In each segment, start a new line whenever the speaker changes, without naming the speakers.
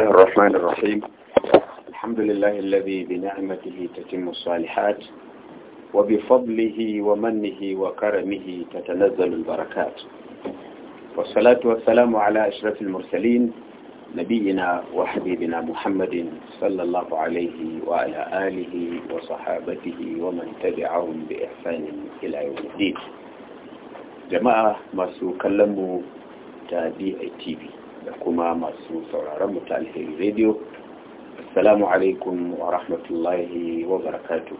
الله الرحمن الرحيم الحمد لله الذي بنعمته تتم الصالحات وبفضله ومنه وكرمه تتنزل البركات والصلاة والسلام على أشرف المرسلين نبينا وحبيبنا محمد صلى الله عليه وعلى آله وصحابته ومن تبعهم بإحسان إلى يوم الدين جماعة ما سوكلموا تابعي تي في da kuma masu sauraron mu alheri radio assalamu alaikum wa rahmatullahi wa barakatu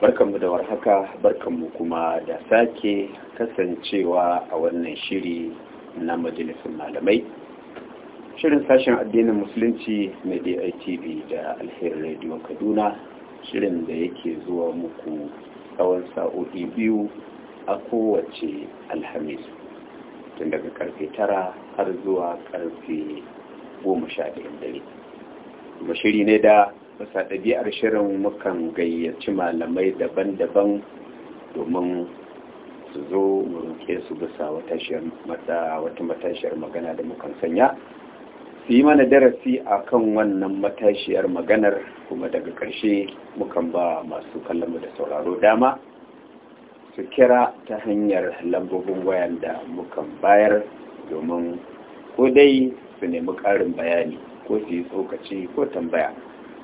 barkanmu da warhaka barkanmu kuma da sake kasancewa a wannan shiri na majalisun malamai shirin sashen addinin musulunci na DITV da alheri radio kaduna shirin da yake zuwa muku tsawon sa'o'i biyu a kowace alhamis tun daga karfe tara har zuwa karfe goma sha ɗayan dare kuma shiri ne da bisa ɗabi'ar shirin mukan gayyaci malamai daban-daban domin su zo mu roƙe su bisa wata matashiyar magana da mukan sanya su yi mana darasi a kan wannan matashiyar maganar kuma daga ƙarshe mukan ba masu kallon da sauraro dama su kira ta hanyar lambobin wayan da mukan bayar domin ko dai su nemi ƙarin bayani ko su yi tsokaci ko tambaya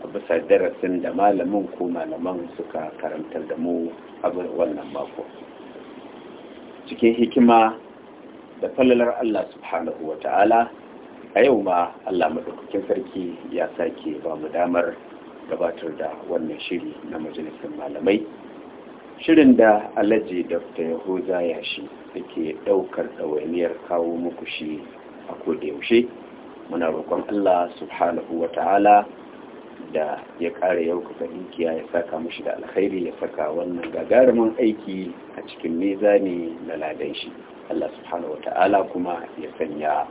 a bisa darasin da malamin ko malaman suka karantar da mu a wannan mako cikin hikima da falalar Allah subhanahu wa ta'ala a yau ma Allah maɗaukakin sarki ya sake ba mu damar gabatar da wannan shiri na majalisar malamai shirin da alhaji dr yahuza ya shi ke daukar ɗawainiyar kawo muku shi a yaushe muna roƙon allah subhanahu wa ta'ala da ya ƙara kusa dukiya ya saka mushi da alkhairi ya saka wannan gagarumin aiki a cikin mezani na ladan shi allah subhanahu wa ta'ala kuma ya sanya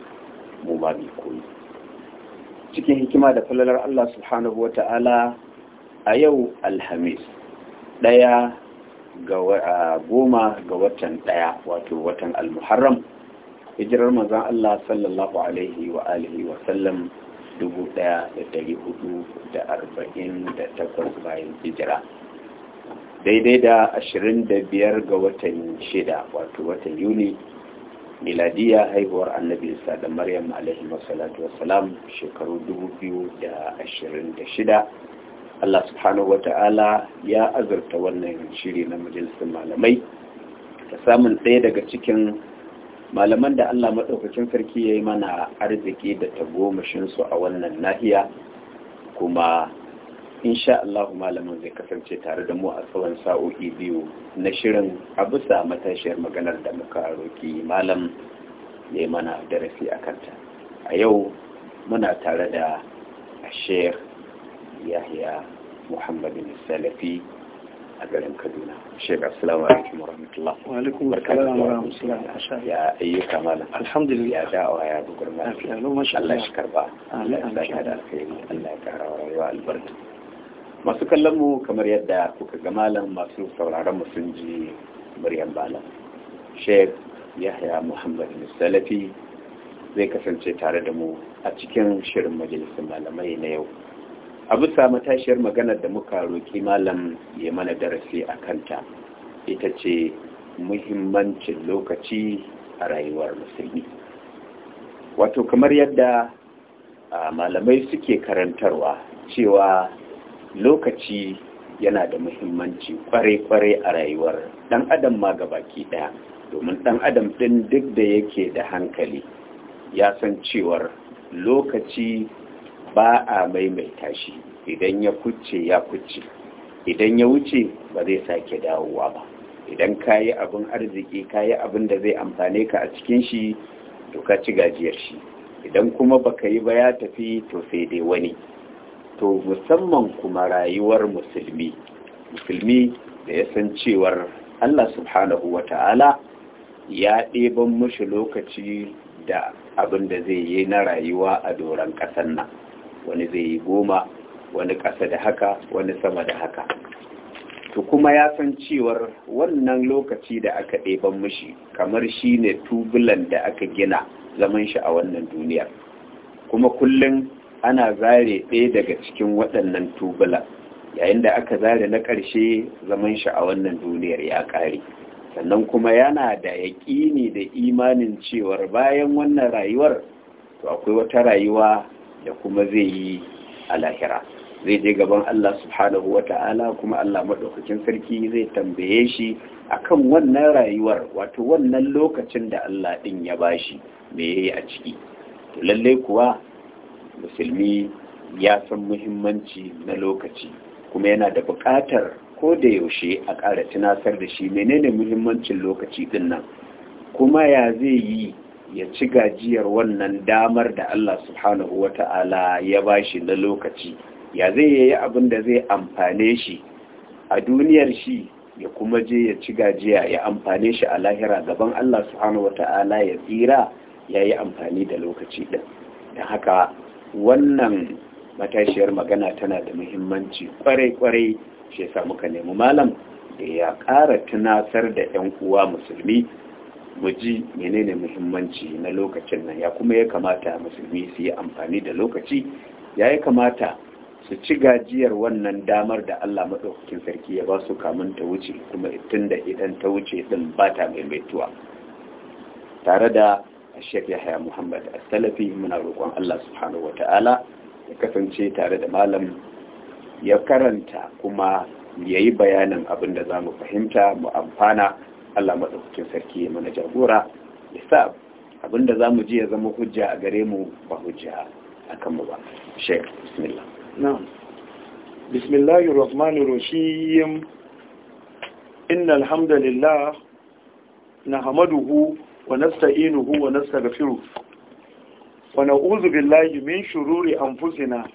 mu ma mai koyi cikin hikima da falalar allah subhanahu wa ta'ala a yau alhamis ɗaya goma ga watan ɗaya wato watan Al-Muharram, hijirar manzan Allah sallallahu alaihi wa alihi wa sallam takwas bayan hijira daidai da ashirin da biyar ga watan shida wato watan yuni miladiya haihuwar annabi isa da maryam alaihi wasalatu wasalam shekaru shida. Allah subhanahu wata'ala ya azurta wannan shiri na majalisar malamai Ta samun tsaye daga cikin malaman da Allah maɗaukacin sarki ya yi mana arziki da tagomashinsu a wannan nahiya kuma insha Allah malamin zai kasance tare da mu a tsawon sa'o'i biyu na shirin a bisa matashiyar maganar da muka roƙi malam ya yi mana darasi a kanta a yau muna tare da a sheikh yahya muhammad salafi a garin kaduna shek assalamu alaikum wa rahmatullah wa alaikum wa rahmatullah ya ayyuka malam alhamdulillah ya da'awa ya Allah shi karba Allah ya da alkhairi Allah ya kara rayuwa albarka masu kallon mu kamar yadda kuka ga malam masu sauraron mu sun ji muryan malam shek yahya muhammad salafi zai kasance tare da mu a cikin shirin majalisar malamai na yau a bisa matashiyar maganar da muka roƙi malam ya mana darasi a kanta ita ce muhimmancin lokaci a rayuwar musulmi wato kamar yadda malamai suke karantarwa cewa lokaci yana da muhimmanci kware-kware a rayuwar ɗan adam ma baki ɗaya domin ɗan adam ɗin duk da yake da hankali ya san cewar lokaci ba a maimaita shi idan ya kuce ya kuce idan ya wuce ba zai sake dawowa ba idan ka yi abin arziki ka yi abin da zai amfane ka a cikin shi to ka ci gajiyar shi idan kuma baka yi ba ya tafi to sai dai wani to musamman kuma rayuwar musulmi musulmi da ya san cewar Allah subhanahu wa ta'ala ya ɗeban mushi lokaci da abin da zai yi na rayuwa a doron ƙasar nan wani zai yi goma wani ƙasa da haka wani sama da haka to kuma ya san cewar wannan lokaci da aka ɗeban mushi kamar shi ne tubulan da aka gina zaman shi a wannan duniyar kuma kullum ana zare ɗaya daga cikin waɗannan tubulan yayin da aka zare na ƙarshe zaman shi a wannan duniyar ya ƙare sannan kuma yana da yaƙini da imanin cewar bayan wannan rayuwar to akwai wata rayuwa da kuma zai yi a lahira zai je gaban Allah subhanahu wa ta'ala kuma Allah maɗaukacin sarki zai tambaye shi a kan wannan rayuwar wato wannan lokacin da Allah ɗin ya ba shi me yi a ciki to lalle kuwa musulmi ya san muhimmanci na lokaci kuma yana da buƙatar ko da yaushe a ƙara tunasar da shi menene muhimmancin lokaci ɗin nan kuma ya zai yi ya ci gajiyar wannan damar da Allah subhanahu wa ta'ala ya shi na lokaci ya zai yi abin da zai amfane shi a duniyar shi ya kuma je ya ci gajiya ya amfane shi a lahira gaban Allah subhanahu wata'ala ya tsira ya yi amfani da lokaci ɗin da haka wannan matashiyar magana tana da muhimmanci kwarai-kwarai shi ya muka nemi malam da ya ƙara tunasar da 'yan uwa musulmi mu ji menene muhimmanci na lokacin nan ya kuma ya kamata musulmi su yi amfani da lokaci ya yi kamata su ci gajiyar wannan damar da Allah maɗaukakin sarki ya ba su kamun ta wuce kuma tun da idan ta wuce ɗin ba ta maimaituwa tare da shek yahya muhammad salafi muna roƙon Allah subhanahu wata'ala ya kasance tare da malam ya karanta kuma ya yi bayanin abin da za mu fahimta mu amfana Allah madaukakin sarki ya mana jagora ya sa abinda mu ji ya zama hujja a gare mu ba hujja a kanmu ba sheikh bismillah
na'am bismillahir rahmanir rahim alhamdulillah. hamdalillah hu, wa nasta'inuhu wa nastaghfiruh wa na'udhu billahi min shururi anfusina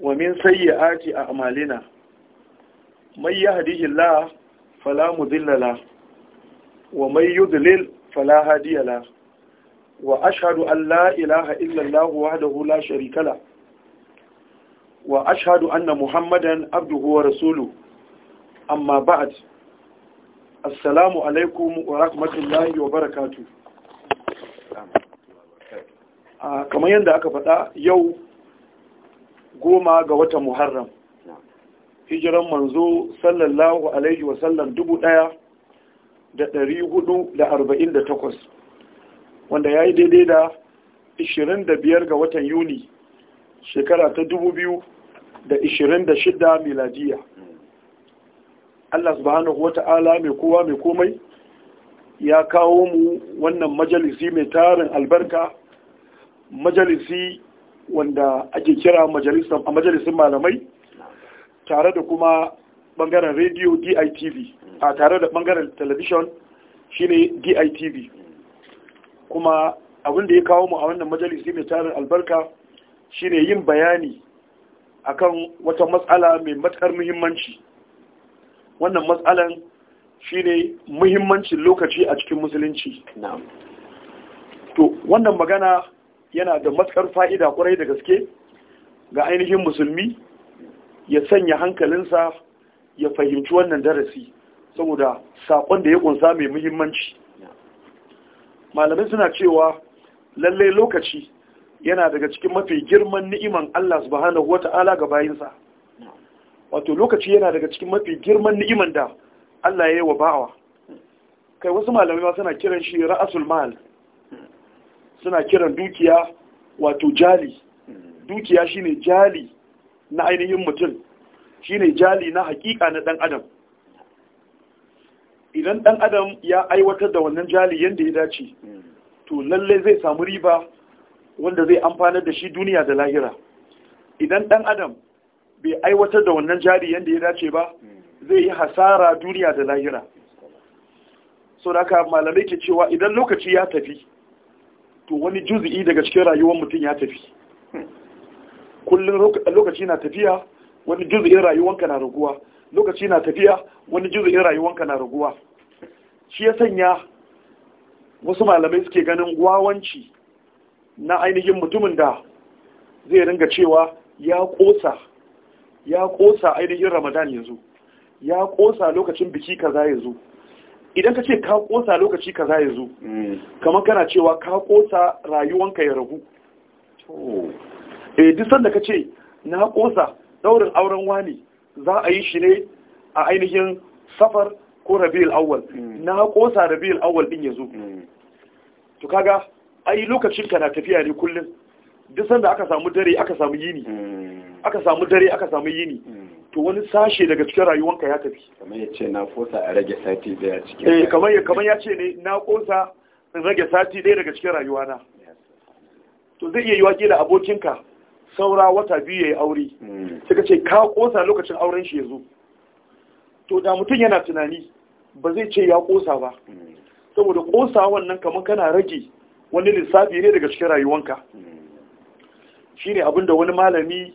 wa min sayyiati a'malina may yahdihillahu fala mudilla lahu ومن يضلل فلا هادي له وأشهد أن لا إله إلا الله وحده لا شريك له وأشهد أن محمدا عبده ورسوله أما بعد السلام عليكم ورحمة الله وبركاته kamar yadda aka faɗa yau goma ga watan muharram hijiran manzo sallallahu alaihi wasallam dubu ɗaya da ɗari hudu da arba'in da takwas wanda ya yi daidai da ishirin da biyar ga watan yuni shekara ta dubu biyu da ishirin da shida miladiya Allah subhanahu wa ta'ala mai kowa mai komai ya kawo mu wannan majalisi mai tarin albarka majalisi wanda ake kira a majalisin malamai tare da kuma bangaren radio DITV a tare da bangaren television shine DITV kuma abin da ya kawo mu a wannan majalisi mai tarin albarka shine yin bayani akan wata matsala mai matkar muhimmanci wannan matsalan shine muhimmancin lokaci a cikin musulunci to wannan magana yana da matukar fa'ida kwarai da gaske ga ainihin musulmi ya sanya hankalinsa ya fahimci wannan darasi saboda sakon da ya kunsa mai muhimmanci malamai suna cewa lallai lokaci yana daga cikin mafi girman ni'iman Allah subhanahu wata'ala ga bayinsa wato lokaci yana daga cikin mafi girman ni'iman da Allah ya yi wa bawa kai wasu malamai ma suna kiran shi ra'asul mal suna kiran dukiya wato jali dukiya shine jali na ainihin mutum shine jali na hakika na dan adam idan dan adam ya aiwatar da wannan jali yanda ya dace to lalle zai samu riba wanda zai amfana da shi duniya da lahira idan dan adam bai aiwatar da wannan jali yanda ya dace ba zai yi hasara duniya da lahira so da ka malamai ke cewa idan lokaci ya tafi to wani juzi'i daga cikin rayuwar mutum ya tafi kullum lokaci na tafiya wani juzu'in rayuwanka na raguwa lokaci na tafiya wani juzu'in rayuwanka na raguwa shi ya sanya wasu malamai suke ganin gwawanci na ainihin mutumin da zai ringa cewa ya kosa ya kosa ainihin ramadan yanzu ya kosa lokacin biki kaza yanzu idan ka ce ka kosa lokaci kaza yanzu hmm. kamar kana cewa ka kosa rayuwanka ya ragu oh. eh duk sanda ka ce na kosa daurin auren wani za a yi shi ne a ainihin safar ko rabiul awwal hmm. na kosa rabiul awwal din yazo hmm. to kaga ai lokacin ka na tafiya ne kullun duk sanda aka samu dare aka samu yini hmm. aka samu dare aka samu yini to wani sashe daga cikin rayuwanka ya tafi kamar ya ce na kosa a rage sati daya cikin eh kamar ya kamar ya ce ne na kosa in rage sati daya daga cikin rayuwana to zai iya yiwa kila abokinka saura wata biyu ya yi aure hmm. suka ce ka kosa lokacin auren shi ya zo to da mutum yana tunani ba zai ce ya kosa ba hmm. saboda kosa wannan kamar kana rage wani lissafi ne daga cikin rayuwanka hmm. Shi ne abinda wani malami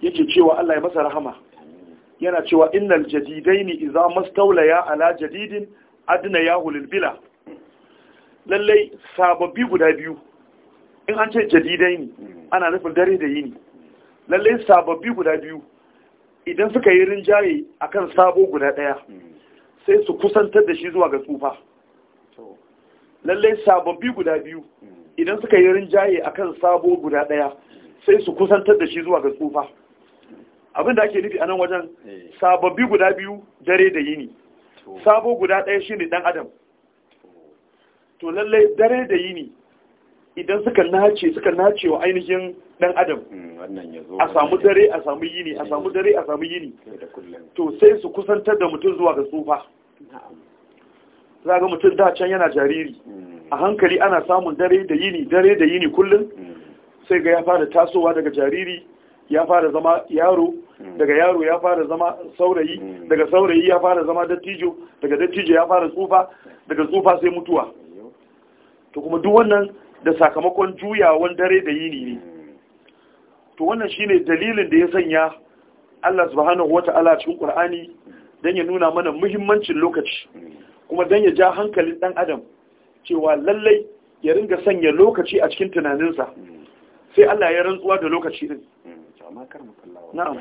yake cewa Allah ya masa rahama yana cewa innal jadidaini idza ya ala jadidin adina yahu bila lallai sababbi guda biyu in an ce jadidai ne ana nufin dare da yini lallai sababbi guda biyu idan suka yi rinjaye kan sabo guda ɗaya sai su kusantar da shi zuwa ga tsufa lallai sababbi guda biyu idan suka yi rinjaye a kan sabo guda ɗaya sai su kusantar da shi zuwa ga tsufa abin da ake nufi a nan wajen sababbi guda biyu dare da yini sabo guda ɗaya ne dan adam to lallai dare da yini idan suka nace suka nace wa ainihin dan adam hmm, a hmm. samu dare a samu yini a samu dare a samu yini to sai su kusantar da mutum zuwa ga tsufa za ga mutum da can yana jariri hmm. a hankali ana samun dare da yini dare da yini kullum sai ga ya fara tasowa daga jariri ya fara zama yaro daga yaro ya fara zama saurayi daga saurayi ya fara zama dattijo daga dattijo ya fara tsufa daga tsufa sai mutuwa to kuma duk wannan da sakamakon juyawan dare da yini ne to wannan shine dalilin da ya sanya Allah subhanahu wata'ala cikin Qur'ani dan ya nuna mana muhimmancin lokaci kuma dan ya ja hankalin dan adam cewa lallai ya ringa sanya lokaci a cikin tunaninsa sai Allah ya rantsuwa da lokaci din na'am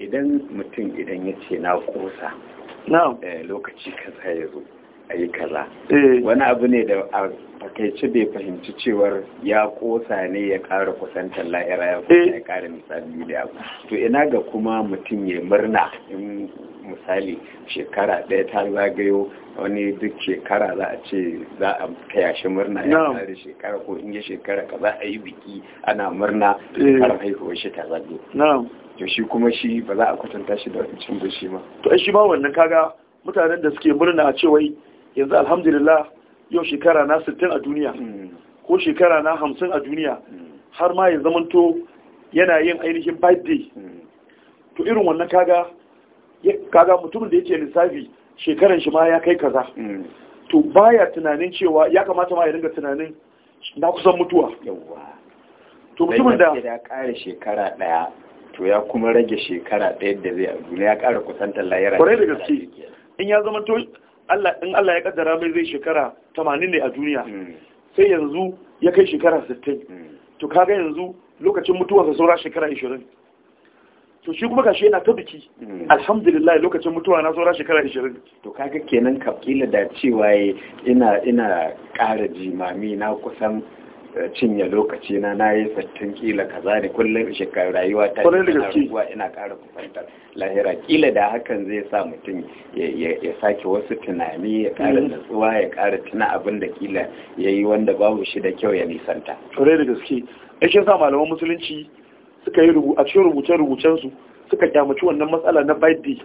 idan mutum idan ya ce na kosa
na'am eh, lokaci kaza ya zo a yi kaza eh. wani abu ne da a takaici bai fahimci cewar ya kosa ne ya kara kusantar la'ira ya kusa eh. ya kara misali da abu to ina ga kuma mutum ya murna in misali shekara ɗaya ta zagayo wani duk shekara za a ce za a kaya shi murna ya kare shekara ko in shekara ka za a yi biki ana murna eh. shekarar haihuwar shi ta zagayo to shi kuma shi ba za a kwatanta shi da wancan ba shi ma
to shi ma wannan kaga mutanen da suke murna a yanzu alhamdulillah yau shekara na 60 a duniya hmm. ko shekara na 50 a duniya hmm. har ma ya zamanto yana yin ainihin birthday hmm. to irin wannan kaga kaga mutumin da yake lissafi shekaran shi ma ya kai kaza to baya tunanin cewa ya kamata ma ya dinga tunanin na kusan mutuwa to mutumin da ya kare shekara daya
to ya kuma rage shekara daya da zai a duniya ya kare kusantar layara kwarai da
gaske in ya zama to in Allah ya kaddara mai zai shekara 80 ne a duniya hmm. sai yanzu ya kai shekara 60 hmm. to kaga yanzu lokacin mutuwarsa saura shekara 20 to shi kuma shi yana ta biki hmm. alhamdulillah lokacin mutuwa na saura shekara 20 to kaga kenan kafila da cewa eh, ina ina ƙara
jimami na kusan cinye lokaci na na yi sattun kila kaza ne kullum shekaru rayuwa ta ruwa ina ƙara kufantar lahira kila da hakan zai sa mutum ya sake wasu tunani ya ƙara mm. natsuwa ya ƙara tuna abin da kila ya yi
wanda babu shi da kyau ya nisanta. Kwarai da gaske, ya sa malaman musulunci suka yi a cikin rubuce-rubucensu suka kyamaci wannan matsala na baidi.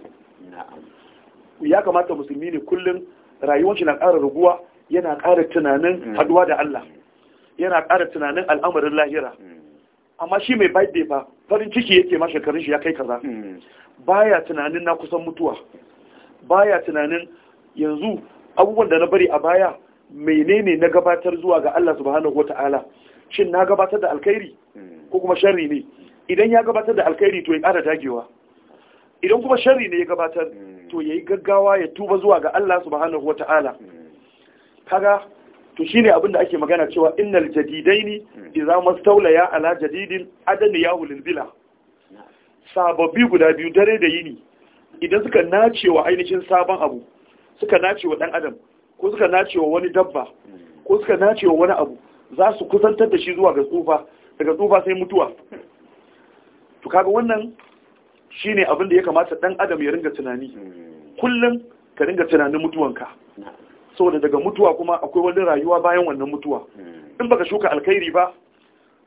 Ya kamata musulmi ne kullum rayuwar shi na ƙara rubuwa, yana ƙara tunanin mm. haɗuwa da Allah. yana ƙara tunanin al'amarin lahira hmm. amma shi mai birthday ba farin ciki yake ma shekarun shi ya kai kaza hmm. baya tunanin na kusan mutuwa baya tunanin yanzu abubuwan da na bari a baya menene na gabatar zuwa ga Allah subhanahu wata'ala shin na gabatar da alkhairi hmm. ko kuma sharri ne idan ya gabatar da alkhairi to ya ƙara dagewa idan kuma sharri ne ya gabatar to yayi gaggawa ya tuba zuwa ga Allah subhanahu wata'ala kaga to shine abin da ake magana cewa innal jadidaini idza ya ala jadidin adani yahu bila sababbi guda biyu dare da yini idan suka nacewa ainihin sabon abu suka nacewa dan adam ko suka nacewa wani dabba ko suka nacewa wani abu za su kusantar da shi zuwa ga tsufa daga tsufa sai mutuwa to kaga wannan shine abinda ya kamata dan adam ya ringa tunani hmm. kullum ka ringa tunanin mutuwanka saboda daga mutuwa kuma akwai wani rayuwa bayan wannan mutuwa hmm. in baka shuka alkhairi ba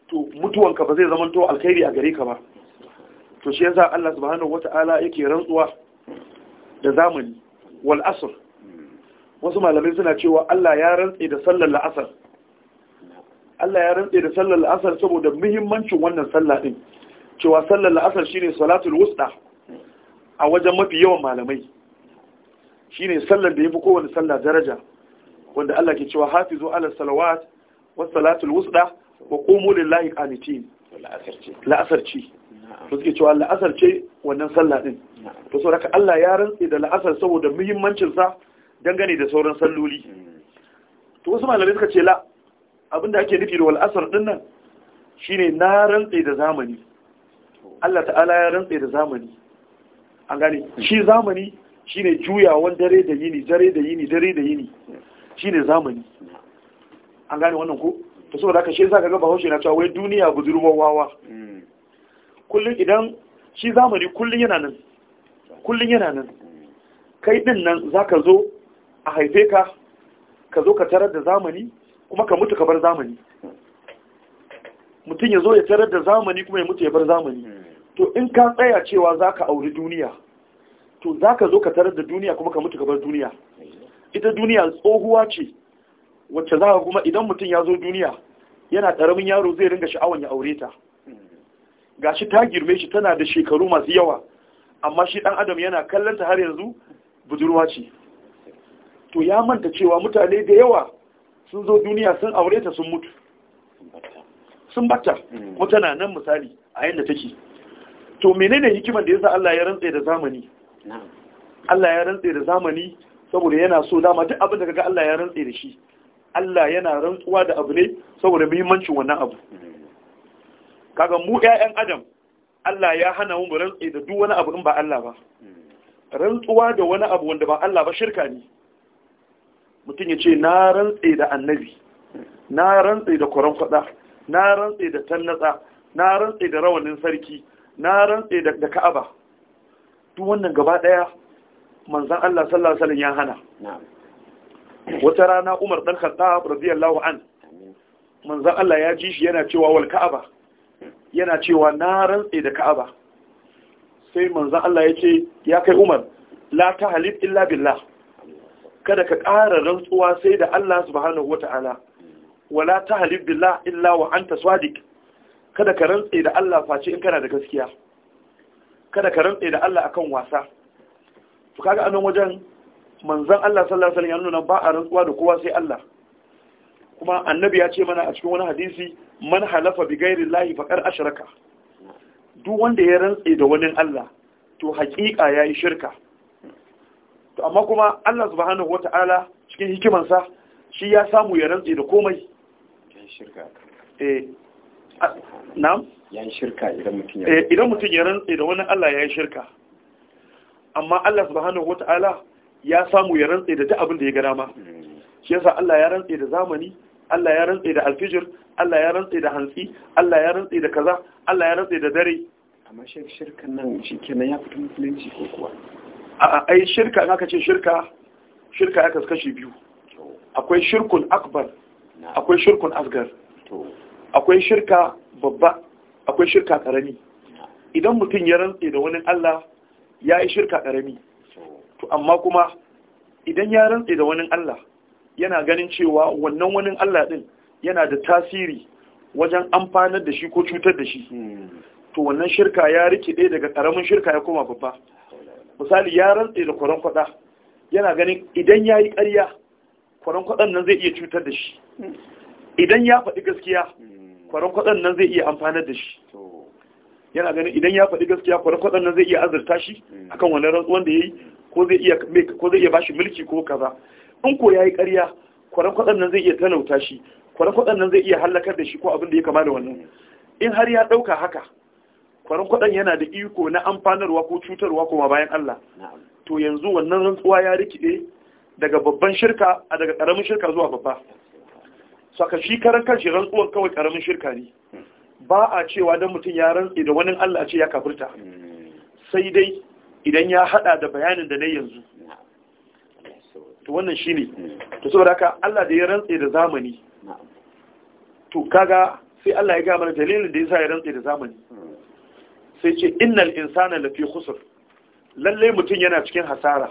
to mutuwanka ba zai zama to alkhairi a gare ka ba to shi yasa Allah subhanahu wata'ala yake rantsuwa da zamani wal asr hmm. wasu malamai suna cewa Allah ya rantse da sallar la'asar Allah ya rantse da sallar la'asar saboda muhimmancin wannan sallah din cewa sallar la'asar shine salatul wusta a wajen mafi yawan malamai shine sallar da yafi kowanne sallah daraja wanda Allah ke cewa hafizu ala salawat was salatul wusta wa qumu lillahi qanitin la'asar ce to suke cewa la'asar ce wannan sallah din to saboda Allah ya rantsi da la'asar saboda muhimmancin sa dangane da sauran salloli hmm. to wasu malamai suka ce la abinda ake nufi da asar din nan shine na rantsi da zamani Allah ta'ala ya rantsi da zamani an gane hmm. shi zamani shine juyawan dare da yini dare da yini dare da yini shine zamani an gane wannan ko to saboda haka shi yasa kaga Bahaushe na cewa wai duniya budurwar wawa hmm. kullun idan shi zamani kullun yana nan kullun yana nan kai din nan zaka zo a haife ka ka zo ka tarar da zamani kuma ka mutu ka bar zamani mutum ya zo ya tarar da zamani kuma ya mutu ya bar zamani hmm. to in ka tsaya cewa zaka auri duniya to za ka zo ka tarar da duniya kuma ka mutu gabar duniya ita duniya tsohuwa ce wacce za ka kuma idan mutum ya zo duniya yana ƙaramin yaro zai ringa sha'awan ya aure ta Ga shi ta girme shi tana da shekaru masu yawa amma shi ɗan adam yana kallon ta har yanzu budurwa ce to ya manta cewa mutane da yawa sun zo duniya sun aure ta sun mutu sun batta kuma tana nan misali a yadda take to menene hikimar da yasa Allah ya rantsa da zamani Allah ya rantse da zamani saboda yana so dama duk abin da kaga Allah ya rantse da shi Allah yana rantsuwa da abu ne saboda muhimmancin wannan abu mm-hmm. kaga mu ƴaƴan adam Allah ya hana mu rantse da duk wani abu in ba Allah ba mm-hmm. rantsuwa da wani abu wanda ba Allah ba shirka ne mutum ya ce na rantse da annabi na rantse da kuran fada na rantse da tannatsa na rantse da rawanin sarki na rantse da ka'aba duk wannan gaba daya manzon Allah sallallahu alaihi ya hana wata rana Umar ɗan Khattab radiyallahu an manzan Allah ya ji shi yana cewa wal Ka'aba yana cewa na rantse da Ka'aba sai manzan Allah ya ce ya kai Umar la tahlib illa billah kada ka ƙara rantsuwa sai da Allah subhanahu wata'ala wala tahlib billah illa wa anta kada ka rantse da Allah face in kana da gaskiya kada ka rantse da Allah akan wasa to kaga a wajen manzon Allah sallallahu alaihi wasallam ya nuna ba a rantsuwa da kowa sai Allah kuma annabi ya ce mana a cikin wani hadisi man halafa bi ghairi llahi faqad ashraka duk wanda ya rantse da wani Allah to hakika yayi shirka to amma kuma Allah subhanahu wataala cikin hikimansa shi ya samu ya rantse da komai shirka eh
na'am ya yi eh, shirka idan mutum
ya rantse da wani Allah ya yi shirka amma Allah subhanahu wata'ala ya samu ya rantse da duk abin da ya ga dama hmm. shi yasa Allah ya rantse da zamani Allah ya rantse da alfijir Allah ya rantse da hantsi Allah ya rantse da kaza Allah ya rantse da dare amma shi shirkan nan shi kenan ya fito musulunci ko kuwa a ai shirka in aka ce shirka shirka ya kaskashi biyu akwai shirkun akbar akwai shirkun asgar akwai shirka babba akwai shirka karami idan mutum ya rantse da wani Allah ya yi shirka karami to amma kuma idan ya rantse da wani Allah yana ganin cewa wannan wani Allah din yana da tasiri wajen amfanar da shi ko cutar da shi to wannan shirka ya rike ɗaya daga karamin shirka ya koma babba misali ya rantse da kwaron kwada yana ganin idan ya yi ƙarya kwaron kwadan nan zai iya cutar da shi idan ya faɗi gaskiya kwarakwadon nan zai iya amfanar da shi yana ganin idan ya faɗi gaskiya kwarakwadon nan zai iya azurta shi mm. akan wani rantsuwan da ya yi ko zai iya bashi mulki ko kaza in ko ya yi ƙarya kwarakwadon nan zai iya talauta shi kwarakwadon nan zai iya hallakar da shi ko abin da ya kama da wannan in har ya ɗauka haka kwarakwadon yana da iko na amfanarwa ko cutarwa kuma bayan Allah to yanzu wannan rantsuwa ya rikide daga babban shirka a daga ƙaramin shirka zuwa babba saka shi karan kan shi rantsuwan kawai karamin shirka ne ba a cewa dan mutum ya rantsi da wani Allah a ce ya kafirta sai dai idan ya hada da bayanin da na yanzu to wannan shine to saboda haka Allah da ya rantsi da zamani to kaga sai Allah ya ga mana dalilin da yasa ya rantsi da zamani sai ce innal insana lafi khusr lalle mutum yana cikin hasara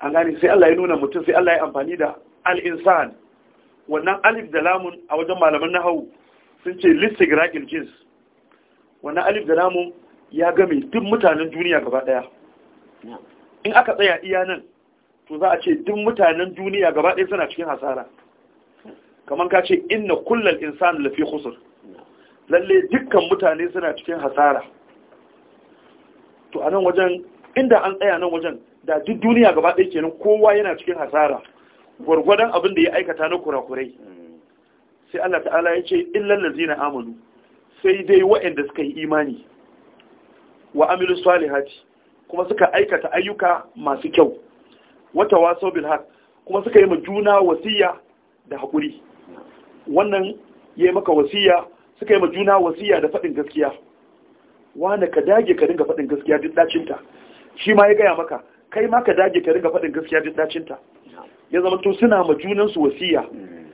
an gane sai Allah ya nuna mutum sai Allah ya amfani da al-insan wannan alif da lamun a wajen malaman nahawu sun ce listigraqil jins wannan alif da lamun ya game duk mutanen duniya gaba daya in aka tsaya iya nan to za a ce duk mutanen duniya gaba daya suna cikin hasara kamar ka ce inna kullal insanu lafi khusr lalle dukkan mutane suna cikin hasara to a nan wajen inda an tsaya nan wajen da duk duniya gaba daya kenan kowa yana cikin hasara gwargwadon abin da ya aikata na kurakurai hmm. sai Allah ta'ala ya ce illal na amalu sai dai waɗanda suka yi imani wa amilu salihati kuma suka aikata ayyuka masu kyau wata waso bilhar kuma suka yi majuna juna wasiya da haƙuri. wannan ya yi maka wasiya suka yi majuna juna wasiya da faɗin gaskiya wanda ka dage ka dinga faɗin gaskiya duk dacinta shi ma ya gaya maka kai ma ka dage ka dinga faɗin gaskiya duk dacinta ya zama to suna ma junansu wasiya mm.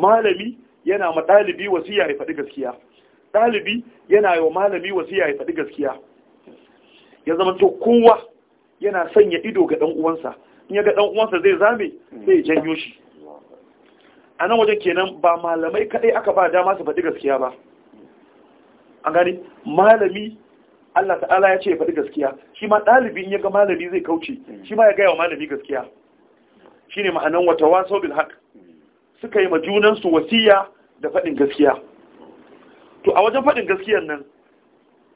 malami yana ma ɗalibi wasiya ya faɗi gaskiya ɗalibi yana yi wa malami wasiya ya faɗi gaskiya ya zama to kowa yana sanya ido ga ɗan uwansa in ya ga ɗan uwansa zai zame mm. zai janyo shi a nan wajen kenan ba malamai kaɗai aka ba dama su faɗi gaskiya ba an gani malami Allah ta'ala ya ce ya faɗi gaskiya shi ma ɗalibi in ya ga malami zai kauce mm. shi ma ya gaya wa malami gaskiya shine ma'anan wata waso bil haq suka yi majunan wasiya da faɗin gaskiya to a wajen faɗin gaskiyar nan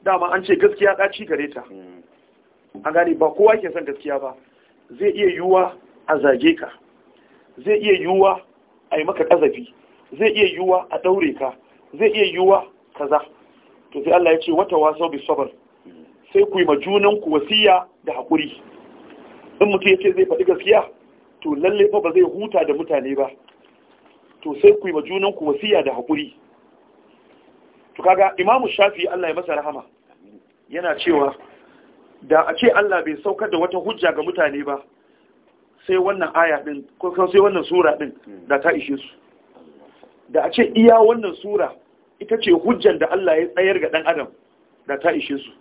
dama an ce gaskiya ɗaci gare ta an gane ba kowa ke san gaskiya ba zai iya yiwuwa a zage ka zai iya yiwuwa a yi maka ƙazafi zai iya yiwuwa a ɗaure ka zai iya yiwuwa kaza to sai Allah ya ce wata waso bi sabar sai ku yi ma junan ku wasiya da haƙuri in mutum ya ce zai faɗi gaskiya to lalle fa ba zai huta da mutane ba to sai ku yi majunan ku wasiya da haƙuri to kaga imamu shafi Allah ya masa rahama yana cewa da a ce Allah bai saukar da wata hujja ga mutane ba sai wannan aya din ko sai wannan sura din da ta ishe su da a ce iya wannan sura ita ce hujjan da Allah ya tsayar ga dan adam da ta ishe su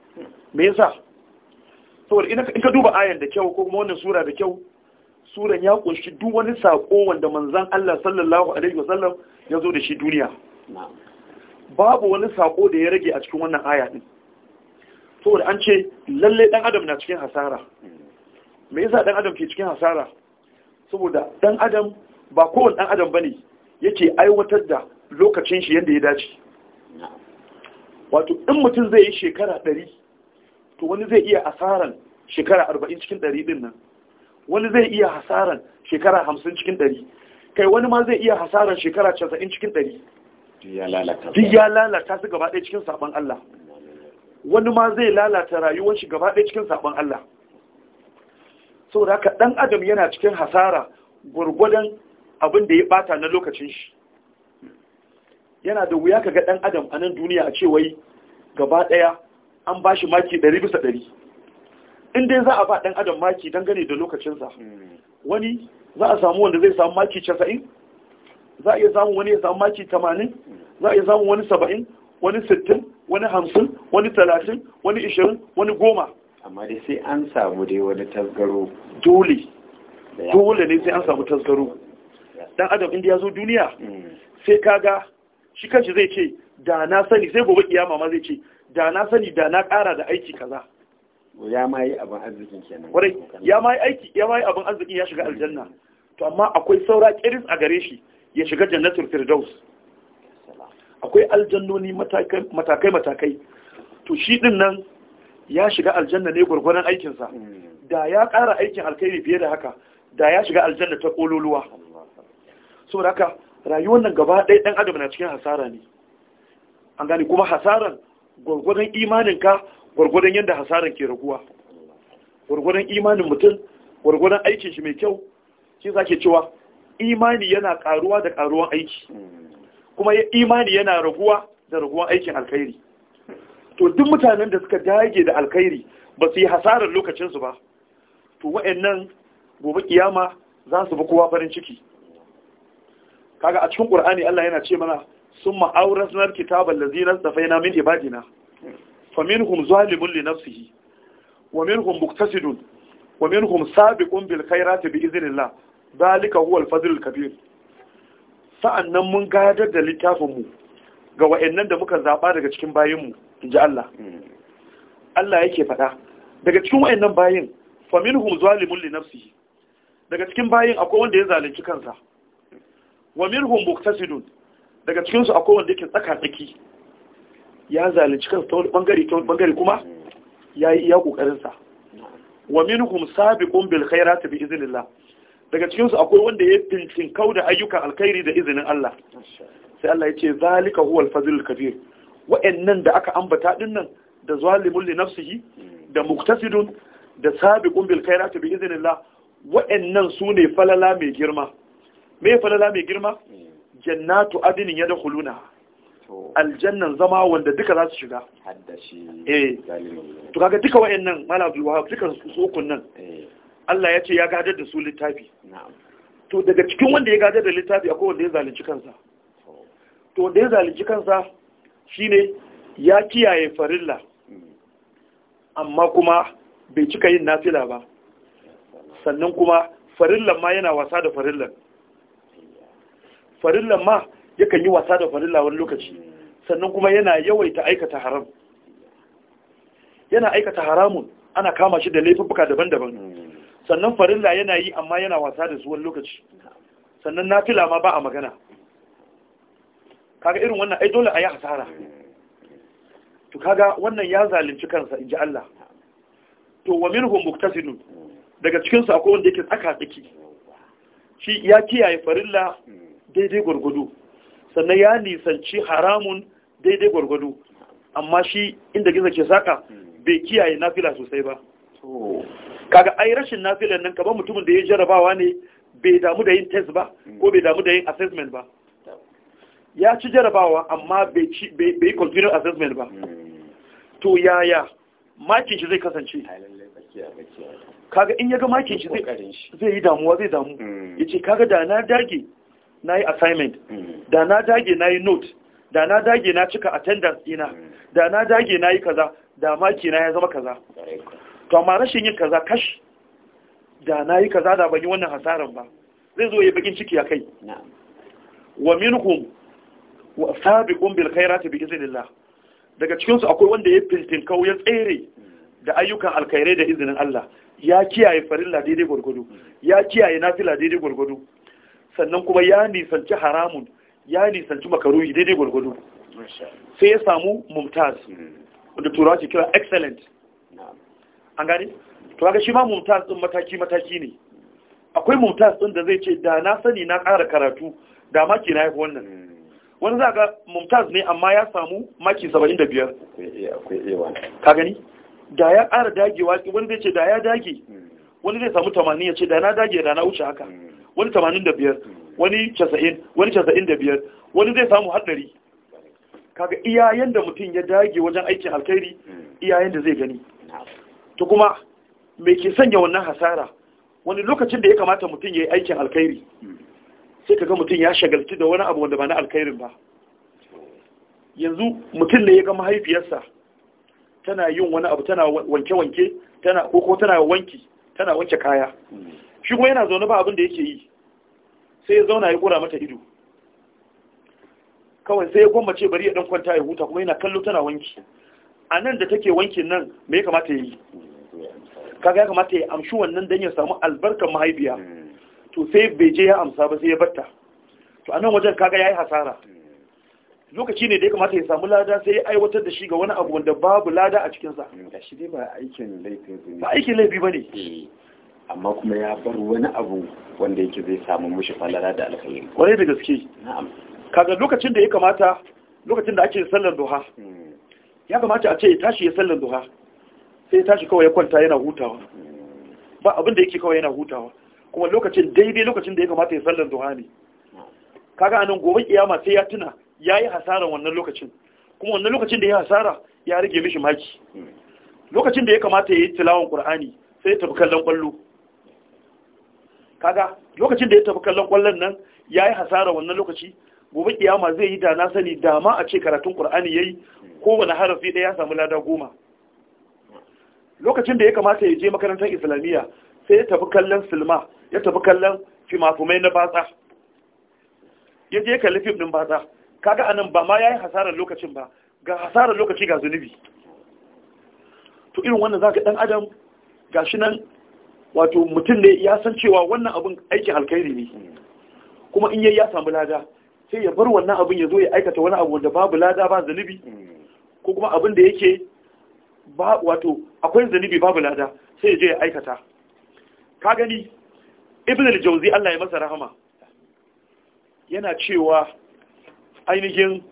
me yasa saboda in ka duba ayan da kyau ko kuma wannan sura da kyau suran ya kunshi duk wani sako wanda manzan Allah sallallahu alaihi wasallam ya zo da shi duniya babu wani sako da ya rage a cikin wannan aya din saboda an ce lallai dan adam na cikin hasara me yasa ɗan adam ke cikin hasara saboda ɗan adam ba kowane dan adam bane yake aiwatar da lokacin shi yadda ya dace wato in mutum zai yi shekara ɗari, to wani zai iya asaran shekara arba'in cikin ɗari din nan wani zai iya hasaran shekara hamsin cikin ɗari kai wani ma zai iya hasaran shekara casa'in cikin ɗari
duk ya
lalata su gaba ɗaya cikin saɓon Allah wani ma zai lalata rayuwar shi gaba ɗaya cikin saɓon Allah saboda haka ɗan adam yana cikin hasara gwargwadon abin da ya ɓata na lokacin shi yana da wuya ka ga ɗan adam a nan duniya a ce wai gaba ɗaya an ba shi maki ɗari bisa ɗari in dai za a ba dan adam maki dangane da lokacinsa wani za a samu wanda zai samu maki 90 za a iya samu wani ya samu maki 80 za a iya samu wani 70 wani 60 wani 50 wani 30 wani 20 wani 10 amma dai sai an samu dai wani tasgaro dole dole ne sai an samu tasgaro dan adam inda ya zo duniya sai kaga shi kanshi zai ce da na sani sai gobe kiyama ma zai ce da na sani da na kara da aiki kaza
ya ma yi abin arzikin kenan kwarai
ya ma yi aiki ya ma yi abin arzikin ya shiga aljanna to amma akwai saura kiris a gare shi ya shiga jannatul firdaus akwai aljannoni matakai matakai to shi din nan ya shiga aljanna ne gurgurun aikinsa hmm. da ya kara aikin alkhairi fiye da haka da ya shiga aljanna ta kololuwa saboda haka rayuwar nan gaba ɗaya adam na cikin hasara ne an gane kuma hasaran gwargwadon imaninka gwargwadon yadda hasaran ke raguwa gwargwadon imanin mutum gwargwadon aikin shi mai kyau shi ke cewa imani yana karuwa da karuwan aiki kuma imani yana raguwa da raguwan aikin alkhairi to duk mutanen da suka dage da alkhairi ba su yi hasarar lokacinsu ba to wa'annan gobe kiyama za su bi kowa farin ciki kaga a cikin ƙur'ani, Allah yana ce mana sun summa kitabar alkitaba da faina min ibadina faminhum zalimun li nafsihi wa minhum muqtasidun wa minhum sabiqun bil khairati bi idhnillah zalika huwa al fadlul kabir sa'annan mun gadar da littafin mu ga wa'annan da muka zaba daga cikin bayin mu inji Allah Allah yake faɗa daga cikin wa'annan zalimun li nafsihi daga cikin bayin akwai wanda ya zalunci kansa wa minhum muqtasidun daga cikin su akwai wanda yake tsaka tsaki ya zalunci kansa ta wani bangare ta wani bangare kuma ya yi iya kokarinsa wa minhum sabiqun bil khairati bi iznillah daga cikin su akwai wanda ya fincin kau da ayyukan alkhairi da izinin Allah sai Allah ya ce zalika huwal fadlul kabir wa'annan da aka ambata dinnan da zalimun li nafsihi da muktasidun da sabiqun bil khairati bi iznillah wa'annan sune falala mai girma me falala mai girma hmm. jannatu adnin yadkhuluna aljannan zama wanda duka za su shiga eh to kaga duka wayannan mala abdul wahab duka su ukun nan eh. Allah ya ce ya gadar da su littafi to daga cikin wanda ya gadar da littafi akwai wanda ya zalunci kansa to wanda ya zalunci kansa shine ya kiyaye farilla mm. amma kuma bai cika yin nafila ba sannan kuma farillan ma yana wasa da farillan farillan ma yakan yi wasa da farilla wani lokaci sannan kuma yana yawaita aikata haram yana aikata haramun ana kama shi da laifuka daban-daban sannan farilla yana yi amma yana wasa da su wani lokaci sannan nafila ma ba a magana kaga irin wannan ai dole a yi hasara to kaga wannan ya zalunci kansa in ji Allah to wa minhum muktasidun daga cikin su akwai wanda yake tsaka tsaki shi ya kiyaye farilla daidai gurgudu sannan ya nisanci haramun daidai gwargwado amma shi inda gizo ke saka bai kiyaye nafila sosai ba kaga ai rashin nafilan nan kaban mutumin da ya jarabawa ne bai damu da yin test ba mm. ko bai damu da yin assessment ba ya ci jarabawa amma bai yi continual assessment ba mm. to yaya makin shi zai kasance kaga in ya ga makin shi zai yi damuwa zai damu mm. ya ce kaga da na dage na yi assignment mm. da na dage na yi note da na dage na cika attendance dina mm. da na dage na yi kaza da maki na ya zama kaza to amma rashin yin kaza kash da na yi kaza da ban yi wannan hasaran ba zai zo ya bakin ciki a kai wa minhum wa sabiqun bil khairati bi idhnillah daga cikin su akwai wanda ya fintin kau tsere mm. da ayyukan alkhairai da izinin Allah ya kiyaye farilla daidai gurgudu ya kiyaye nafila daidai gurgudu sannan kuma ya nisanci haramun ya nisanci makaruhi daidai gwargwado sai ya samu mumtaz hmm. wanda turawa ce kira excellent an gani to haka shi ma mumtaz ɗin mataki mataki ne akwai mumtaz ɗin da zai ce da na sani na ƙara karatu da maki na haifu wannan hmm. wani za ga mumtaz ne amma ya samu maki 75 ka gani da ya ƙara dagewa wani zai ce da ya dage hmm. wani zai samu tamanin ya ce da na dage da na wuce haka wani tamanin da biyar wani casa'in wani casa'in da biyar wani zai samu haɗari kaga iyayen da mutum ya dage wajen aikin alkhairi iyayen da zai gani to kuma me ke sanya wannan hasara wani lokacin da ya kamata mutum ya yi aikin alkhairi sai ka ga mutum ya shagalci da wani abu wanda ba na alkhairin ba yanzu mutum ne ya ga mahaifiyarsa tana yin wani abu tana wanke-wanke tana ko tana wanki tana wanke kaya shi kuma yana zaune ba abin da yake yi sai ya zauna ya kura mata ido kawai sai ya gwammace bari ya dan kwanta ya huta kuma yana kallo tana wanki a nan da take wankin nan me ya kamata ya yi kaga ya kamata ya amshi wannan dan ya samu albarkar mahaifiya hmm. to sai bai je ya amsa ba sai ya batta to a nan wajen kaga ya yi hasara lokaci ne da ya kamata ya samu lada sai ya aiwatar da shi ga wani abu wanda babu lada a cikinsa mm, shi dai ba aikin laifi ba ba aikin laifi ba ne eh,
amma kuma ya bar wani abu wanda yake zai samu mushi falala da alkhairi kwarai da gaske
na'am kaga lokacin da ya kamata lokacin da ake sallar duha mm. ya kamata a ce ya tashi ya sallar duha sai ya tashi kawai ya kwanta yana hutawa mm. ba abin da yake kawai yana hutawa kuma lokacin daidai lokacin da ya kamata ya sallar duha ne kaga anan gobe kiyama sai ya tuna ya yi hasaran wannan lokacin kuma wannan lokacin da ya hasara ya rage mishi maki lokacin da ya kamata ya yi tilawan ƙur'ani sai ya tafi kallon ƙwallo kaga lokacin da ya tafi kallon ƙwallon nan ya yi hasara wannan lokaci gobe kiyama zai yi da na sani dama a ce karatun ƙur'ani ya yi kowane harafi ɗaya ya samu lada goma lokacin da ya kamata ya je makarantar islamiyya sai ya tafi kallon silma ya tafi kallon fimafumai na batsa ya je kalli fim din batsa kaga anan ba ma yayi hasarar lokacin ba ga hasarar lokaci ga zunubi to irin wannan zaka dan adam gashi nan wato mutum ne ya san cewa wannan abin aikin alkhairi ne kuma in yayi ya samu lada sai ya bar wannan abin ya zo ya aikata wani abu wanda babu lada ba zunubi ko kuma abin da yake ba wato akwai zunubi babu lada sai ya je ya aikata ka gani ibn al-jawzi Allah ya masa rahama yana cewa ainihin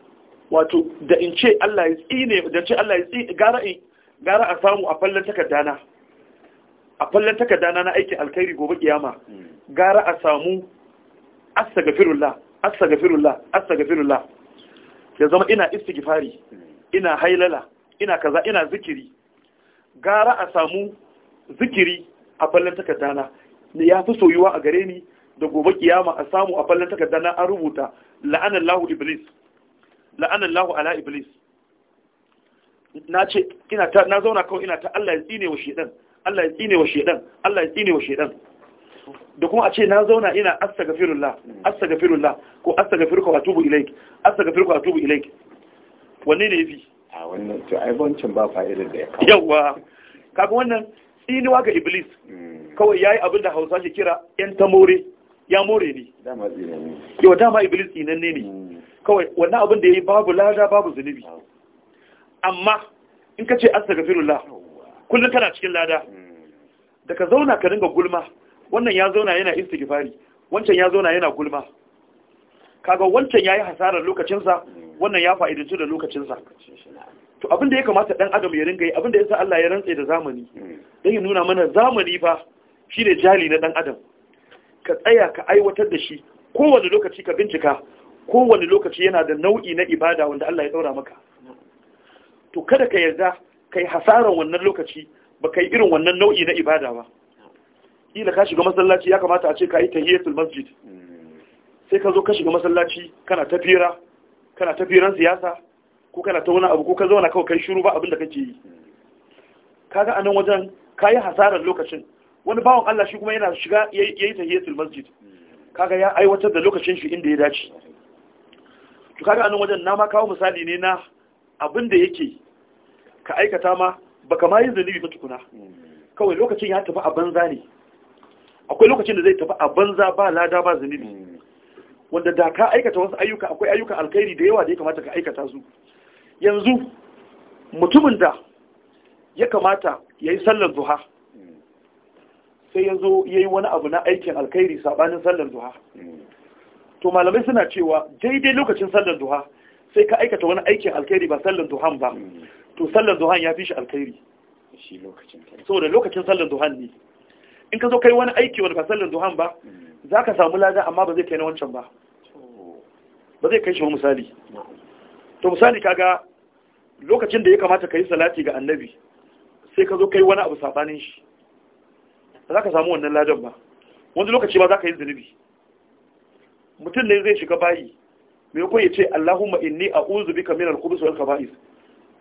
wato da in ce Allah ya ne da ce Allah ya tsi gara in gara a samu a fallan takardana a fallan takardana na aikin alkhairi gobe kiyama gara a samu astaghfirullah astaghfirullah astaghfirullah ya zama ina istighfari ina hailala ina kaza ina zikiri gara a samu zikiri a fallan takardana ya fi soyuwa a gare ni da gobe kiyama a samu a fallon takarda na an rubuta la'anan lahu iblis la'anan lahu ala iblis na ce ina ta na zauna kawai ina ta Allah ya tsine wa shedan Allah ya tsine wa shedan Allah ya tsine wa shedan da kuma a ce na zauna ina astaghfirullah astaghfirullah ko astaghfiruka wa tubu ilaik astaghfiruka wa tubu ilaik wanne ne yafi a wannan to ai bancin ba fa'idar da ya kawo yawa kaga wannan tsinuwa ga iblis hmm. kawai yayi abin da Hausa ke kira yan tamore ya more ne yau dama iblis inan ne hmm. kawai wannan abin da ya yi babu lada babu zunubi amma in ka ce filula kullum tana cikin lada hmm. da ka zauna ka ringa gulma wannan ya zauna yana istighfari wancan ya zauna yana gulma kaga wancan ya yi hasarar lokacinsa hmm. wannan ya fa'idantu da lokacinsa to abin da ya kamata dan adam ya ringa yi abin da ya sa Allah ya rantsa da zamani dan ya nuna mana zamani fa shine jali na dan adam ka tsaya ka aiwatar da shi kowane lokaci ka bincika kowane lokaci yana da nau'i na ibada wanda Allah ya daura maka to kada ka yarda kai hasaran wannan lokaci ba kai irin wannan nau'i na ibada ba kila ka shiga masallaci ya kamata a ce ka yi tahiyatul masjid sai ka zo ka shiga masallaci kana tafira kana tafiran siyasa ko kana ta wani abu ko ka zauna kawai kai shiru ba abin da kake yi kaga anan wajen kayi hasaran lokacin wani bawan Allah shi kuma yana shiga yayi tahiyatul masjid kaga ya aiwatar da lokacin shi inda ya dace to kaga anan wajen na ma kawo misali ne na abin da yake ka aikata ma baka ma yin zanibi ba tukuna kawai lokacin ya tafi a banza ne akwai lokacin da zai tafi a banza ba lada ba zanibi, wanda da ka aikata wasu ayyuka akwai ayyuka alkhairi da yawa da ya kamata ka aikata su yanzu mutumin da ya kamata ya yi sallar zuha sai ya zo ya yi wani abu na aikin alkhairi saɓanin sallar duha to malamai suna cewa daidai lokacin sallar duha sai ka aikata wani aikin alkhairi ba sallar duhan ba to sallar duhan ya fi shi alkhairi saboda lokacin sallar duhan ne in ka zo kai wani aiki wanda ba sallar duhan ba za ka samu lada amma ba zai kai na wancan ba ba zai kai shi ba misali to misali kaga lokacin da ya kamata ka yi salati ga annabi sai ka zo kai wani abu saɓanin shi ba za ka samu wannan ladan ba Wanzu lokaci ba za ka yi zunubi mutum ne zai shiga bayi mai kuwa ya ce Allahumma inni a uzu bi min al-khubus wal kaba'is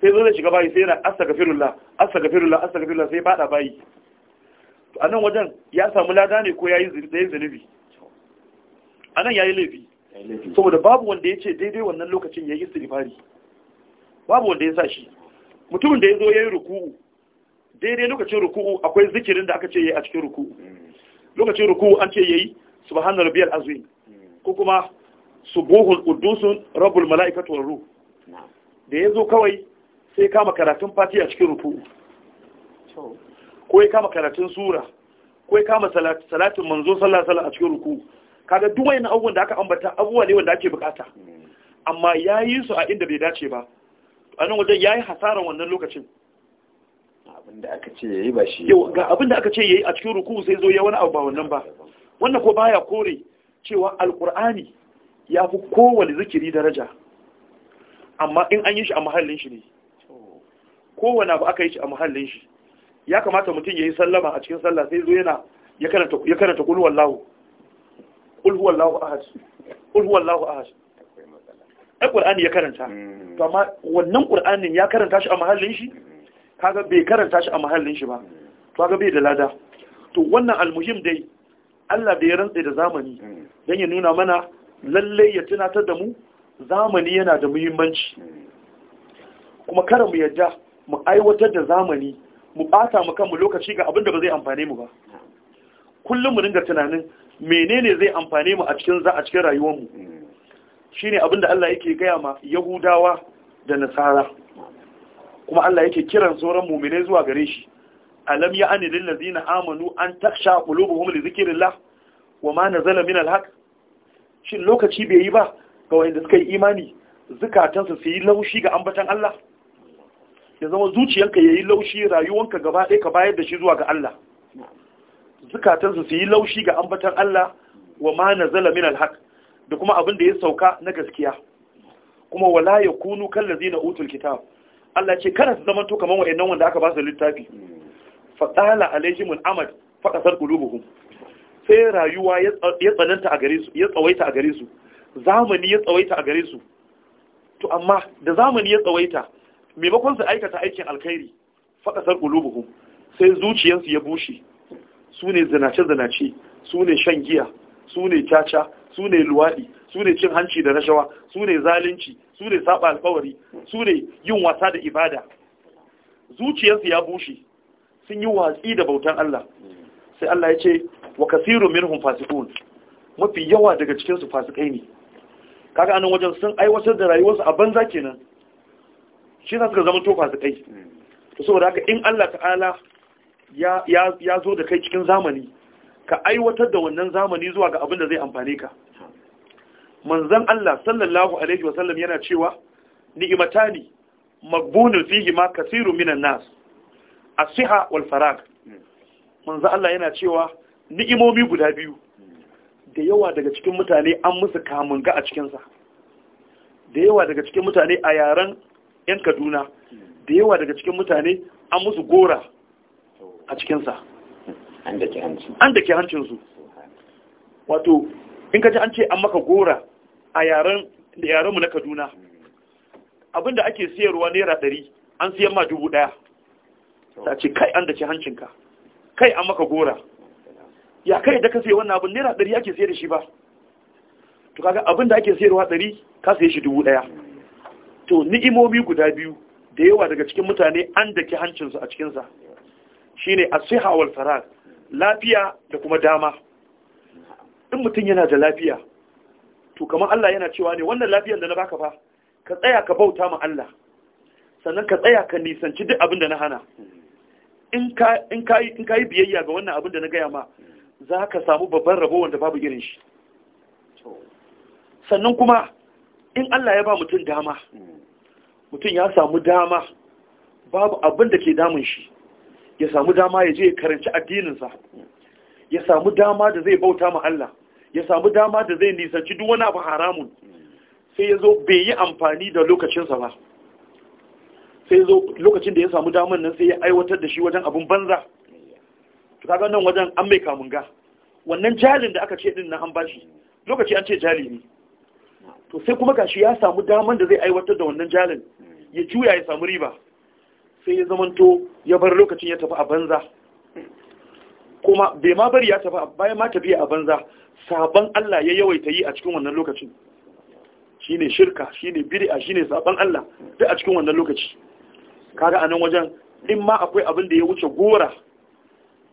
sai zo zai shiga bayi sai yana astaghfirullah astaghfirullah astaghfirullah sai bada bayi to anan wajen ya samu lada ne ko ya yi zunubi ya yi laifi saboda babu wanda ya ce daidai wannan lokacin ya yi istighfari babu wanda ya sa shi mutumin da ya zo ya yi ruku'u daidai lokacin ruku'u akwai zikirin da aka ce yayi a cikin ruku'u lokacin ruku'u an ce yayi subhanar rabbiyal azim ko kuma subuhul qudusun rabbul malaikatu war ruh da yazo kawai sai kama karatun fatiha cikin ruku'u ko ya kama karatun sura ko ya kama salatin manzo sallallahu alaihi a cikin ruku'u kaga duk wayannan abubuwan da aka ambata abubuwa ne wanda ake bukata hmm. amma yi su a inda bai dace ba a nan wajen yayi hasaran wannan lokacin abinda
aka ce yayi ba shi yau ga
abinda aka ce yayi a cikin ruku sai zo ya wani abu ba wannan ba wannan ko baya kore cewa alqur'ani ya fi kowane zikiri daraja amma in an yi shi a muhallin shi ne kowane abu aka yi shi a muhallin shi ya kamata mutum ya yi sallama a cikin sallah sai zo yana ya karanta kul wallahu kul huwallahu ahad kul huwallahu ahad ya karanta hmm. to amma wannan qur'anin ya karanta shi a mahallin shi kaga bai karanta shi a muhallin shi ba to kaga bai da lada to wannan almuhim dai Allah bai rantsa da zamani dan ya nuna mana lalle ya tunatar da mu zamani yana da muhimmanci kuma kada mu yadda mu aiwatar da zamani mu bata mu kanmu lokaci ga abin da ba zai amfane mu ba kullum mu dinga tunanin menene zai amfane mu a cikin za a cikin mu shine abin da Allah yake gaya ma Yahudawa da Nasara kuma Allah yake kiran sauran mu'minai zuwa gare shi alam ya ani lil ladina amanu an taksha qulubuhum li zikrillah wa ma nazala min alhaq shin lokaci bai yi ba ga wanda suka yi imani zukatan su yi laushi ga ambatan Allah ya zama zuciyanka yayi laushi rayuwanka gaba ɗaya ka bayar da shi zuwa ga Allah zukatansu su yi laushi ga ambatan Allah wa ma nazala min alhaq da kuma abin da ya sauka na gaskiya kuma wala yakunu kallazina utul kitab Allah ce kada su zama to kamar wa'annan wanda aka ba su littafi fadala alaihim al'amad faqasat qulubuhum sai rayuwa ya tsananta a gare su ya tsawaita a gare su zamani ya tsawaita a gare su to amma da zamani ya tsawaita maimakon su aikata aikin alkhairi faqasat qulubuhum sai zuciyarsu ya bushe su ne zinace-zinace su ne shan giya su ne caca su ne luwaɗi su ne cin hanci da rashawa su ne zalunci su ne saba alkawari su ne yin wasa da ibada zuciyarsu ya bushe sun yi watsi da bautan Allah sai Allah ya ce wa kasiru minhum fasiqun mafi yawa daga cikin su fasikai ne kaga anan wajen sun aiwatar da rayuwarsu a banza kenan shi yasa suka zama to fasikai to saboda haka in Allah ta'ala ya ya ya zo da kai cikin zamani ka aiwatar da wannan zamani zuwa ga abin da zai amfane ka Manzan Allah sallallahu alaihi wasallam yana cewa ni'matani magbunun fihi ma kasiru minan nas asiha siha wal farag manzan Allah yana cewa ni'imomi guda biyu da yawa daga cikin mutane an musu kamun ga a cikin sa da yawa daga cikin mutane a yaren yan Kaduna da yawa daga cikin mutane an musu gora a cikin sa an da ke hancin su wato in ka ji an ce an maka gora a yaren yarenmu na kaduna abinda ake siyarwa naira ɗari an siyan ma dubu ɗaya ta ce kai an da ce hancinka kai an maka gora ya kai da ka siya wannan abin naira ɗari ake siyar da shi ba to kaga abinda ake siyarwa ɗari ka siya shi dubu ɗaya to ni'imomi guda biyu da yawa daga cikin mutane an daki hancinsu a cikinsa shine asiha wal farar lafiya da kuma dama in mutum yana da lafiya to kamar Allah yana cewa ne wannan lafiyar da na baka ba ka tsaya ka bauta ma Allah sannan ka tsaya ka nisanci duk abin da na hana in ka yi biyayya ga wannan abin da na gaya ma za ka samu babban rabo wanda babu irin shi sannan kuma in Allah ya ba mutum dama mutum ya samu dama babu abin da ke damun shi ya samu dama ya je ya karanci sa ya samu dama da zai bauta ma Allah ya samu dama da zai nisanci duk wani abu haramun sai ya zo bai yi amfani da lokacinsa ba sai ya zo lokacin da ya samu daman nan sai ya aiwatar da shi wajen abin banza to kaga nan wajen an mai kamunga wannan jalin da aka ce din nan an bashi lokaci an ce jali ne to sai kuma gashi ya samu daman da zai aiwatar da wannan jalin ya juya ya samu riba sai ya zamanto ya bar lokacin ya tafi a banza kuma bai ma bari ya tafi bayan ma tafiya a banza Sabon Allah ya yawaita yi a cikin wannan lokacin shi ne shirka shi ne biri'a, shi ne sabon Allah duk a cikin wannan lokaci kaga anan wajen in ma akwai abin da ya wuce gora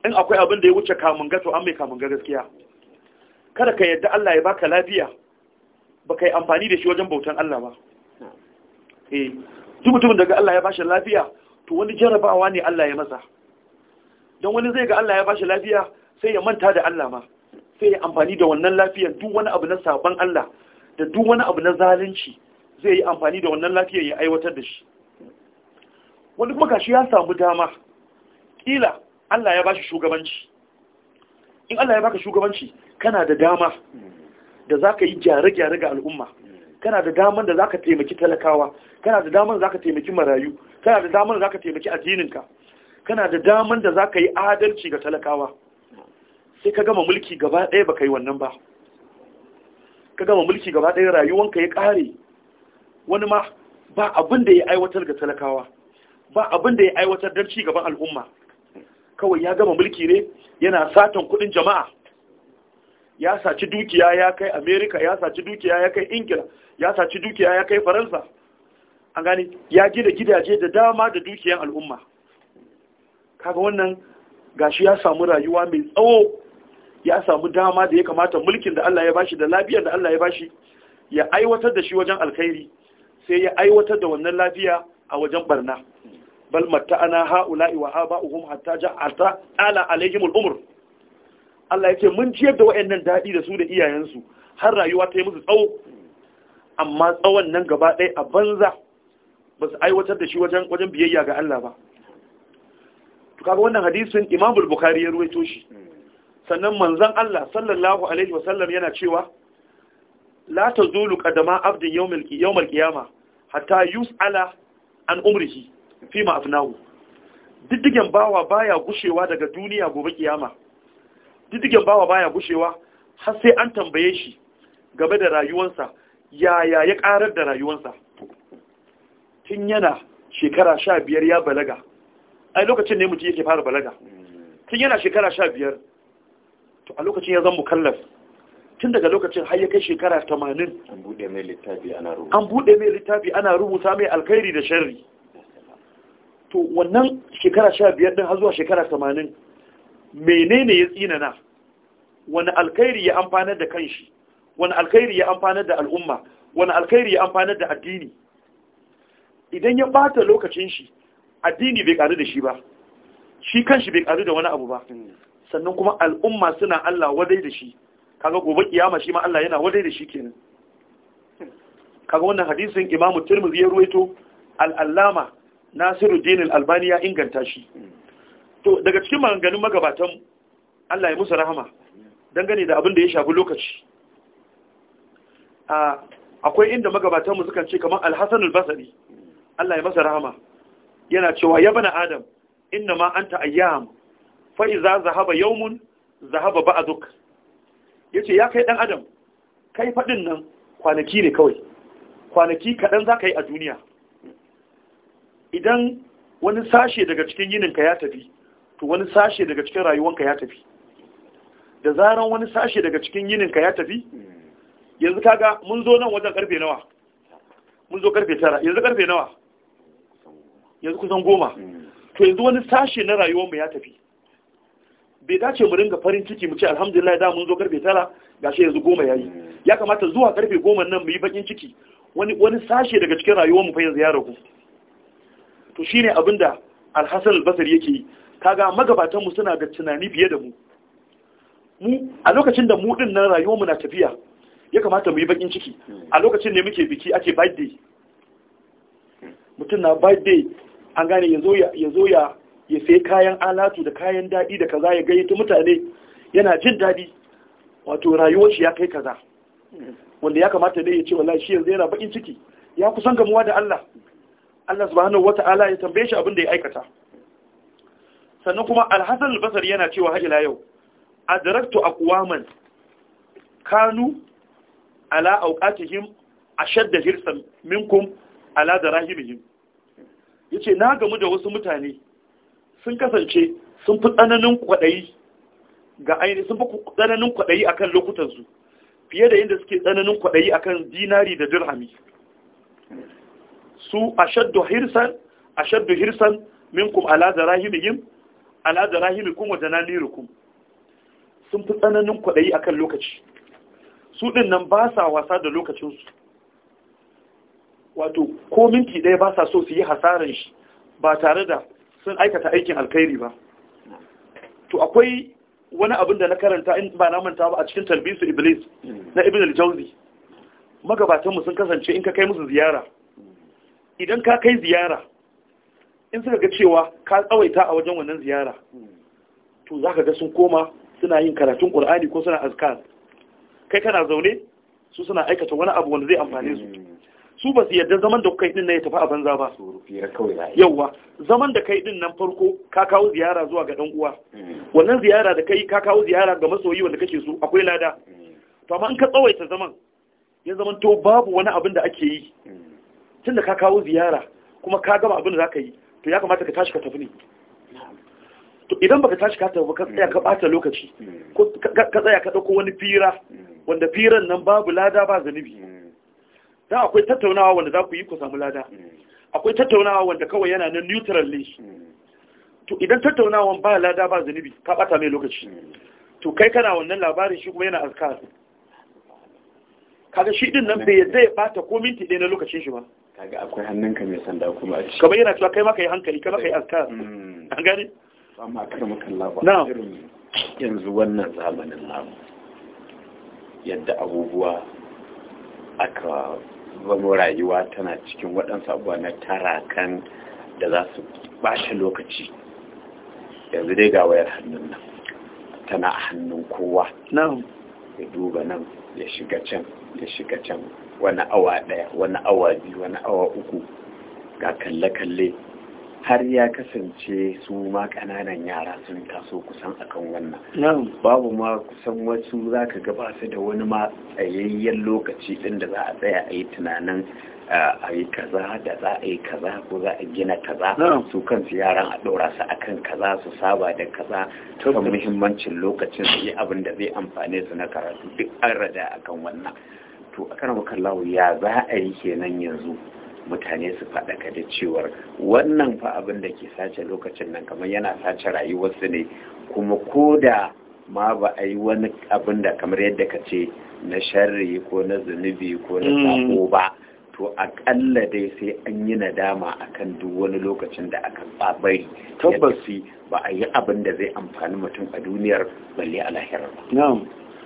in akwai abin da ya wuce kamun gato an mai kamun ga gaskiya kada ka yadda Allah ya baka lafiya baka yi amfani da shi wajen bautan Allah ba eh duk mutumin daga Allah ya bashi lafiya to wani jarabawa ne Allah ya masa don wani zai ga Allah ya bashi lafiya sai ya manta da Allah ma sai ya amfani da wannan lafiyar duk wani abu na sabon Allah da duk wani abu na zalunci zai yi amfani da wannan lafiyar ya aiwatar da shi wani kuma gashi ya samu dama kila Allah ya bashi shugabanci in Allah ya baka shugabanci kana da dama da zaka yi gyare-gyare ga al'umma kana da daman da zaka taimaki talakawa kana da daman da zaka taimaki marayu kana da daman da zaka taimaki addininka kana da daman da zaka yi adalci ga talakawa sai ka gama mulki gaba ɗaya ba ka yi wannan ba ka gama mulki gaba ɗaya rayuwanka ya ƙare wani ma ba abin da ya aiwatar ga talakawa ba abin da ya aiwatar don ci gaban al'umma kawai ya gama mulki ne yana satan kuɗin jama'a ya saci dukiya ya kai amerika ya saci dukiya ya kai ingila ya saci dukiya ya kai faransa an gani ya gina gidaje da dama da dukiyan al'umma kaga wannan gashi ya samu rayuwa mai tsawo ya samu dama da ya kamata mulkin da Allah ya bashi da lafiyar da Allah ya bashi ya aiwatar da shi wajen alkhairi sai ya aiwatar da wannan lafiya a wajen barna bal matta'ana ha'ula'i wa aba'uhum hatta ja'ata ala alaihim umr Allah yake mun ciyar da wayannan dadi da su da iyayensu har rayuwa ta yi musu tsawo amma tsawon nan gaba ɗaya a banza ba su aiwatar da shi wajen wajen biyayya ga Allah ba to kaga wannan hadisin Imam Bukhari ya ruwaito shi sannan manzon Allah sallallahu alaihi wasallam yana cewa la tazulu qadama abdin yawmal ƙiyama, qiyama hatta yus'ala an umrihi fi ma afnahu diddigen bawa baya gushewa daga duniya gobe kiyama diddigen bawa baya gushewa har sai an tambaye shi game da rayuwarsa yaya ya karar da rayuwarsa tun yana shekara sha biyar ya balaga ai lokacin ne mutum yake fara balaga hmm. tun yana shekara sha biyar to a lokacin ya zan mukallaf tun daga lokacin har ya kai shekara 80 an bude mai littafi ana rubuta an bude mai littafi ana rubuta mai alkhairi da sharri to wannan shekara 15 din har zuwa shekara 80 menene ya tsinana wani alkhairi ya amfana da kanshi wani alkhairi ya amfana da al'umma wani alkhairi ya amfana da addini idan ya bata lokacin shi addini bai karu da shi ba shi kanshi bai karu da wani abu ba hmm. sannan kuma al'umma suna Allah wadai da shi kaga gobe kiyama shi ma Allah yana wadai da shi kenan kaga wannan hadisin Imam Tirmidhi ya ruwaito al-Allama Nasiruddin al-Albani ya inganta shi to daga cikin maganganun magabatan Allah ya musu rahama dangane da abin da ya shafi lokaci a ah, akwai inda magabatan mu suka ce kamar Al-Hasan al-Basri Allah ya masa rahama yana cewa ya bana Adam inna ma anta ayyam fa'iza zahaba yaumun zahaba ba'aduk yace ya kai dan adam kai fadin nan kwanaki ne kawai kwanaki kadan ka yi a duniya idan wani sashe daga cikin yininka ya tafi to wani sashe daga cikin rayuwanka ya tafi da zaran wani sashe daga cikin yininka ya tafi yanzu kaga mun zo nan wajen karfe nawa mun zo karfe tara yanzu karfe nawa yanzu kusan goma hmm. to yanzu wani sashe na rayuwanmu ya tafi bai dace mu ringa farin ciki mu ce alhamdulillah da mun zo karfe tara gashi yanzu goma yayi ya kamata zuwa karfe goma nan mu yi bakin ciki wani wani sashe daga cikin rayuwar mu fa yanzu ya ragu to shine abinda alhassan albasari yake yi kaga magabatan mu suna da tunani biye da mu mu a lokacin da mu din nan rayuwar mu na tafiya ya kamata mu yi bakin ciki a lokacin ne muke biki ake birthday mutum na birthday an gane ya zo ya ya sai kayan alatu da kayan daɗi da kaza ya gayyata mutane yana jin daɗi wato rayuwar shi ya kai kaza wanda ya kamata dai ya ce wallahi shi yanzu yana bakin ciki ya kusan gamuwa da Allah Allah subhanahu wata'ala ya tambaye shi abin da ya aikata sannan kuma Al-Hasan al yana cewa har ila yau adraktu aqwaman kanu ala awqatihim ashadda hirsan minkum ala darahimihim yace na gamu da wasu mutane sun kasance sun fi tsananin kwaɗayi ga ainihin sun fi tsananin kwaɗayi a kan lokutansu fiye da yadda suke tsananin kwaɗayi a kan dinari da dirhami su a shaddu hirsan a shaddu hirsan kuma ala da rahimihim ala da rahimikum wa jananirukum sun fi tsananin kwaɗayi a kan lokaci su ɗin nan ba sa wasa da lokacinsu wato ko minti ɗaya ba sa so su yi hasaran shi ba tare da sun aikata aikin alkhairi ba to akwai wani abin da na karanta in ba na manta ba a cikin talbisu iblis na ibn al-jawzi magabatan mu sun kasance in ka kai musu ziyara idan ka kai ziyara in suka ga cewa ka tsawaita a wajen wannan ziyara to zaka ga sun koma suna yin karatun qur'ani ko suna azkar kai kana zaune su suna aikata wani abu wanda zai amfane su su ba su yarda zaman da kuka yi din nan ya tafi a banza ba yauwa zaman da kai din nan farko ka kawo ziyara zuwa ga dan uwa hmm. wannan ziyara da kai ka kawo ziyara ga masoyi wanda kake so akwai lada hmm. to amma in ka tsawaita zaman ya zaman to babu wani abin da ake yi hmm. tunda ka kawo ziyara kuma ka gama abin da zaka yi to ya kamata ka tashi ka tafi ne to idan baka tashi ka tafi ka tsaya ka bata lokaci ko ka tsaya ka dauko wani fira wanda firan nan babu lada ba zanubi da akwai tattaunawa wanda za ku yi ku samu lada hmm. akwai tattaunawa wanda kawai yana nan neutral ne hmm. to idan tattaunawa ba lada ba zunubi ka bata mai lokaci hmm. to kai kana wannan labarin shi kuma yana azkar kaga shi din nan bai zai bata ko minti ɗaya na lokacin shi ba kaga akwai ka mai sanda kuma a ciki kamar yana cewa kai maka yi hankali kai maka yi azkar an gane amma kar maka labar irin yanzu wannan zamanin
namu yadda abubuwa aka zama rayuwa tana cikin waɗansu abuwa na kan da za su ɓata lokaci yanzu dai ga wayar hannun nan tana hannun kowa nan ya duba nan ya shiga can ya shiga can wani awa ɗaya wani awa biyu wani awa uku ga kalle-kalle har ya kasance su ma kananan yara sun taso kusan akan wannan babu ma kusan wasu za ka gaba da wani ma tsayayyen lokaci ɗin da za a tsaya a yi tunanin a yi kaza da za a yi kaza ko za a gina kaza su kansu yaran a ɗora su akan kaza su saba da kaza ta muhimmancin lokacin su yi abin da zai amfane su na karatu duk an rada akan wannan to a kan ya za a yi kenan yanzu mutane su faɗaka da cewar wannan fa abin da ke sace lokacin nan kamar yana sace rayuwarsu ne kuma ko da ma ba a yi wani abin da kamar yadda ka ce na sharri ko na zunubi ko na mm. sako ba to aƙalla dai sai an yi nadama akan duk wani lokacin da aka tsabari tabbasi ba a yi abin da zai amfani mutum a duniyar balle a lahirar ba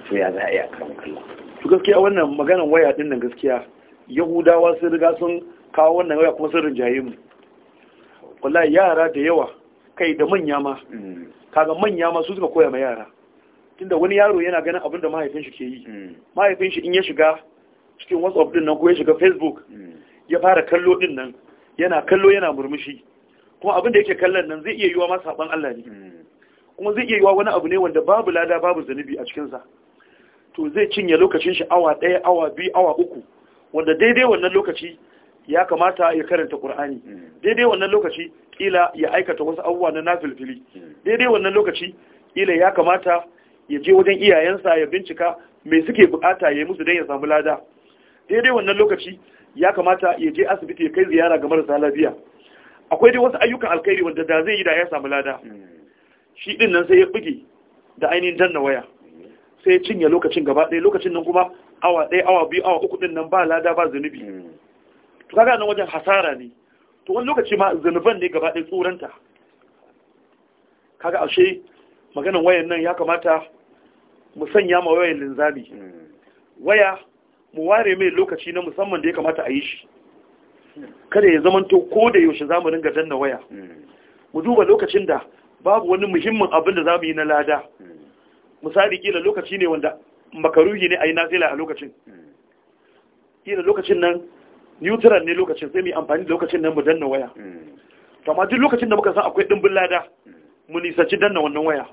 to ya za a yi a karan kallon to gaskiya wannan maganar waya din nan gaskiya yahudawa sun riga sun kawo wannan waya kuma sun rinjaye mu wallahi yara da yawa kai da manya ma mm. kaga manya ma su suka koya ma yara tunda wani yaro yana ganin abinda da mahaifin shi ke yi mm. mahaifin shi in ya shiga cikin whatsapp din nan ko ya shiga facebook mm. ya fara kallo din nan yana kallo yana murmushi kuma abin da yake kallon nan zai iya yiwa ma saban Allah ne kuma zai iya yiwa wani abu ne wanda babu lada babu zanubi a cikinsa. to zai cinye lokacin shi awa ɗaya awa biyu awa uku wanda daidai wannan lokaci ya kamata ya karanta Qur'ani hmm. daidai wannan lokaci kila ya aikata wasu abubuwa na nafilfili hmm. daidai wannan lokaci kila ya kamata ya je wajen iyayensa ya bincika mai suke bukata ya yi musu don ya samu lada daidai wannan lokaci ya kamata ya je asibiti ya kai ziyara ga marasa lafiya akwai dai wasu ayyukan alkhairi wanda da zai yi da ya samu lada hmm. shi din nan sai ya buge da ainihin danna waya sai ya cinye lokacin gaba ɗaya lokacin nan kuma awa ɗaya awa biyu awa uku din nan ba lada ba zunubi to kaga nan wajen hasara ne to wani lokaci ma zanuban ne gaba ɗaya tsoranta kaga ashe maganan wayan nan ya kamata mu sanya ma wayan linzami hmm. waya mu ware mai lokaci na musamman da ya kamata a yi shi kada ya zamanto ko da yaushe za mu ringa danna waya hmm. mu duba lokacin da babu wani muhimmin abin da za mu yi na lada hmm. misali kila lokaci ne wanda makaruhi ne a yi nazila a lokacin kila lokacin nan neutral ne lokacin sai mai amfani da lokacin nan mu danna waya mm. to amma duk lokacin da muka san akwai dimbin lada mm. mu nisanci danna wannan waya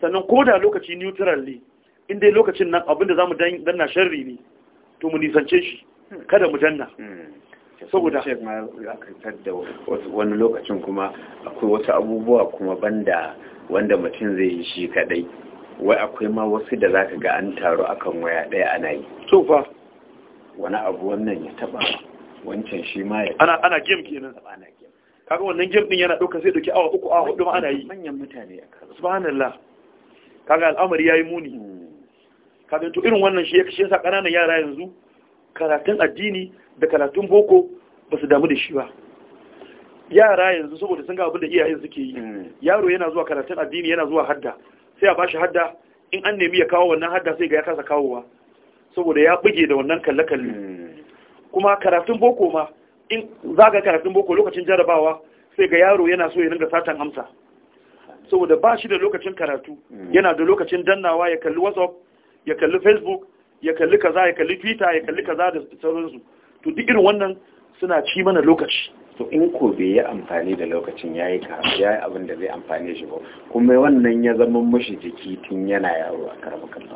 sannan ko da lokaci neutral ne in dai lokacin nan abinda zamu danna sharri ne to mu nisance shi hmm. kada mu danna hmm. saboda shek ma ya kantar da
wani lokacin kuma akwai wasu abubuwa kuma banda wanda mutum zai yi shi kadai wai akwai ma wasu da zaka ga an taru akan waya daya ana yi to fa wani abu wannan ya taba wancan shi ma ya ana
ana game kenan ana game kaga wannan game din yana dauka sai dauki awa uku awa hudu ma ana yi manyan mutane a subhanallah kaga al'amari yayi muni hmm. kaga to irin wannan shi ya kashe sa kananan yara yanzu karatun addini da karatun boko ba su damu da shi ba yara yanzu saboda sun ga abin da iyayen suke yi hmm. yaro yana zuwa karatun addini yana zuwa hadda sai a bashi hadda in an nemi ya kawo wannan hadda sai ga ya kasa kawowa saboda ya buge da wannan kalle-kalle hmm. kuma karatun boko ma in zaga karatun boko lokacin jarabawa sai ga yaro yana so ya ringa satan amsa saboda ba shi da lokacin karatu hmm. yana da lokacin dannawa ya kalli whatsapp ya kalli facebook ya kalli kaza ya kalli twitter ya kalli kaza da sauransu to duk irin wannan
suna ci mana lokaci to in ko bai yi amfani da lokacin ya yi abin da zai amfane shi ba kuma wannan ya zama mashi jiki tun yana yaro a karamakon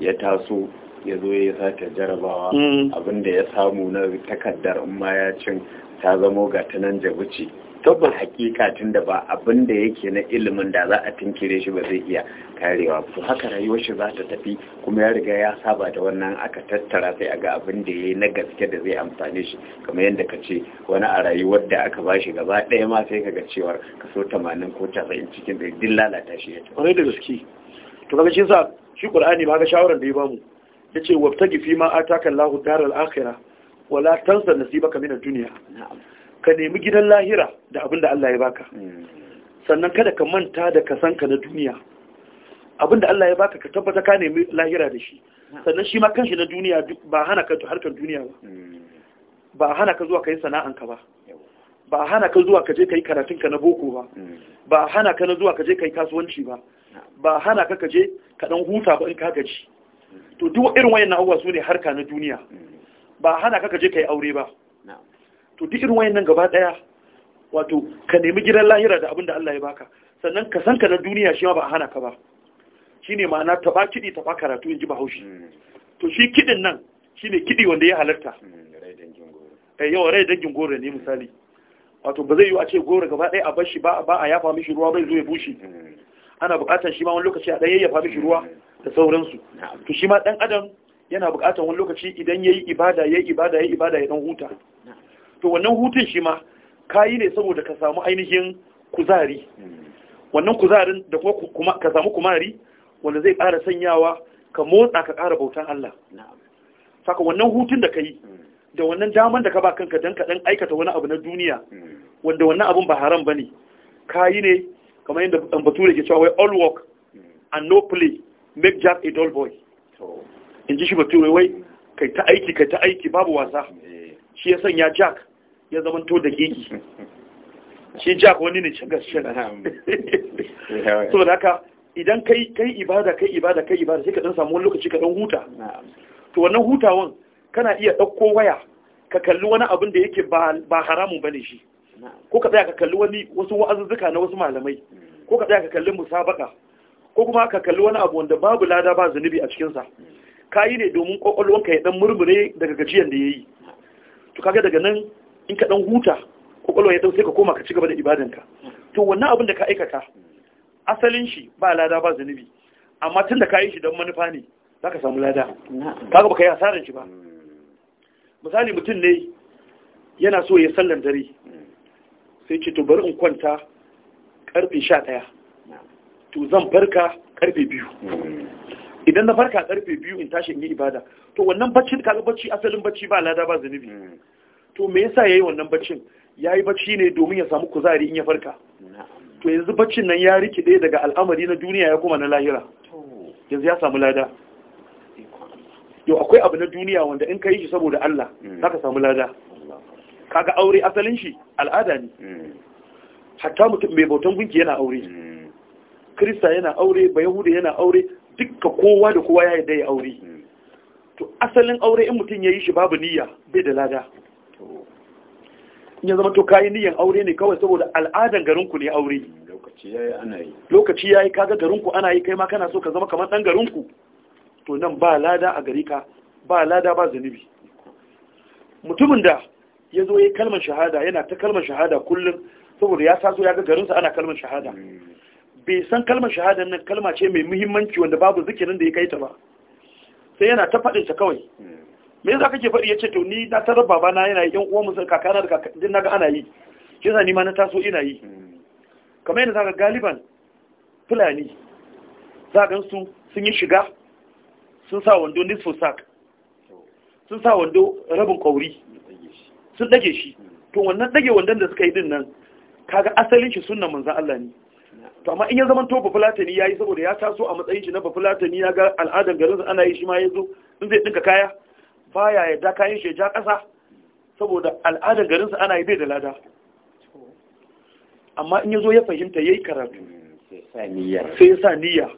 ya taso ya zo ya sake jarabawa mm. abinda ya samu na takardar maya ya cin ta zamo ga tunan jabuci tabbas hakika tun da ba abinda da yake na ilimin da za a tinkire shi ba zai iya karewa to haka rayuwar shi za ta tafi kuma ya riga ya saba da wannan aka tattara sai a ga abin da ya yi na gaske da zai amfane shi kamar yadda ka ce wani a rayuwar da aka ba shi gaba daya ma sai ka ga cewar kaso tamanin ko casa'in cikin ɗari duk lalata shi ya ta.
Kwarai da gaske. To kaga shi sa shi ba ga shawarar da ya bamu. ya ce wabtagi fi ma ataka Allahu daral akhirah wala latansa nasibaka min mina duniya. ka nemi gidan lahira da abinda Allah ya baka hmm. sannan kada ka manta da kasanka na duniya abinda Allah ya baka ka tabbata ka nemi lahira da shi sannan shi ma kanshi na duniya ba hana ka harkar duniya ba hmm. ba hana ka zuwa yi sana'anka ba ba hana ka zuwa ka je yi karatunka na boko ba hmm. ba hana ka na zuwa ka je yi kasuwanci ba ba hana ka ka je ka dan huta ba in ka gaji to duk irin wayannan abubuwa su ne harka na duniya ba hana ka je kai aure ba to duk irin wayannan gaba daya wato ka nemi gidan lahira da abin da Allah ya baka sannan ka san ka na duniya shi ma ba hana ka ba shine ma'ana ba kidi ba karatu in ji Bahaushe hmm. to shi kidin nan shine kidi wanda ya halarta eh
hmm,
yawa rai dangin gore eh, ne misali wato ba zai yi a ce gore gaba daya a bar shi ba a yafa mishi ruwa bai zo ya bushe hmm. ana bukatar shi ma wani lokaci a dan yayyafa mishi ruwa da sauransu to shi ma dan adam yana buƙatar wani lokaci idan yayi ibada yayi ibada yayi ibada ya dan huta to wannan hutun shi ma kayi ne saboda ka samu ainihin kuzari hmm. wannan kuzarin da kuma ka samu kumari wanda zai ƙara sanyawa ka motsa ka ƙara bautan Allah saka wannan hutun da ka yi hmm. da wannan daman da ka ba kanka dan ka ɗan aikata wani abu na duniya hmm. wanda wannan abun ba haram ba ne ne kamar yadda um, bature ke cewa wai all work and no play make jack a dull boy in ji shi bature wai kai ta aiki kai ta aiki babu wasa shi ya sanya jack ya zama to da kiki shi jack wani ne shagas shagas
saboda
haka idan kai kai ibada kai ibada kai ibada sai ka dan samu wani lokaci ka dan huta to wannan hutawan kana iya ɗauko waya ka kalli wani abin da yake ba haramun ba ne shi ko ka tsaya ka kalli wani wasu wa'azuzzuka na wasu malamai mm. ko ka tsaya ka kalli musabaka ko kuma ka kalli wani abu wanda babu lada ba zunubi a cikinsa ka yi ne domin ka ya dan murmure daga gajiyar da ya yi to kaga daga nan in ka dan huta kwakwalwa ya dan sai ka koma ka ci gaba da ibadanka to wannan abin da ka aikata asalin shi ba lada ba zunubi amma tun da ka yi shi don manufa ne za ka samu lada kaga ba ka yi asarar shi ba misali mutum ne yana so ya sallan dare sai ce to bari in kwanta karfe sha ɗaya to zan farka karfe biyu hmm. idan na farka karfe biyu in tashi in yi ibada to wannan bacci, k'a kaga bacci asalin bacci ba lada ba zunubi hmm. to me yasa yayi wannan baccin yayi bacci ne domin ya samu kuzari in ya farka to yanzu baccin nan ya rikide daga al'amari na duniya ya kuma na lahira yanzu ya samu lada yau akwai abu na duniya wanda in ka yi shi saboda Allah hmm. za ka samu lada kaga aure asalin shi al'ada ne hatta mutum mai bautan gunki yana aure Kirista yana aure ba yahudu yana aure dukka kowa da kowa ya yadda ya aure to asalin aure in mutum ya yi shi babu niyya bai da lada ya zama to kayi niyyan aure ne kawai saboda al'adan garinku ne aure lokaci ya yi lokaci kaga garinku ana yi kai ma kana so ka zama kamar dan garinku to nan ba lada a gari ka ba lada ba zunubi mutumin da ya zo ya yi kalmar shahada yana ta kalmar shahada kullum saboda ya taso ya ga garinsa ana kalmar shahada hmm. bai san kalmar shahada nan kalma ce mai muhimmanci wanda babu zikirin da ya kai ta ba sai yana ta faɗin ta kawai hmm. me yasa kake faɗi yace to ni na tarar baba na yana yi yan uwan musul kakana da din naga ana yi shi yasa ni ma na taso ina yi hmm. kamar yadda zaka galiban fulani za ga su sun yi shiga sun sa wando nisfu sak sun sa wando rabin kauri sun dage shi hmm. to wannan dage wandon da suka yi din nan kaga asalin shi sunnan manzon Allah ne to amma in ya zama to bafulatani ya yi saboda ya taso a matsayin shi na bafulatani ya ga al'adar su ana yi shi ma ya zo in zai dinka kaya baya ya ja kayan shi ya ja kasa saboda al'adar su ana yi bai da lada amma in ya zo ya fahimta ya yi karatu sai ya sa niyya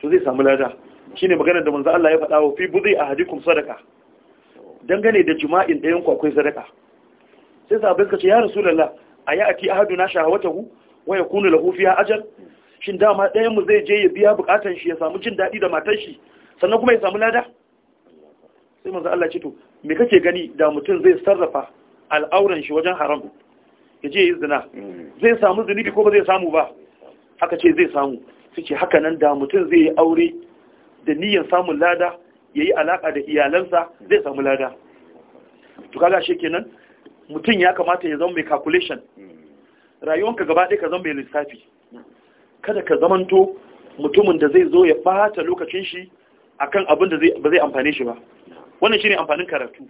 to zai samu lada shi ne maganar da manzo Allah ya faɗa wa fi buzai a hadikun sadaka dangane da jima'in ɗayan kwakwai sadaka sai sahabbai ka ce ya rasulullah a haduna ati ahaduna shahawatahu wa yakunu lahu fiha ajal shin dama ɗayan mu zai je ya biya bukatan shi ya samu jin daɗi da matar shi sannan kuma ya samu lada sai manzo Allah ce to me kake gani da mutum zai sarrafa al'auran shi wajen haram ya je yi zina zai samu zunubi ko ba zai samu ba aka ce zai samu suke haka nan da mutum zai yi aure da niyyar samun lada yayi alaka da iyalansa zai samu lada to kaga shi kenan mutum ya kamata ya zama mai calculation rayuwanka gaba ɗaya ka zama mai lissafi kada ka zamanto mutumin da zai zo ya bata lokacin shi akan abin da ba zai amfane shi ba wannan shine amfanin karatu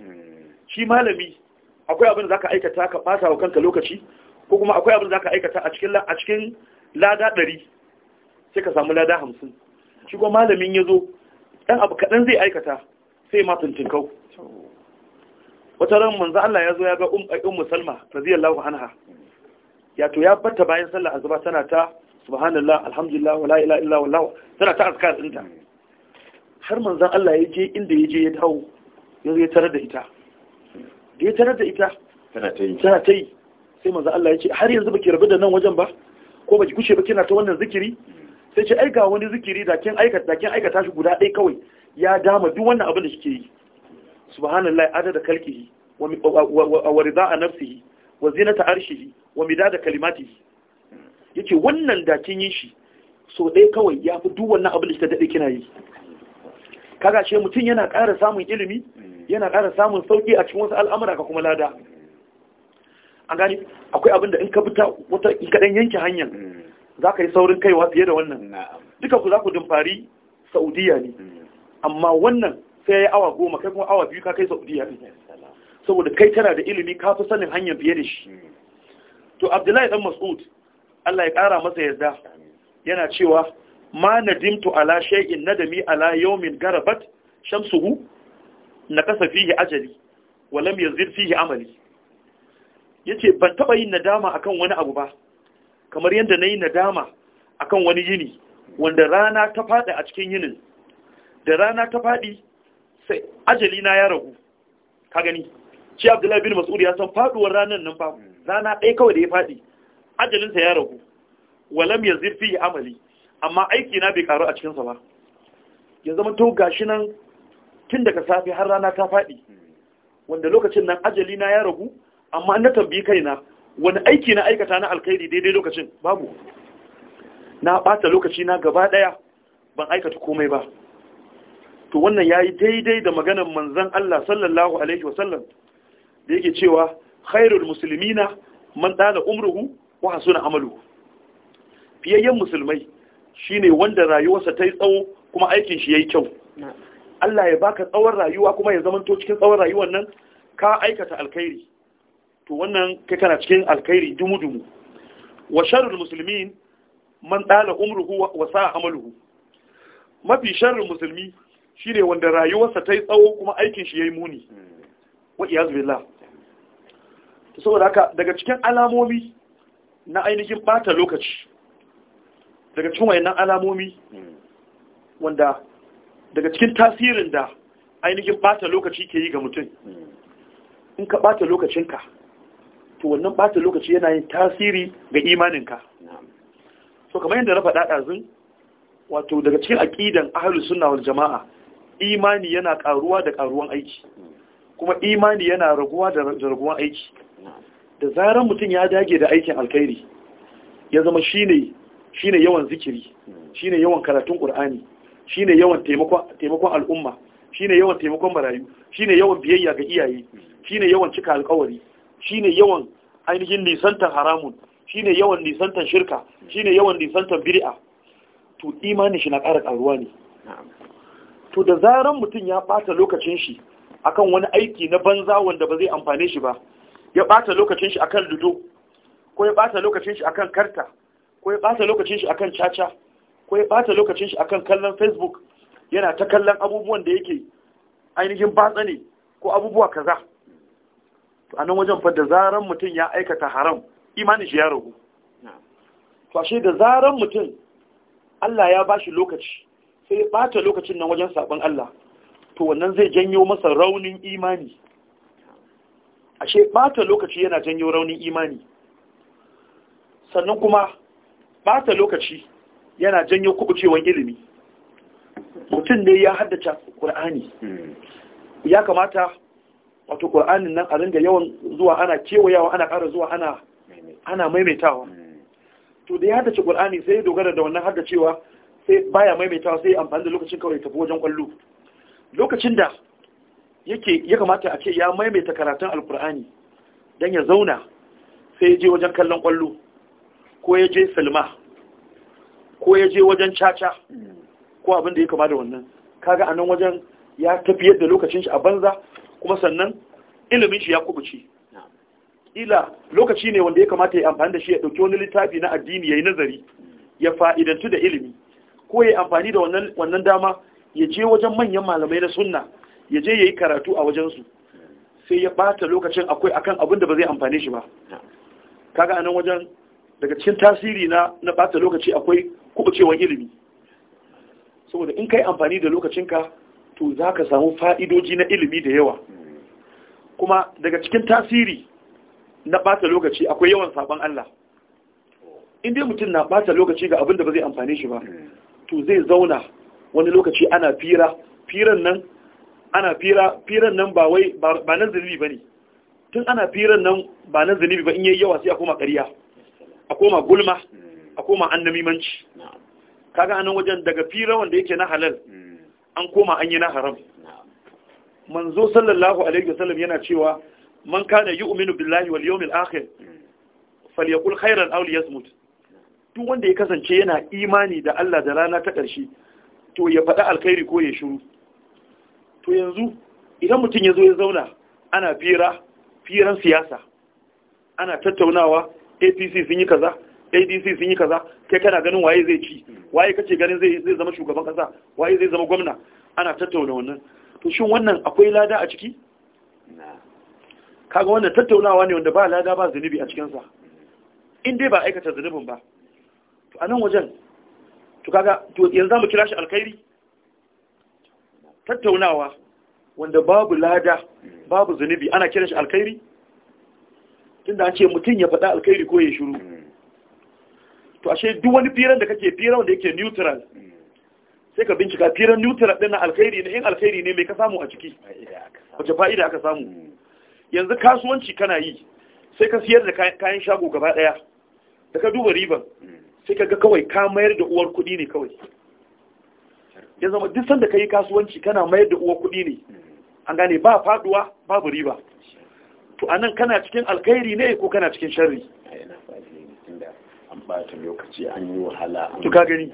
shi malami akwai abin da zaka aikata ka bata wa kanka lokaci ko kuma akwai abin da zaka aikata a cikin a cikin lada 100 sai ka samu lada 50 shi kuma malamin yazo dan abu kadan zai aikata sai ma tuntunkau wata ran manzo Allah yazo ya ga um, ummu Salma radiyallahu anha ya to ya batta bayan sallar azuba tana ta subhanallah alhamdulillah wala ilaha illa wallahu tana ta azkar ta hmm. har manzon Allah ya je inda ya je ya dawo yanzu ya tarar da ita da ya tarar da ita tana ta yi tana ta yi sai manzon Allah ya ce har yanzu baki rabu da nan wajen ba ko baki kushe ba kina ta wannan zikiri hmm. sai ce ai ga wani zikiri da kin aikata da kin aika shi guda ɗaya kawai ya dama duk wannan abin da kike yi subhanallah adada kalkihi wa wa rida nafsihi wa zinata arshihi wa midada kalimatihi yace wannan da kin yi shi so dai kawai ya fi duk wannan abin da ta dade kina yi kaga she mutun yana ƙara samun ilimi yana ƙara samun sauki a cikin wasu al'amura ka kuma lada an gani akwai abin da in ka fita wata in ka dan yanke hanyar zaka yi saurin kaiwa fiye da wannan duka ku za ku dumfari Saudiya ne mm. amma wannan sai ya yi awa goma kai kuma awa biyu ka kai Saudiya ne saboda kai tana da ilimi ka fi sanin hanyar fiye da shi to abdullahi dan mas'ud Allah ya kara masa yarda yana cewa ma nadimtu ala shay'in nadami ala yawmin garabat shamsuhu nakasa fihi ajali wa lam yazid fihi amali yace ban taba yin nadama akan wani abu ba kamar yadda nayi nadama akan wani yini wanda rana ta fada a cikin yinin da rana ta fadi sai ajali na ya ragu ka gani shi abdullahi bin mas'ud ya san faduwar ranar nan fa rana ɗaya kawai da ya faɗi ajalinsa ya ragu walam ya zirfi ya amali amma aiki na bai karu a cikinsa ba ya zama to gashi nan tun daga safe har rana ta faɗi wanda lokacin nan ajali na ya ragu amma na tambayi kaina wani aiki na aikata na alkhairi daidai lokacin babu na ɓata lokaci na gaba ɗaya ban aikata komai ba to wannan yayi daidai da maganar manzon Allah sallallahu alaihi wasallam da yake cewa khairul muslimina man dana umruhu wa hasuna amaluhu fiyayyen musulmai shine wanda rayuwarsa ta yi tsawo kuma aikin shi yayi kyau Allah ya baka tsawon rayuwa kuma ya zamanto cikin tsawon rayuwar nan ka aikata alkhairi to wannan kai kana cikin alkhairi dumudumu wa sharrul muslimin man dana umruhu wa sa'a amaluhu mafi sharrul musulmi shine wanda rayuwarsa ta yi tsawo kuma aikin shi yayi muni wa iyaz billah to saboda haka daga cikin alamomi na ainihin bata lokaci daga cikin wayannan alamomi wanda daga cikin tasirin da ainihin bata lokaci ke yi ga mutum in ka bata lokacinka to wannan bata lokaci yana yin tasiri ga imaninka so kamar yadda na faɗa zin, wato daga cikin aƙidan ahalusunawar jama'a imani yana ƙaruwa da ƙaruwan aiki mm. kuma imani yana raguwa da raguwan aiki da zarar mutum ya dage da aikin alkhairi ya zama shine shine yawan zikiri shine yawan karatun qur'ani shine yawan taimakon al'umma shine yawan taimakon marayu shine yawan biyayya ga iyaye shine yawan cika alkawari shine yawan ainihin nisantar haramun shine yawan nisantar shirka shine yawan nisantar bid'a to Imani shi na ƙara ƙaruwa ne to da zarar mutum ya ɓata lokacin shi akan wani aiki na banza wanda ba zai amfane shi ba ya bata lokacin shi akan ludo ko ya bata lokacin shi akan karta ko ya bata lokacin shi akan caca ko ya bata lokacin shi akan kallon facebook yana ta kallon abubuwan da yake ainihin batsa ne ko abubuwa kaza to anan wajen fa da zaran mutum ya aikata haram imanin shi ya ragu to ashe da zaran mutum Allah ya bashi lokaci sai ya bata lokacin nan wajen sabon Allah to wannan zai janyo masa raunin imani ashe bata lokaci yana janyo raunin imani sannan kuma bata lokaci yana janyo kubucewan ilimi mutum ne ya haddace ƙur'ani hmm. ya kamata wato ƙur'anin nan a ringa yawan zuwa ana kewayawa ana ƙara zuwa ana maimaitawa hmm. to da ya haddace ƙur'ani sai ya dogara da wannan haddacewa sai baya maimaitawa sai amfani da lokacin kawai tafi wajen ƙwallo lokacin da yake ya kamata a ce ya maimaita karatun alkur'ani don ya zauna sai ya je wajen kallon kwallo ko ya je salma ko ya je wajen caca ko abin da ya kama da wannan kaga a nan wajen ya tafiyar da lokacin shi a banza kuma sannan ilimin shi ya kubuce ila lokaci ne wanda ya kamata ya amfani da shi ya dauki wani littafi na addini ya yi nazari ya fa'idantu da ilimi ko ya amfani da wannan dama ya je wajen manyan malamai na sunna ya je ya yi karatu a wajensu sai ya bata lokacin akwai akan abin da ba zai amfane shi ba kaga anan wajen daga cikin tasiri na na bata lokaci akwai kubucewan ilimi saboda in kai amfani da lokacinka to za ka samu fa'idoji na ilimi da yawa kuma daga cikin tasiri na bata lokaci akwai yawan sabon Allah in dai mutum na bata lokaci ga abin da ba zai amfane shi ba to zai zauna wani lokaci ana fira firan nan ana fira firan nan ba wai ba nan zunubi bane tun ana firan nan ba nan zunubi ba in yayi yawa sai a koma ƙarya a koma gulma a koma annamimanci kaga anan wajen daga fira wanda yake na halal an koma an yi na haram manzo sallallahu alaihi wasallam yana cewa man kana yu'minu billahi wal yawmil akhir falyakul khairan aw liyasmut duk wanda ya kasance yana imani da Allah da rana ta ƙarshe to ya faɗi alkhairi ko ya shiru to yanzu idan mutum ya zo ya zauna ana fira firan siyasa ana tattaunawa apc sun yi kaza adc sun yi kaza kai kana ganin waye zai ci waye kace ganin zai zai zama shugaban kasa waye zai zama gwamna ana tattauna wannan to shin wannan akwai lada a ciki kaga wannan tattaunawa ne wanda ba lada ba zunubi a cikinsa in dai ba aikata zunubin ba to a nan wajen tukaga to yanzu zamu kira shi alkhairi tattaunawa wanda babu lada babu zunubi ana kiran shi alkhairi tunda an ce mutum ya faɗa alkhairi ko ya shiru to ashe duk wani firan da kake firan wanda yake neutral sai ka bincika firan neutral ɗin na alkhairi ne Yin alkhairi ne mai ka samu a ciki wace fa'ida aka samu yanzu kasuwanci kana yi sai ka siyar da kayan shago gaba ɗaya da ka duba riban sai ka ga kawai ka mayar da uwar kuɗi ne kawai ya zama duk sanda ka yi kasuwanci kana mayar da uwar kuɗi ne an gane ba faduwa babu riba to anan kana cikin alkhairi ne ko kana cikin sharri
an bata lokaci
an yi wahala an ka gani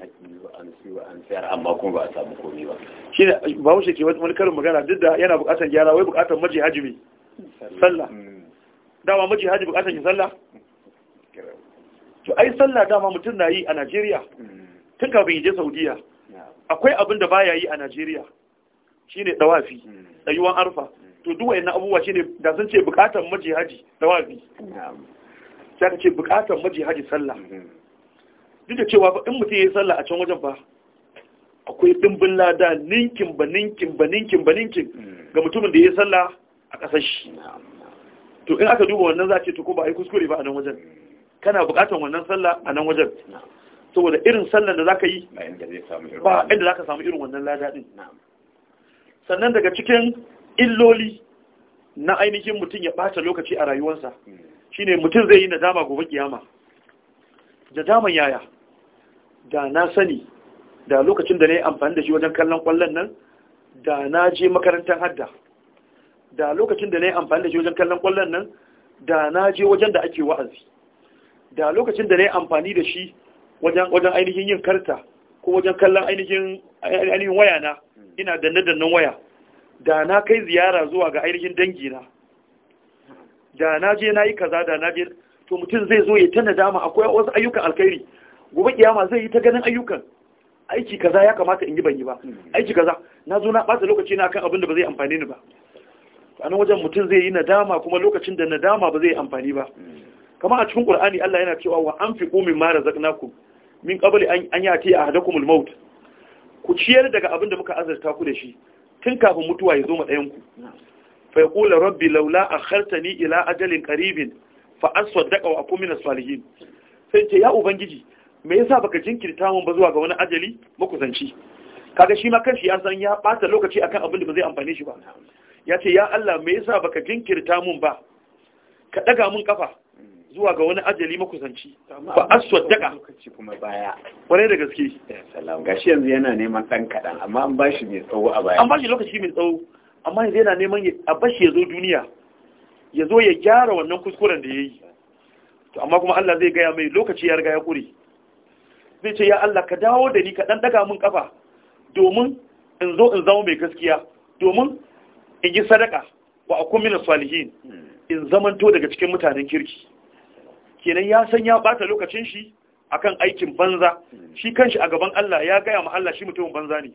an siwa an sayar amma kuma ba a samu komai ba
shi ba wuce ke wani karin magana duk da yana bukatar gyara wai bukatar maji hajimi sallah dama maji haji bukatar ki sallah to ai sallah dama mutum na yi a Najeriya mm. tun kafin yi je Saudiya akwai abin da baya yi a Najeriya shine dawafi ɗayuwan mm. arfa mm. to duk wayannan abubuwa shine da sun ce bukatar maji haji dawafi sai ka ce bukatar maji haji sallah mm-hmm. duk da cewa in mutum ya yi sallah a can wajen ba akwai dimbin lada ninkin ba ninkin ba ninkin ba ninkin ga mutumin da ya yi sallah a ƙasar shi to in aka duba wannan za a ce to ko ba a yi kuskure ba a nan wajen kana buƙatar wannan sallah a nan wajen saboda irin sallar da zaka yi ba inda zaka samu irin wannan lada din sannan daga cikin illoli na ainihin mutum ya ɓata lokaci a rayuwarsa hmm. shine mutum zai yi nadama gobe kiyama da daman yaya da na sani da lokacin da na yi amfani da shi wajen kallon kwallon nan da na je makarantar hadda da lokacin da na yi amfani da shi wajen kallon kwallon nan da na je wajen da ake wa'azi da lokacin da na yi amfani da shi wajen ainihin yin karta ko wajen kallon ainihin waya na hmm. ina danne dannan waya da na kai ziyara zuwa ga ainihin dangi na da na je na yi kaza da na je to mutum zai zo ya ta nadama akwai wasu ayyukan alkhairi gobe kiyama zai yi ta ganin ayyukan aiki kaza ya kamata in yi ban yi ba hmm. aiki kaza na zo na ɓata lokaci na kan abin da ba zai amfani ni ba a nan wajen mutum zai yi nadama kuma lokacin da nadama ba zai amfani ba hmm. kama a cikin qur'ani Allah yana cewa wa anfiqu mimma razaqnakum min qabli an yati ahadakumul maut ku ciyar daga abin da muka azarta ku da shi tun kafin mutuwa ya zo ma ɗayan ku fa yaqulu rabbi laula a akhartani ila ajalin qaribin fa aswaddaqa wa akun minas salihin sai ce ya ubangiji me yasa baka jinkirta mun ba zuwa ga wani ajali makusanci kaga shi ma kanshi ya san ya bata lokaci akan abin da ba zai amfane shi ba ya ce ya Allah me yasa baka jinkirta mun ba ka ɗaga mun kafa zuwa ga wani ajali makusanci ba aswad daga lokaci kuma baya
kwarai da gaske salam gashi yanzu yana neman dan kadan amma an bashi mai tsawo a
baya an bashi lokaci mai tsawo amma yanzu yana neman a bashi ya zo duniya ya zo ya gyara wannan kuskuren da ya yi to amma kuma Allah zai gaya mai lokaci ya riga ya kure zai ce ya Allah ka dawo da ni ka dan daga mun kafa domin in zo in zama mai gaskiya domin in yi sadaka wa akumina salihin hmm. in zamanto daga cikin mutanen kirki kenan ya san ya bata lokacin shi akan aikin banza shi kanshi a gaban Allah ya gaya ma Allah shi mutumin banza ne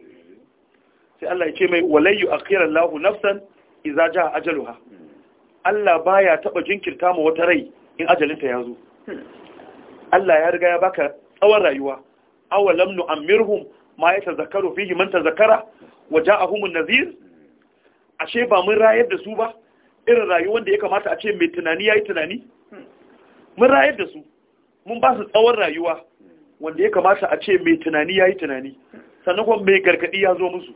sai Allah ya ce mai walayyu akhiran lahu nafsan idza jaa ajaluha Allah baya taba jinkirta mu wata rai in ajalinta ya zo Allah ya riga ya baka tsawon rayuwa lam nu'ammirhum ma yatazakkaru fihi man tazakkara wa an nazir ashe ba mun rayar da su ba irin rayuwar da ya kamata a ce mai tunani yayi tunani mun rayar da su mun ba su tsawon rayuwa wanda ya kamata a ce mai tunani ya yi tunani sannan kuma mai gargaɗi ya zo musu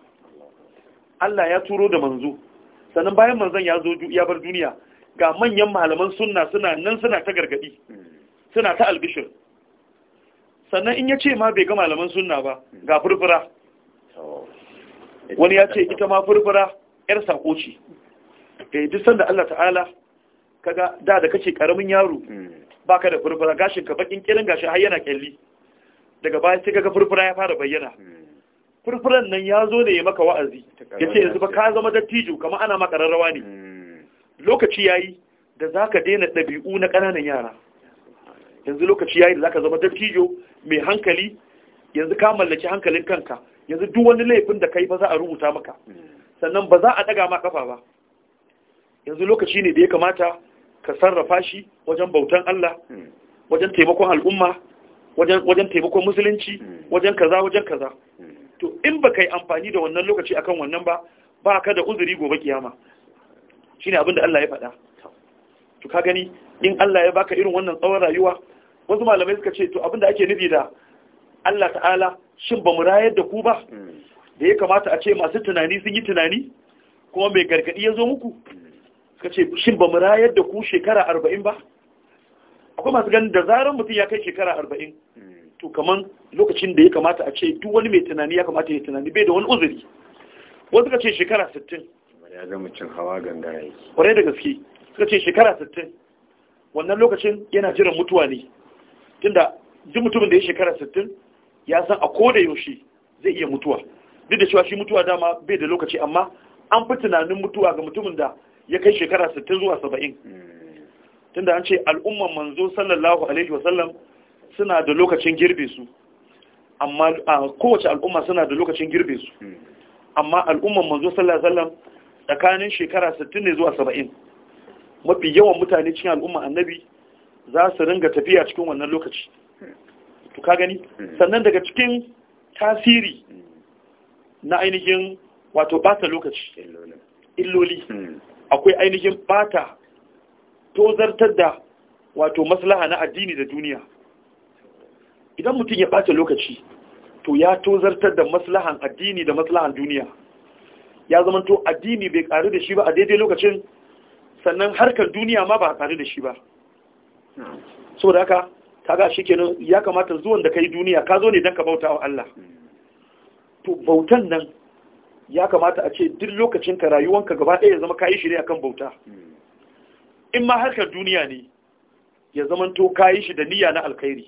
Allah ya turo da manzo sannan bayan manzon ya zo ya bar duniya ga manyan malaman sunna suna nan suna ta gargaɗi suna ta albishir sannan in ya ce ma bai ga malaman sunna ba ga furfura wani ya ce ita ma furfura yar sako ce eh, duk sanda Allah ta'ala kaga da da kace karamin yaro hmm. baka da furfura gashin ka bakin kirin gashi har yana kyalli daga baya sai kaga furfura ya fara bayyana hmm. furfuran nan ya zo ne ya maka wa'azi yace yanzu ba ka zama dattijo kamar ana maka rarrawa ne hmm. lokaci yayi da zaka daina dabi'u na ƙananan yara yanzu lokaci yayi da zaka zama dattijo mai hankali yanzu ka mallaki hankalin kanka yanzu duk wani laifin da kai ba za a rubuta maka hmm. sannan ba za a daga ma kafa ba yanzu lokaci ne da ya kamata ka sarrafa shi wajen bautan Allah hmm. wajen taimakon al'umma wajen taimakon musulunci hmm. wajen kaza wajen kaza hmm. to in ba ka yi amfani da wannan lokaci akan wannan ba ba ka da uzuri gobe kiyama shine abin da Allah ya faɗa to ka gani in Allah ya baka irin wannan tsawon rayuwa wasu malamai suka ce to abin da ake nufi da Allah ta'ala shin ba mu rayar da ku ba da ya kamata a ce masu tunani sun yi tunani kuma mai gargaɗi ya zo muku suka ce shin ba mu rayar da ku shekara arba'in ba akwai masu ganin da zarar mutum ya kai shekara arba'in to kaman lokacin da ya kamata a ce duk wani mai tunani ya kamata ya tunani bai da wani uzuri Wani suka ce shekara sittin
ya zama cin hawa ganga ya yi
kwarai da gaske suka ce shekara sittin wannan lokacin yana jiran mutuwa ne tunda duk mutumin da ya shekara sittin ya san a koda yaushe zai iya mutuwa duk da cewa shi mutuwa dama bai da lokaci amma an fi tunanin mutuwa ga mutumin da ya kai shekara 60 zuwa 70 hmm. tunda an ce al'umman manzo sallallahu alaihi wasallam suna da lokacin girbe su amma kowace al'umma suna da lokacin girbe su hmm. amma al'umman manzo sallallahu alaihi wasallam tsakanin shekara 60 ne zuwa 70 mafi yawan mutane cikin al'umma annabi za su ringa tafiya cikin wannan lokaci hmm. to ka gani sannan daga cikin tasiri na ainihin wato bata lokaci illoli akwai ainihin bata tozartar da wato maslaha na addini da duniya idan mutum ya ɓata lokaci to ya tozartar da maslahan addini da maslahan duniya ya zama to addini bai ƙaru da shi ba a daidai lokacin sannan harkar duniya ma ba a ƙaru da shi ba saboda haka ta ga shi kenan ya kamata zuwan da ka yi duniya ka zo ne don ka bauta wa Allah to bautan nan ya kamata a ce duk lokacin ka rayuwanka gaba ɗaya ya zama kayi shi ne a kan bauta in ma harkar duniya ne ya zama to kayi shi da niyya na alkhairi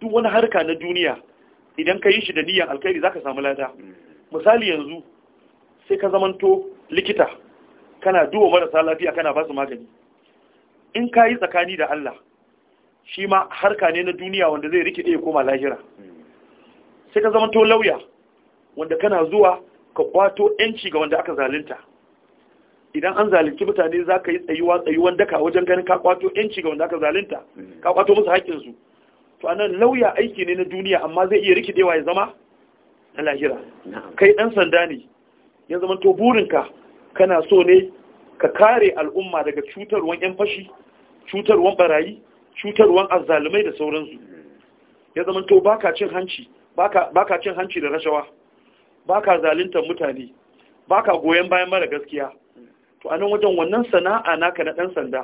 duk wani harka na duniya idan kayi shi da niyyar alkhairi za ka samu lada misali yanzu sai ka zama to likita kana duba marasa lafiya kana ba su magani in ka yi tsakani da Allah shi ma harka ne na duniya wanda zai rikide ya koma lahira sai ka zama lauya wanda kana zuwa ka kwato yanci ga wanda aka zalunta idan an zalunci mutane za ka yi tsayuwa tsayuwan daka wajen ganin ka kwato yanci ga wanda aka zalunta mm. ka kwato musu haƙƙinsu to anan lauya aiki ne na duniya amma zai iya rikidewa ya zama na lahira kai ɗan sanda ne ya zama to burinka kana so ne ka kare al'umma daga cutarwan 'yan fashi cutarwan barayi cutarwan azzalumai da sauransu mm. ya zama to baka cin baka cin hanci da rashawa baka zaluntar mutane baka goyon bayan mara gaskiya to anan wajen wannan sana'a naka na dan sanda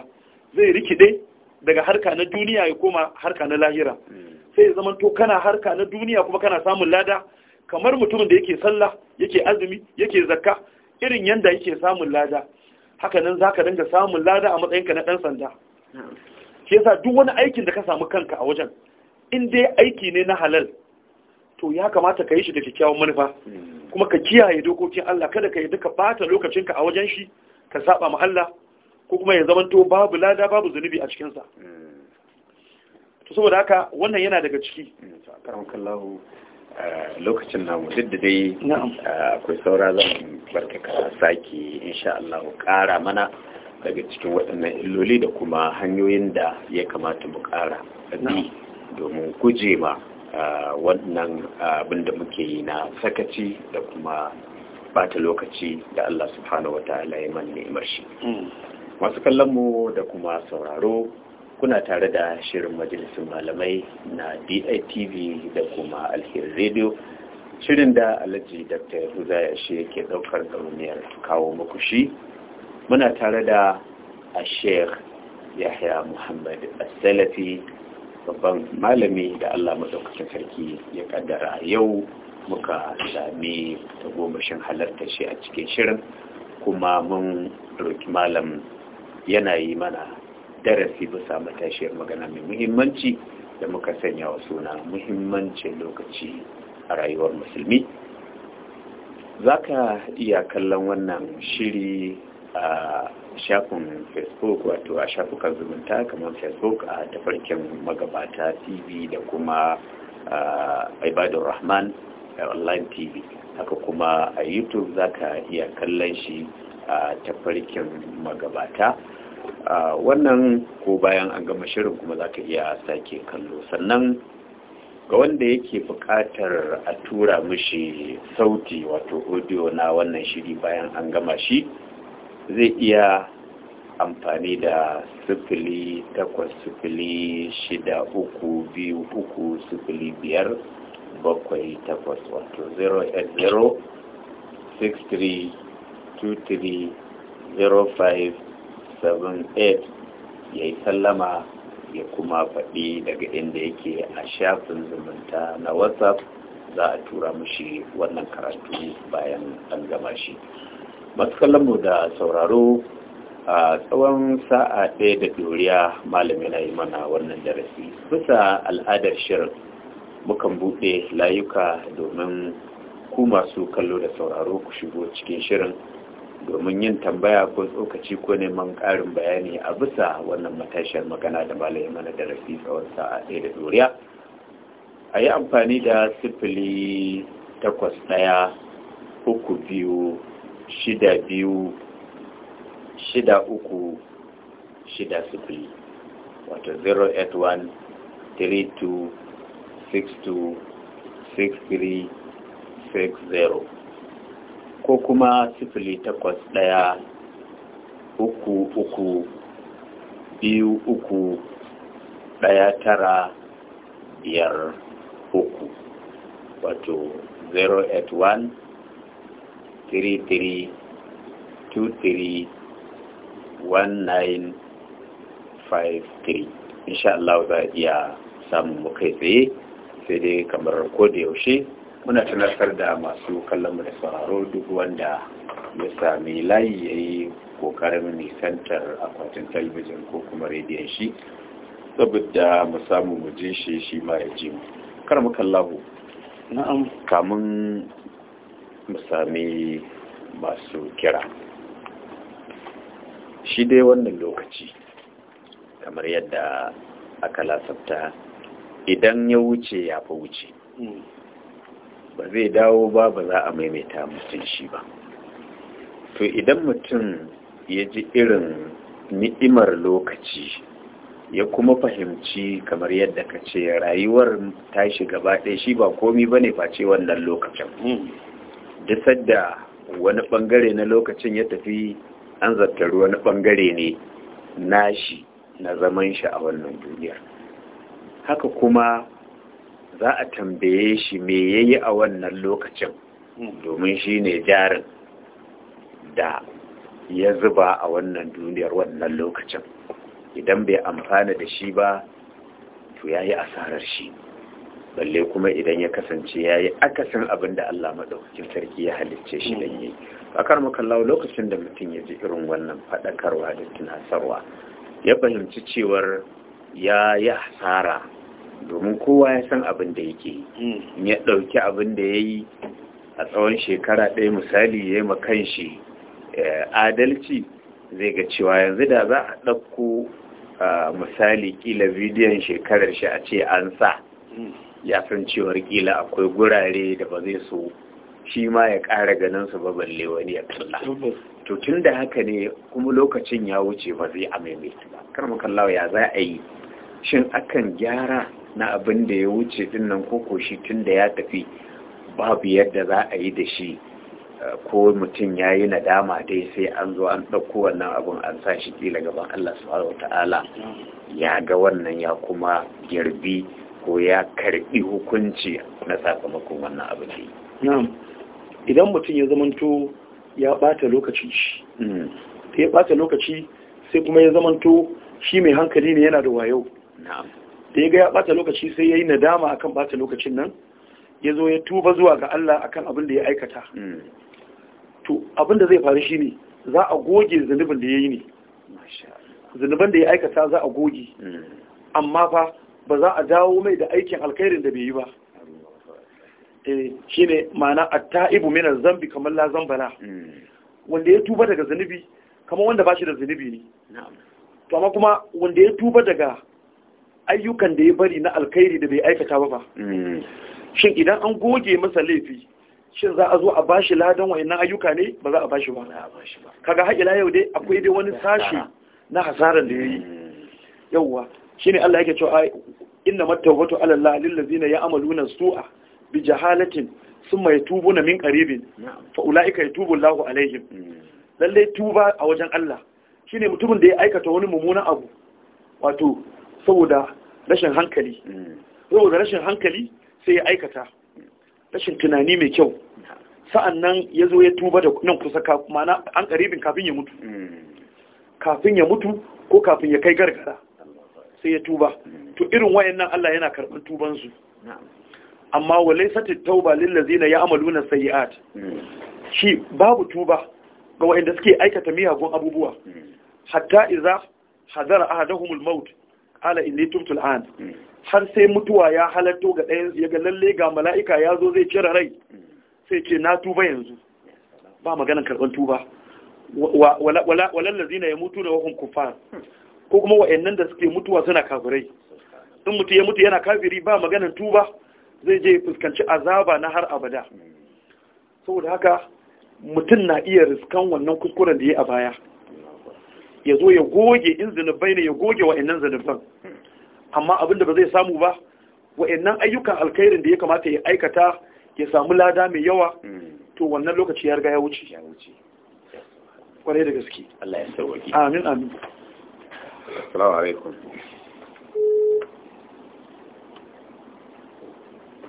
zai rikide daga harka na duniya ya koma harka na lahira sai ya zamanto kana harka na duniya kuma kana samun lada kamar mutumin da yake sallah yake azumi yake zakka irin yanda yake samun lada haka nan zaka dinga samun lada a matsayin ka na dan sanda shi yasa duk wani aikin da ka samu kanka a wajen in dai aiki ne na halal to ya kamata ka yi shi da kyakkyawan manufa kuma ka kiyaye dokokin Allah kada ka yi duka bata lokacinka a wajen shi ka saba ma Allah ko kuma ya zamanto babu lada babu zunubi a cikin sa to saboda haka wannan yana daga ciki
kallahu eh, lokacin namu duk da dai eh, akwai saura zan barka ka saki insha Allah kara mana daga cikin waɗannan illoli da kuma hanyoyin da ya kamata mu kara domin guje ma wannan abin da muke yi na sakaci da kuma bata lokaci da Allah subhanahu wataala ya man ni'imar shi hmm. masu kallon mu da kuma sauraro kuna tare da shirin majalisun malamai na DITV da kuma Alheri Radio shirin da Alhaji Dr. Yahuza shi yake daukar gauniyar kawo muku shi muna tare da a Sheikh Yahya Muhammad as babban malami da Allah madaukakin sarki ya kaddara yau muka sami tagomashin halarta shi a cikin shirin kuma mun roki malam yana yi mana darasi bisa matashiyar magana mai muhimmanci da muka sanya wa suna muhimmancin lokaci a rayuwar musulmi za ka iya kallon wannan shiri a shafin facebook wato a shafukan zumunta kamar facebook a tafarkin magabata tv da kuma ibadun rahman online tv haka kuma a youtube za ka iya kallon shi a tafarkin magabata wannan ko bayan an gama shirin kuma za ka iya sake kallo sannan ga wanda yake bukatar a tura mishi sauti wato audio na wannan shiri bayan an gama shi zai iya amfani da sifili takwas sifili shida uku biyu uku sifili biyar bakwai takwas wato 080 63 23 05 78 ya yi sallama ya kuma faɗi daga inda yake a shafin zumunta na whatsapp za a tura mashi wannan karatu bayan an gama shi Matsalar mu da sauraro a tsawon sa'a ɗaya da ɗoriya malami na yi mana wannan darasi bisa al'adar shirin mukan buɗe layuka domin ku masu kallo da sauraro ku shigo cikin shirin domin yin tambaya ko tsokaci ko neman ƙarin bayani a bisa wannan matashiyar magana da malami mana darasi tsawon sa'a ɗaya da doriya a yi amfani da sifili takwas ɗaya uku biyu shida biyu shida uku shida sifili wato 081 32 62 63 60 ko kuma sifili takwas ɗaya uku uku biyu uku ɗaya tara biyar uku wato 081 three three two three one nine five three insha Allah za a iya samun muka tsaye sai dai kamar ko da yaushe muna tunatar da masu kallon da sauraro duk wanda ya sami layi ya yi kokarin nisantar akwatin talabijin ko kuma rediyon shi saboda mu samu mu ji shi shi ma ya ji mu kar mu kallahu na'am kamun mu sami masu kira shi dai wannan lokaci kamar yadda aka lasafta idan ya wuce ya fi wuce ba zai dawo ba ba za a maimaita mutum shi ba to idan mutum ya ji irin ni'imar lokaci ya kuma fahimci kamar yadda ka ce rayuwar tashi gaba ɗaya shi ba komi ba ne face wannan lokacin duk sadda wani bangare na lokacin ya tafi an zartari wani bangare ne nashi na zaman shi a wannan duniyar haka kuma za a tambaye shi me ya yi a wannan lokacin domin shi ne jarin da ya zuba a wannan duniyar wannan lokacin idan bai amfana da shi ba to ya yi asarar shi balle kuma idan ya kasance ya yi akasin abin da Allah maɗaukacin sarki ya halicce shi da yi bakar makallawa lokacin da mutum ya ji irin wannan faɗakarwa da tunasarwa ya fahimci cewar ya yi hasara domin kowa ya san abin da yake ya ɗauki abin da ya yi a tsawon shekara ɗaya misali ya yi makanshi eh, adalci zai ga cewa yanzu da za a ɗauko ah, misali ƙila bidiyon shekarar shi a ce an sa ya san cewar kila akwai gurare da ba zai so shi ma ya ƙara ganin su ba lewani wani ya kalla to tun da haka ne kuma lokacin ya wuce ba zai amaimaita ba kar mu kallawa ya za a yi shin akan gyara na abin da ya wuce din nan koko shi tun da ya tafi babu yadda za a yi da shi eh, ko mutum ya yi nadama dai sai an zo an ɗauko wannan abin an sa shi kila gaban Allah subhanahu wa ta'ala ya ga wannan ya kuma girbi ko ya karbi hukunci na sakamakon wannan abu
ne idan mutum ya zamanto ya bata lokaci shi hmm. ya bata lokaci sai kuma ya zamanto shi mai hankali ne yana da wayo da ya ga ya bata lokaci sai ya yi nadama akan bata lokacin nan ya zo ya tuba zuwa ga Allah akan abin da ya aikata hmm. to abin da zai faru shi ne za a goge zunubin da ya yi ne zunuban da ya aikata za a goge hmm. amma fa ba za a dawo mai da aikin alkhairin da bai yi ba eh, shi ne mana a ta'ibu mina zambi kamar la zambala wanda ya tuba daga zunubi kamar wanda ba shi da zunubi ne to amma kuma wanda ya tuba daga ayyukan da ya bari na alkhairi da bai aikata ba ba mm. shin idan an goge masa laifi shin za a zo a bashi ladan wayannan ayyuka ne ba za a bashi ba kaga har ila yau dai akwai dai wani sashi na hasaran da yayi mm. yauwa shine Allah yake cewa inna mattawbatu ala Allah lil ladina ya'maluna su'a bi jahalatin thumma yatubuna min qaribin fa ulaika yatubu Allahu alaihim hmm. lalle tuba a wajen Allah shine mutumin da ya aikata wani mummunan abu wato saboda rashin hankali hmm. saboda rashin hankali sai ya aikata rashin tunani mai kyau sa'annan ya zo ya tuba da nan kusa mana an karibin kafin ya mutu hmm. kafin ya mutu ko kafin ya kai gargara sai ya tuba to irin wayannan Allah yana karɓar tuban su amma wa laysatit tauba lil ladina ya'maluna sayiat shi babu tuba ga wayanda suke aikata miyagun abubuwa hatta idza hadara ahaduhumul maut ala inni tubtu al'an har sai mutuwa ya halatto ga ɗayan ya ga lalle ga mala'ika ya zo zai cire rai sai ce na tuba yanzu ba maganan karɓar tuba walallazi na ya mutu na wahun kufar ko kuma wa'annan da suke mutuwa suna kafirai in mutu ya mutu yana kafiri ba maganan tuba zai je fuskanci azaba na har abada saboda haka mutum na iya riskan wannan kuskuren da ya a baya ya zo ya goge in zunubai ne ya goge wa'annan zunuban amma abin da ba zai samu ba wa'annan ayyukan alkhairin da ya kamata ya aikata ya samu lada mai yawa to wannan lokaci ya riga ya wuce kwarai da gaske amin amin assalamu alaikum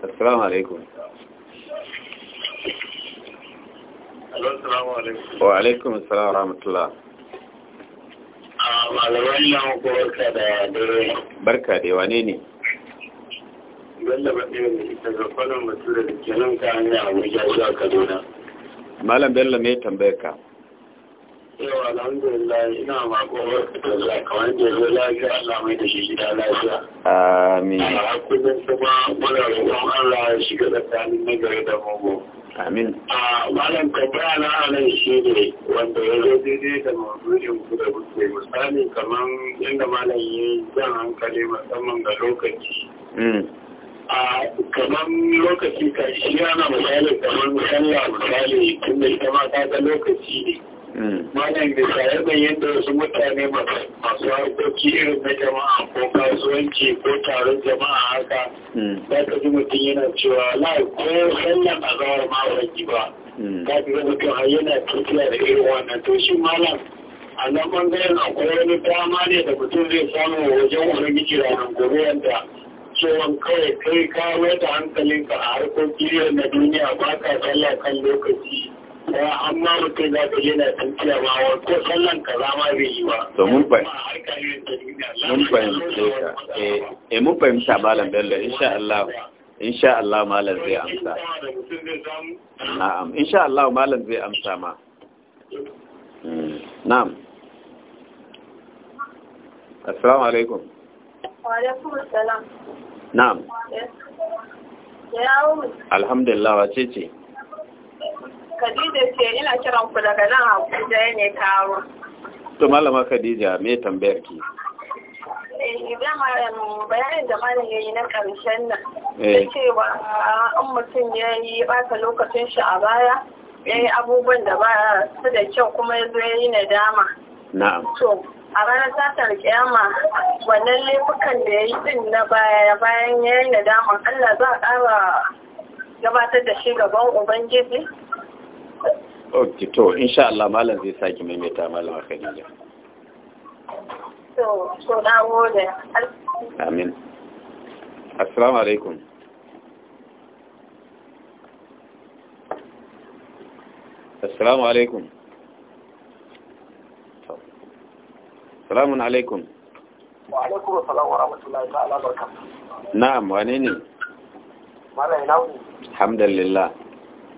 assalamu alaikum wa alaikum assalamu rahmatullah ah, malamai na barka da dare barka da wane ne wanda ba ne daga kwanan mutu da ke ta hanyar abuja zuwa kaduna malam bello mai tambayar yau alhamdulillah ina mako kamar da zai lafiya Allah mai da shi gida lafiya. Amin. A kullum kuma muna roƙon Allah ya shiga tsakanin nagari da mugu. Amin. A malam tambaya na anan shi ne wanda ya zo daidai da maudu'in ku da kuke misali kamar inda malam ya zan hankali musamman ga lokaci. Mm. a kamar lokaci ka, shi ana misali kamar misali misali tun da ita ma ta lokaci ne Malam da shayarwa yadda wasu mutane masu harkoki irin na jama'a ko kasuwanci ko taron jama'a haka hmm. za ka ji mutum yana cewa lai ko sallan a zawar ma wani ba. Hmm. Ka fi zama kan har yana tafiya da irin wannan to shi malam a nan bangaren akwai wani dama ne da mutum zai samu wajen ubangiji ranar gobe yadda cewan kawai kai kawo da hankalinka a harkokin na duniya ba ka sallah kan lokaci daya amma mutum za ka yana tafiya ma wa ko sallan ka za bai yi ba. To mun fahimce ka. Eh, eh mun fahimta malam Bello insha Allah. Insha Allah malam zai amsa. Na'am insha Allah malam zai amsa ma. Hmm, na'am. Assalamu alaikum. Wa alaikum assalam. Na'am. Alhamdulillah wace ce? Khadija ce ina kiran ku daga nan Abuja ne taro. To malama Khadija me tambayar ki? Eh, um, bayanin da malam ya yi na karshen nan da eh. cewa an uh, mutum ya yi ɓata lokacin shi a baya ya yi abubuwan da ba su da kyau kuma ya zo ya yi nadama. Na'am. To, a ranar satar kiyama wannan laifukan da ya yi din na baya bayan ya yi nadama Allah za a ƙara gabatar da shi gaban Ubangiji ok to insha Allah malam zai saki maimaita malama Khadija
to to na gode
amin assalamu alaikum assalamu alaikum salamun alaikum
wa alaikum assalam wa rahmatullahi ta'ala barkatu
na'am wane ne mala ina alhamdulillah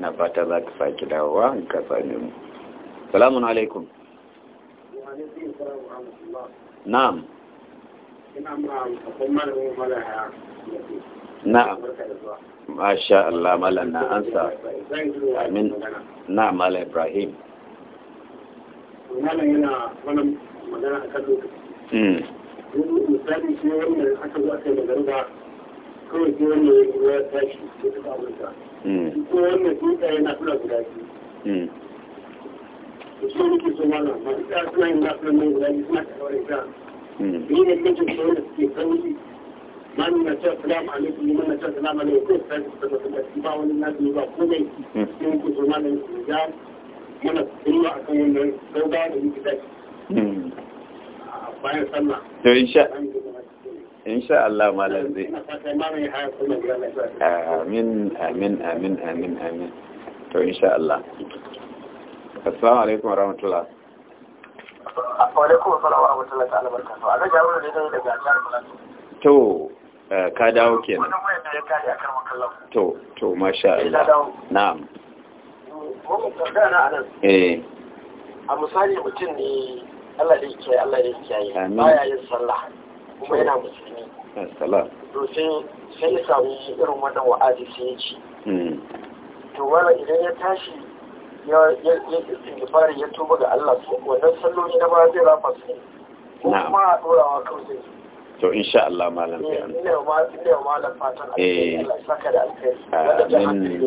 na fata za ka sake dawowa in ka same mu alaikum na'am na'am masha Allah mala na ansa amin na mala ibrahim malam ko yana kula guda biyu hmm. so nake hmm. so mana masu tsara suna ko sai su tabbata insha Allah malam zai amin amin amin amin amin to insha Allah assalamu alaikum warahmatullah alaikum assalamu warahmatullahi ta'ala barkatu a ga wani ne daga jihar Plateau to eh, ka dawo kenan to to masha eh, Allah na'am eh a misali mutum ne Allah ya yake Allah da yake baya yin sallah kuma yana musulmi eh, to sai ya samu
shi irin wannan wa'azi sai ya ci hmm. to wala idan ya tashi ya istighfari ya tuba ga Allah to wannan salloli na ba zai rafa su kuma a wa kawai
to insha Allah malam sai an eh saka da amin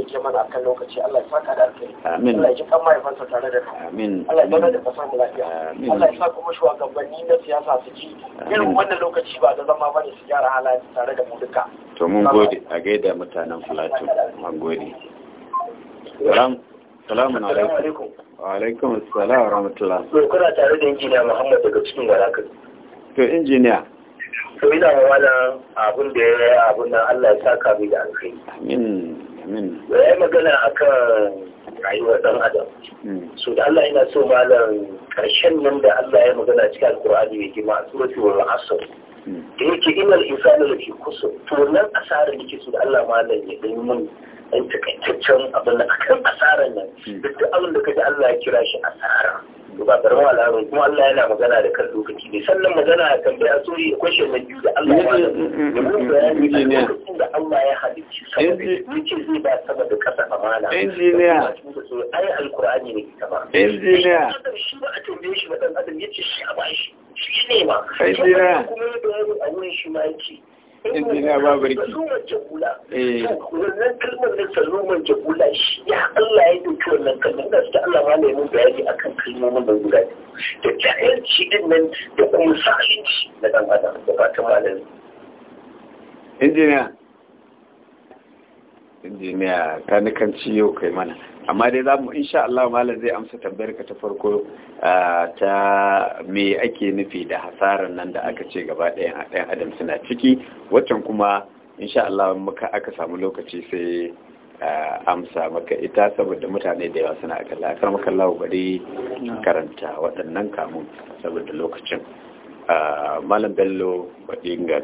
amin Allah fansa tare da amin Allah ya da lafiya Allah ya sa kuma shugabanni na siyasa su ji irin wannan lokaci ba da zama bane su gyara tare da mu duka to mun gode a gaida mutanen Plateau mun gode salam salamu alaikum wa alaikum assalam wa rahmatullah kuna tare da injiniya Muhammad daga cikin Garakari to injiniya to ina ma abun abin da ya yi abin nan Allah ya saka mai da alkhairi amin amin ya magana kan rayuwar ɗan adam hmm. so da Allah yana so malam karshen nan da Allah ya magana cikin alkur'ani mai girma a wa asr hmm. da yake innal da ke kusa. to nan asarin yake so da Allah malam ya gani mun ɗan takaitaccen abin da akan asarar nan hmm. duk duk abin da kaji Allah ya kira shi asara to ba karamin al'amari kuma Allah yana magana da kan lokaci ne sannan magana a kan bayan sori kwashe na biyu da Allah ya da mun bayani a lokacin da Allah ya halicci sama da yake zai ba sama da kasa amana injiniya ai alkur'ani ne ita ba injiniya shi ba a tambaye shi ba dan adam yace shi a bashi shi ne ma injiniya kuma da a wurin shi ma yake injiniya ba eh. wannan kalmar na saluman jabula shi ya Allah ya dauki wannan kalmar da ta Allah ma ne mun bayani akan kalmomin da guda da jahilci din nan da kuma sa'inci na dan adam da fatan malami injiniya injiniya kanikanci yau kai mana amma dai za mu insha Allah malam zai amsa tambayar ka ta farko ta me ake nufi da hasarar nan da aka ce gaba a ɗayan adam suna ciki waccan kuma insha Allah muka aka samu lokaci sai amsa maka ita saboda mutane da yawa suna kalla kar maka Allah bari karanta waɗannan kamu saboda lokacin malam bello baɗin ga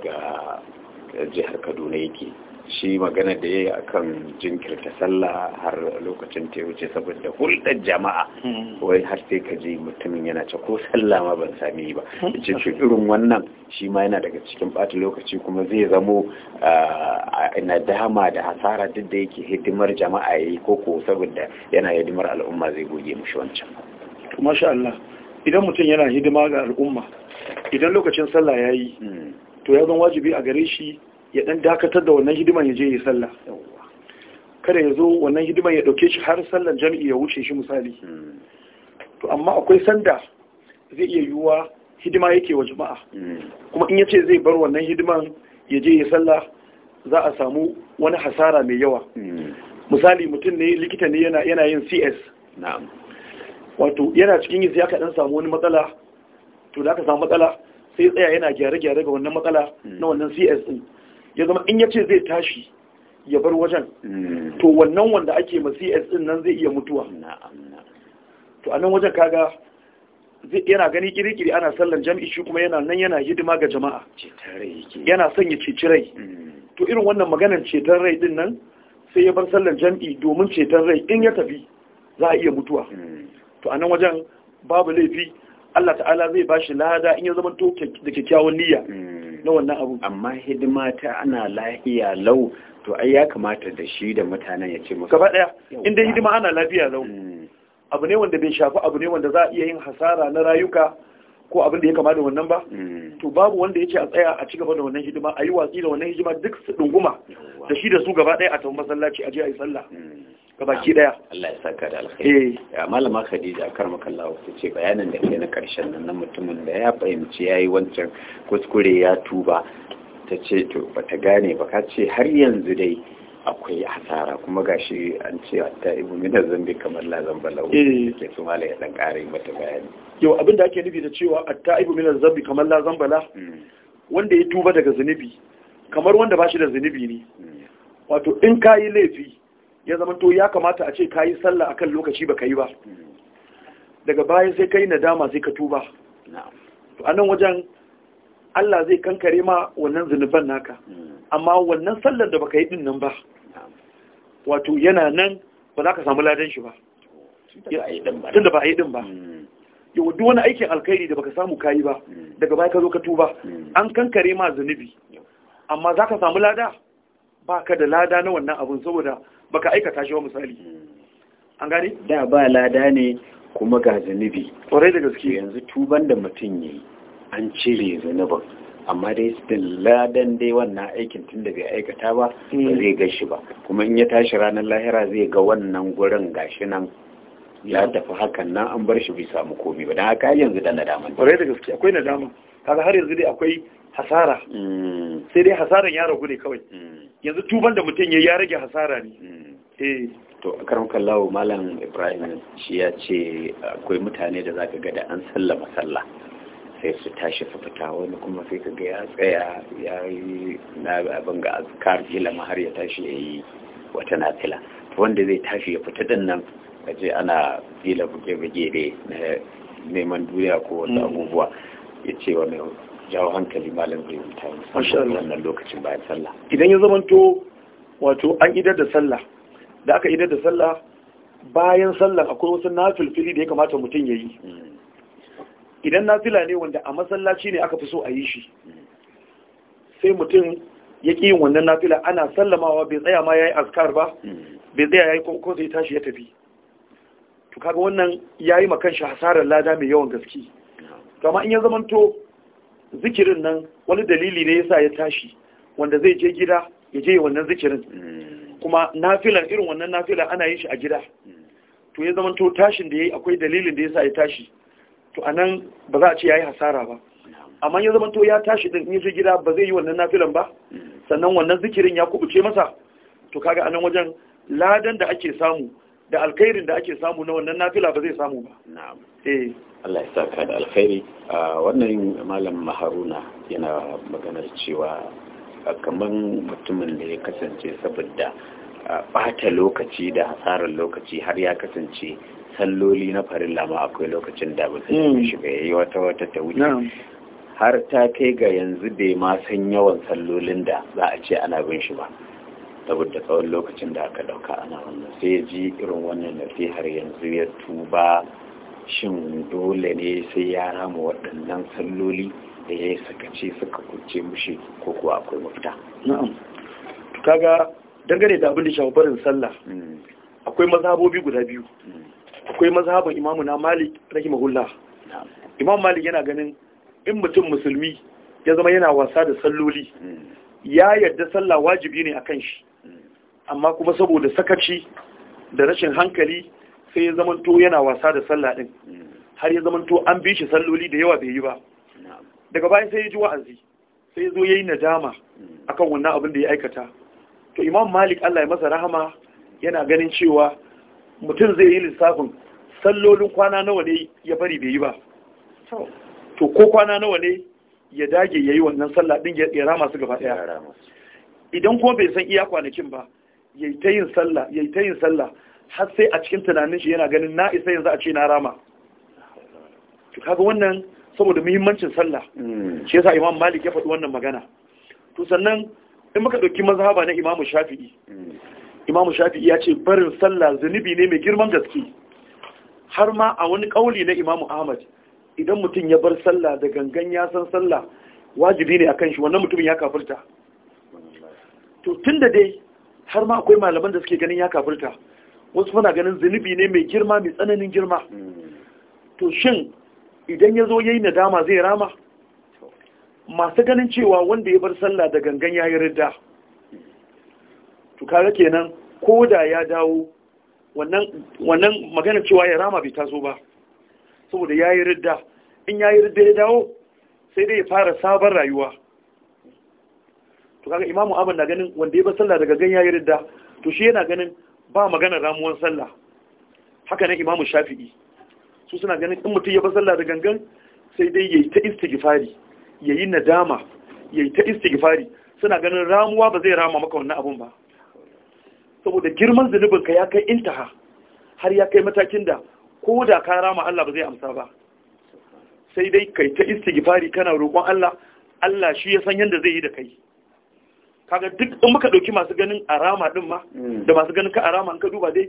jihar kaduna yake shi magana da ya yi a kan jinkirta sallah har lokacin ta wuce saboda hulɗar jama'a hmm. wai har sai ka je mutumin yana ce ko sallah ma ban sami ba ce shi irin wannan shi ma yana daga cikin ɓata lokaci kuma zai zamo ah, nadama da hasara duk da yake hidimar jama'a ya yi ko ko saboda yana hidimar al'umma zai
goge mushi wancan. masha Allah idan mutum yana hidima ga al'umma idan lokacin sallah ya yi hmm. to ya zan wajibi a gare shi ya dan dakatar da wannan hidiman ya je ya salla. kada ya zo wannan hidiman ya dauke shi har sallan jami'i ya wuce shi misali to amma akwai sanda zai iya yiwuwa hidima yake wa jama'a kuma in yace zai bar wannan hidiman ya je ya salla, za a samu wani hasara mai yawa misali mutum ne likita ne yana yin cs wato yana cikin yin sai aka dan samu wani matsala to da aka samu matsala sai tsaya yana gyare-gyare ga wannan matsala na wannan cs din ya zama in ya ce zai tashi ya bar wajen mm. to wannan wanda ake ma cs din nan zai iya mutuwa to a wajen kaga yana gani kirikiri ana sallan jam'i shi kuma yana nan yana hidima ga jama'a yana son ya ceci rai mm. to irin wannan maganar ceton rai din nan sai ya bar sallan jam'i domin ceton rai in ya tafi za a iya mutuwa mm. to a wajen babu laifi Allah ta'ala zai bashi lada in ya zama to da kyakkyawan niyya na wannan abu amma hidima ta ana lahiya lau to ai ya kamata da shi da mutanen ya ce musu gaba daya inda hidima ana lafiya lau mm. abu ne wanda bai shafi abu ne wanda za a iya yin hasara na rayuka ko abin da ya kama da wannan ba mm. to babu wanda ce a tsaya a cigaba da wannan hidima a yi watsi da wannan hidima duk su dunguma da shi da su gaba daya a tafi masallaci a je a yi sallah mm. gabaki daya
Allah ya saka da alkhairi eh. ya malama Khadija karmakallahu ta ce bayanin da ke na karshen nan na mutumin da ya fahimci yayi wancan kuskure ya tuba ta ce to bata gane ba ka ce har yanzu dai akwai hasara kuma gashi an ce ta ibu mina zambi kamar lazan balau eh.
ke su mala ya dan kare mata bayani yau abin da ake nufi da cewa atta ibu mina zambi kamar lazan bala hmm. wanda ya tuba daga zunubi kamar wanda ba shi da zunubi ne hmm. wato in ka yi laifi ya zama to ya kamata a ce ka yi sallah a kan lokaci ba ka yi ba daga bayan sai ka yi nadama sai ka tuba to a nan wajen Allah zai kankare ma wannan zunuban naka hmm. amma wannan sallar da baka yi din nan ba wato yana nan ba za ka samu ladan shi ba tun da ba a yi din ba hmm. yau duk wani aikin alkhairi da baka samu kayi ba hmm. daga baya ka zo ka tuba an kankare ma zunubi amma za ka samu lada ba ka da lada na wannan abun saboda baka aikata shi wa misali an gane da ba lada
ne kuma ga zunubi ƙwarai da gaske yanzu tuban da mutum yi an cire zunubin amma dai still ladan dai wannan aikin tun da bai aikata ba ba hmm. zai ga shi ba kuma in ya tashi ranar lahira zai ga wannan gurin gashi nan ya tafi hakan nan an bar shi bai samu komi ba don haka yanzu da nadama ƙwarai
da gaske akwai nadama kaga har yanzu dai akwai hasara
mm.
sai dai hasaran ya ragu ne kawai mm. yanzu tuban da mutum ya rage hasara ne mm. eh. to a karon kallawo malam ibrahim
shi ya ce akwai mutane da zaka ga da an sallama sallah sai su tashi su fita wani kuma sai ka ga ya tsaya ya yi na abin ga azkar ilama har ya tashi ya yi wata nafila wanda zai tashi ya fita din nan a ce ana fila buge-buge ne na neman duniya ko wasu abubuwa ya ce wa jawo hankali malam zai wuta musamman wannan lokacin bayan sallah
idan ya zamanto wato an idar da sallah da aka idar da sallah bayan sallah akwai wasu nafilfili da ya kamata mutum ya yi hmm. idan nafila ne wanda a masallaci ne aka fi so a yi shi sai mutum ya ƙi yin wannan nafila ana sallamawa bai tsaya ma ya yi askar ba hmm. bai tsaya ya yi ko zai tashi ya tafi to kaga wannan ya yi makan shi hasarar lada mai yawan gaske kama hmm. in ya zamanto zikirin nan wani dalili ne yasa ya tashi wanda zai je gida ya je wannan zikirin hmm. kuma nafilan irin wannan nafilan ana yin shi a gida hmm. to ya zama to tashin da yayi akwai dalilin da yasa ya tashi to anan ba za a ce yayi hasara ba amma ya zama to ya tashi din in je gida ba zai yi wannan nafilan ba hmm. sannan wannan zikirin ya kubuce masa to kaga anan wajen ladan da ake samu da alkhairin da ake samu na wannan nafila ba zai samu ba na'am Eh.
Allah ya saka da alkhairi wannan malam maharuna yana maganar cewa kamar mutumin da ya kasance saboda bata lokaci da hasarar lokaci har ya kasance salloli na farin lama akwai lokacin da ba hmm. shiga yayi wata wata ta wuce har ta kai ga yanzu bai ma san yawan sallolin da za a ce ana bin shi ba saboda tsawon lokacin da aka dauka ana wannan sai ji irin wannan nasihar yanzu ya tuba shin dole ne sai ya rama waɗannan salloli da ya yi sakace suka kuce mushi ko kuwa akwai mafita
na'am kaga dangane da abin da shafi barin sallah hmm. akwai mazhabobi guda biyu hmm. akwai mazhabin imamu na malik hula imam malik yana ganin in mutum musulmi ya zama yana wasa da salloli hmm. ya yarda sallah wajibi ne a kan shi amma kuma saboda sakaci da rashin hankali sai ya zamanto yana wasa da sallah din har ya zamanto an bi shi salloli da yawa bai yi ba daga bayan sai ya ji wa'azi sai ya zo yayi nadama hmm. akan wannan abin da ya aikata to imam malik Allah ya masa rahama yana ganin cewa mutum zai yi lissafin sallolin kwana nawa ne ya bari bai yi ba to ko kwana nawa ne ya dage yayi wannan sallah din ya rama su gaba daya idan kuma bai san iya kwanakin ba yayi ta sallah yayi ta yin sallah har sai a cikin tunanin shi yana ganin na isa yanzu a ce na rama kaga wannan saboda muhimmancin sallah hmm. shi yasa imam malik ya faɗi wannan magana to sannan in muka ɗauki mazhaba na imamu shafi'i hmm. imamu shafi'i ya ce barin sallah zunubi ne mai girman gaske har ma a wani ƙauli na imamu ahmad idan mutum ya bar sallah da gangan ya san sallah wajibi ne akan shi wannan mutumin ya kafirta to tun da dai har ma akwai malaman da suke ganin ya kafirta wasu muna ganin zunubi ne mai girma mai tsananin girma to shin idan ya zo ya yi nadama zai rama masu ganin cewa wanda ya bar sallah da gangan ya yi ridda to kaga kenan ko da ya dawo wannan magana cewa ya rama bai taso ba saboda ya yi ridda in ya yi ridda ya dawo sai dai ya fara sabon rayuwa to kaga imamu abin na ganin wanda ya bar sallah da gangan ya yi ridda to shi yana ganin ba magana ramuwan sallah haka ne imamu shafi'i su suna ganin in mutum ya ba sallah da gangan sai dai yayi ta istighfari yayi nadama yayi ta istighfari suna ganin ramuwa ba zai rama maka wannan abun ba saboda girman zunubin ka ya kai intaha har ya kai matakin da ko da ka rama Allah ba zai amsa ba sai dai kai ta istighfari kana roƙon Allah Allah shi ya san yanda zai yi da kai kaga duk in muka ɗauki masu ganin arama din ma hmm. da masu ganin ka arama in ka duba dai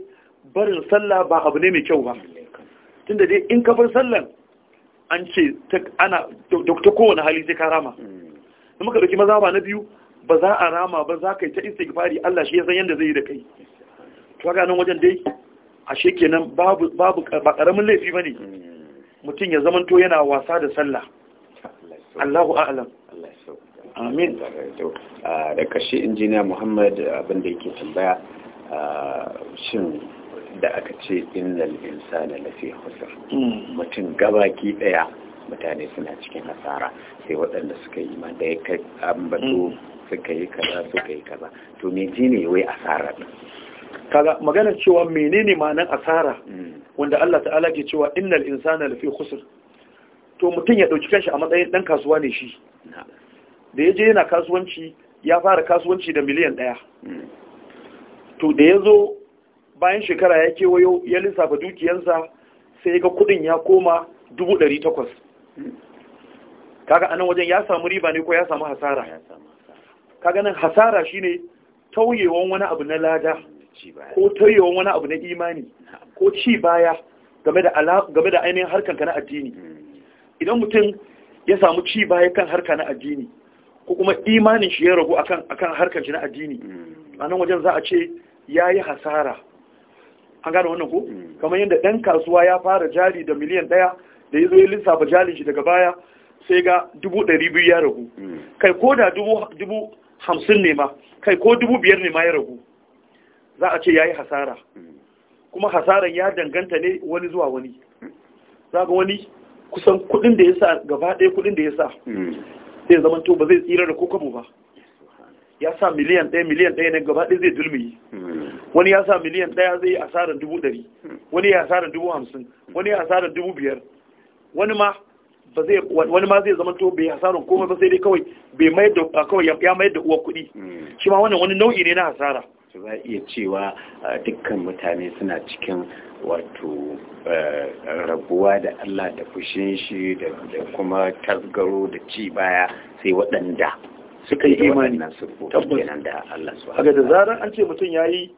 barin sallah ba abu ne mai kyau ba tunda dai in ka bar sallan an ce ana ta kowane hali sai ka rama hmm. in muka dauki maza ba na biyu ba za a rama ba za ka yi ta istighfari Allah shi ya san yanda zai yi da kai to ga nan wajen dai ashe kenan babu babu ba karamin laifi bane hmm. mutum ya zamanto yana wasa da sallah Allahu a'lam
amin da kashe injiniya muhammad abinda yake tambaya shin da aka ce innal insana lafi husr hmm. mutum gabaki daya mutane suna cikin nasara sai waɗanda suka yi da ya kai ambato hmm. suka yi kaza suka yi kaza to me ji ne wai
asara din kaga maganar cewa menene ma'anar asara hmm. wanda Allah ta'ala ke cewa innal insana lafi khusr to mutum ya dauki kanshi a matsayin dan kasuwa ne shi da ya je yana kasuwanci ya fara kasuwanci da miliyan ɗaya to da ya zo bayan shekara ya kewayo ya lissafa dukiyansa sai ga kudin ya koma dubu ɗari takwas. kaga anan wajen ya samu riba ne ko ya samu hasara kaga nan hasara shi ne tauyewan wani abu na lada ko tauyewan wani abu na imani ko ci baya game da ainihin harkanka na addini hmm. idan mutum ya samu ci baya kan harka na addini ko kuma imanin shi ya ragu akan akan harkar shi na addini mm. a nan wajen za a ce yayi hasara an gane wannan ko mm. kamar yadda ɗan kasuwa ya fara jari da miliyan ɗaya da ya zo ya lissafa jarin shi daga baya sai ga dubu ɗari biyu ya ragu mm. kai ko da dubu hamsin ne ma kai ko dubu biyar ne ma ya ragu za a ce ya yi hasara kuma hasaran ya danganta ne wani zuwa wani za ga wani kusan kuɗin da ya sa gaba ɗaya kuɗin da ya sa sai zama to ba zai tsira da kokabo ba ya sa miliyan ɗaya miliyan ɗaya ne gaba ɗaya zai dulmi hmm. wani ya sa miliyan ɗaya zai yi asarar dubu ɗari hmm. wani ya asarar dubu hamsin wani ya asarar dubu biyar wani ma ba zai wani ma zai zama to bai hasaran komai ba sai dai kawai bai mai da kawai ya mayar da uwa kuɗi hmm. shi ma wannan wani nau'i ne na hasara
za iya cewa dukkan mutane suna cikin wato eh, rabuwa da Allah da fushin shi da kuma tasgaro da ci baya sai waɗanda suka yi imani tabbas da Allah su haka da
zarar an ce mutum yayi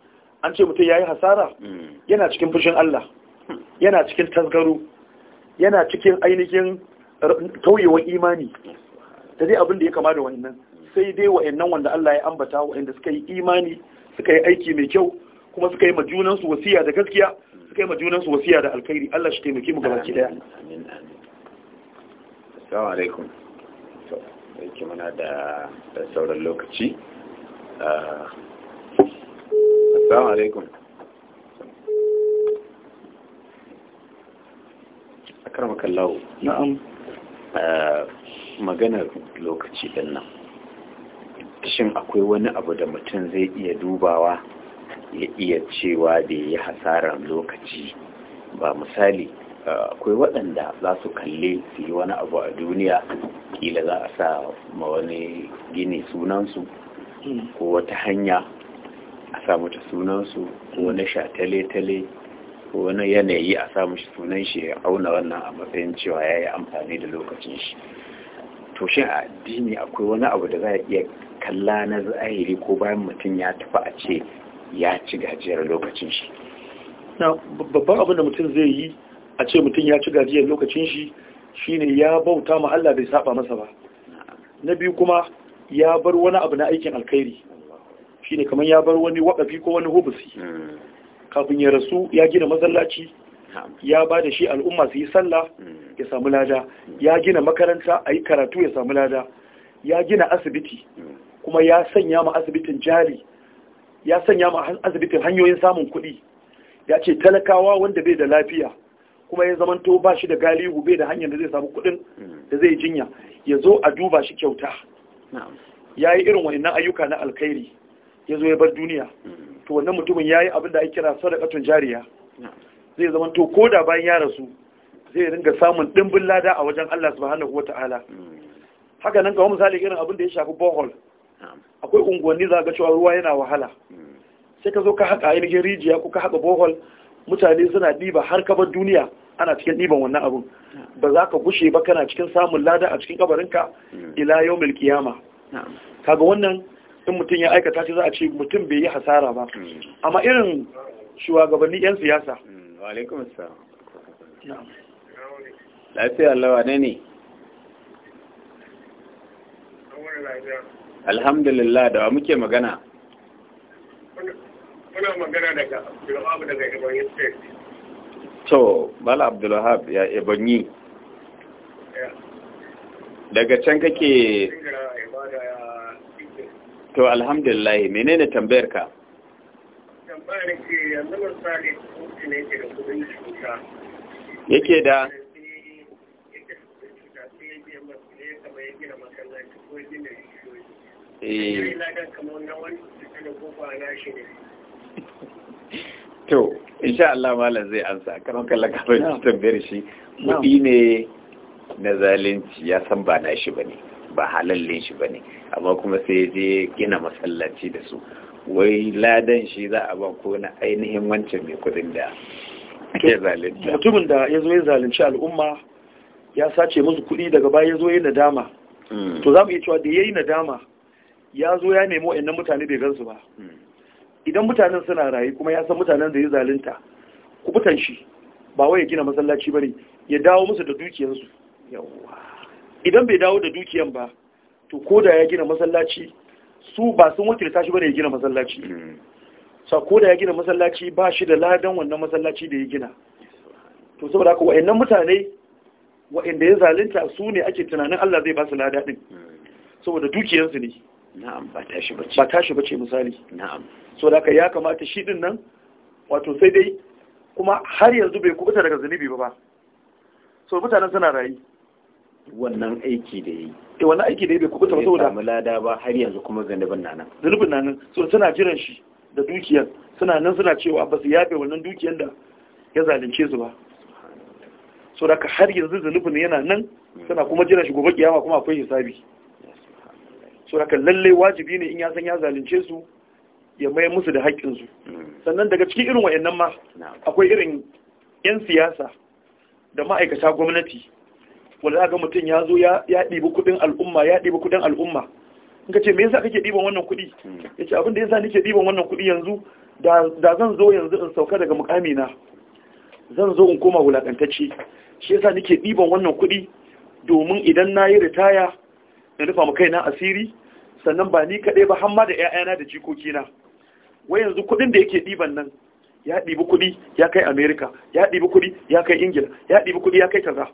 an ce mutum yayi hasara hmm. yana cikin fushin Allah hmm. yana cikin tasgaro yana cikin ainihin tauyewar imani da dai abin da ya kama da wannan hmm. sai dai wa'annan wanda Allah ya ambata wa'anda suka yi imani suka yi aiki mai kyau kuma suka yi majunansu wasiya da gaskiya suka yi majunansu wasiya da alkhairi Allah shi taimake mu gabaki daya
assalamu alaikum to ki muna da sauran lokaci ah, assalamu alaikum akramaka Allah na'am ah, maganar lokaci din nan shin akwai wani abu da mutum zai iya dubawa ya iya cewa da ya hasarar lokaci ba misali akwai waɗanda za su kalle su yi wani abu a duniya kila za a sa ma wani gini sunansu ko wata hanya a sa mata sunansu ko wani shatale-tale ko wani yanayi a sa mashi sunan shi ya auna wannan a matsayin cewa ya yi amfani da lokacin shi to shi a addini akwai wani abu da za a iya kalla na zahiri ko bayan mutum ya tafi a ce
ya ci gajiyar lokacin shi na babban abin da mutum zai yi a ce mutum ya ci gajiyar lokacin shi shine ya bauta ma Allah bai saba masa ba na biyu kuma ya bar wani abu na aikin alkhairi shine kamar ya bar wani wakafi ko wani hubusi hmm. kafin ya rasu ya gina masallaci ya ba da shi al'umma su yi sallah hmm. ya samu lada hmm. ya gina makaranta a yi karatu ya samu lada ya gina asibiti kuma ya sanya ma asibitin jari ya sanya ma asibitin hanyoyin samun kuɗi ya ce talakawa wanda bai da lafiya kuma ya zamanto ba shi da galihu bai da hanyar da zai samu kuɗin hmm. da zai jinya ya zo a duba shi kyauta ya yi irin wani ayyuka na alkhairi ya zo ya bar duniya hmm. to wannan mutumin ya yi abin da ake kira sadakatun jariya zai zamanto ko da bayan ya rasu zai ringa samun ɗimbin lada a wajen Allah subhanahu wata'ala hmm. haka nan ga misali irin abin da ya shafi bohol akwai unguwanni za ga cewa ruwa yana wahala sai ka zo ka haka ainihin rijiya ko ka haka bohol mutane suna ɗiba har kabar duniya ana cikin ɗiban wannan abun ba za ka gushe ba kana cikin samun lada a cikin kabarinka ila yau milkiyama kaga wannan in mutum ya aikata shi za a ce mutum bai yi hasara ba amma irin shugabanni 'yan siyasa
alhamdulillah da muke magana kuna magana daga abdulwahab daga ebonyi state to bala abdulwahab ya ebonyi daga can kake to alhamdulillah menene tambayar ka tambayar ke yanzu misali kuɗi ne ke da kudin cuta yake da yake da kudin cuta sai yake biya masu ne kamar ya gina masallaci ko jini to insha Allah malam zai ansa kamar kallon kafin shi tambayar shi kuɗi ne na zalunci ya san ba na shi bane ba halallin shi bane amma kuma sai je gina masallaci da su wai ladan shi za a ba ko na ainihin wancan mai kuɗin da ke zalunta mutumin
da ya zo ya zalunci al'umma ya sace musu kuɗi daga baya ya zo ya nadama hmm. to za mu iya cewa da ya yi nadama ya zo ya nemo innan mutane bai gansu ba idan mutanen suna rayu kuma ya san mutanen da ya zalunta kubutan shi ba wai ya gina masallaci bane ya dawo musu da dukiyarsu idan bai dawo da dukiyan ba to ko da ya gina masallaci su ba sun wakilta shi bane ya gina masallaci hmm. sa ko da ya gina masallaci ba shi da ladan wannan masallaci da ya gina to saboda haka wayannan mutane wayanda ya zalunta su ne ake tunanin Allah zai ba su lada din hmm. saboda dukiyarsu ne na'am ba tashi bace ba tashi bace misali na'am so da ya kamata shi din nan wato sai dai kuma har yanzu bai kubuta daga zunubi ba ba so mutanen suna rayu wannan
aiki da yi
eh wannan aiki da yi bai kubuta ba saboda mulada ba har yanzu kuma zunubin na nan zunubin na nan so suna jiran shi da dukiyar suna nan suna cewa ba su yafe wannan dukiyar da ya zalunce su ba so da har yanzu zunubin yana nan hmm. suna kuma jiran shi gobe kiyama kuma akwai hisabi so haka lalle wajibi ne in ya san ya zalunce su ya mai musu da su sannan daga cikin irin wayannan ma akwai irin 'yan siyasa da ma'aikata gwamnati wanda aka mutum ya zo ya ɗibi kuɗin al'umma ya ɗibi kuɗin al'umma in ka ce me yasa kake ɗiban wannan kuɗi hmm. ya ce abin da yasa nake ɗiban wannan kuɗi yanzu da zan zo yanzu in sauka daga mukami na zan zo in koma wulaƙantacce shi yasa nake ɗiban wannan kuɗi domin idan na yi ritaya in rufa mu kaina asiri sannan ba ni kaɗai ba hamma da 'ya'yana da jikokina wai yanzu kuɗin da yake ɗiban nan ya ɗibi kuɗi ya kai amerika ya ɗibi kuɗi ya kai ingila ya ɗibi kuɗi ya kai kaza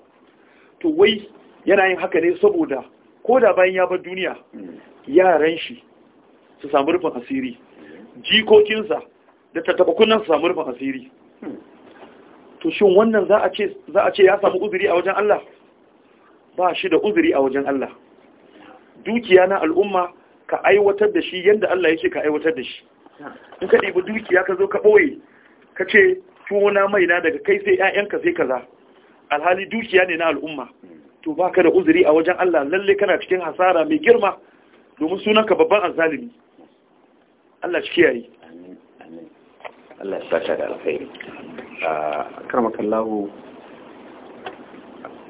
to wai yana yin haka ne saboda ko da bayan ya bar duniya yaran shi su samu rufin asiri jikokinsa da tattabakunan su samu rufin asiri to shin wannan za a ce ya samu uzuri a wajen Allah ba shi da uzuri a wajen Allah dukiya na al'umma ka aiwatar da shi yadda Allah ya yake ka aiwatar da shi in ka ɗibi dukiya ka zo ka ɓoye ka ce tuwona mai na daga kai sai 'ya'yanka sai kaza alhali dukiya ne na al'umma to baka da uzuri a wajen Allah lalle kana cikin hasara mai girma domin sunan ka babban azzalimi Allah shi kiyaye
Allah ya saka da alkhairi ah, karmakallahu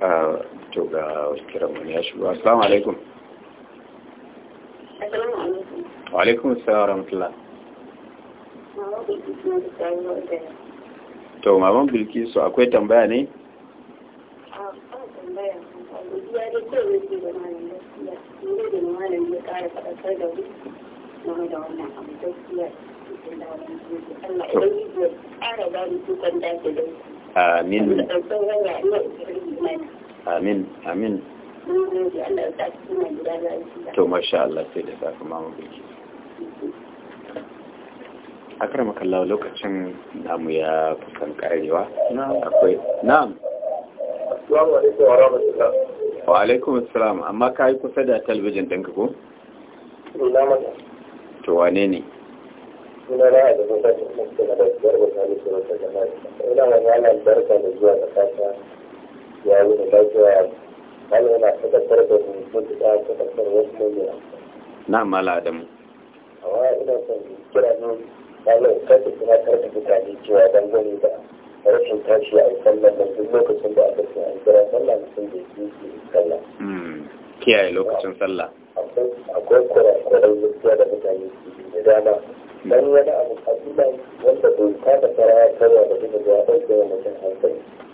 ah, to ga kiran wani ya shigo assalamu alaikum wa alaikum assalam rahmatullah to maman bilkisu akwai tambaya ne Amin. Amin. Amin. to masha Allah sai da safi mamu biki akrama kallawa lokacin namu ya kusan karewa akwai na'am wa alaikum assalam amma ka yi kusa da talbijin ɗinka ko? to wane ne? suna na da kusa da da ina da da zuwa da wani yana sadakar da mutum da sadakar wasu mamira na mala adamu a waya ina son kira ne malam kasu tunatar da mutane cewa gani da rashin tashi a sallar da duk lokacin da aka ce an kira sallah mutum da yake sallah kiyaye lokacin sallah akwai kura kurakurai gaskiya da mutane da dama dan wani abu a wanda bai kada fara karwa da duka da ya ɗauke wa mutum hankali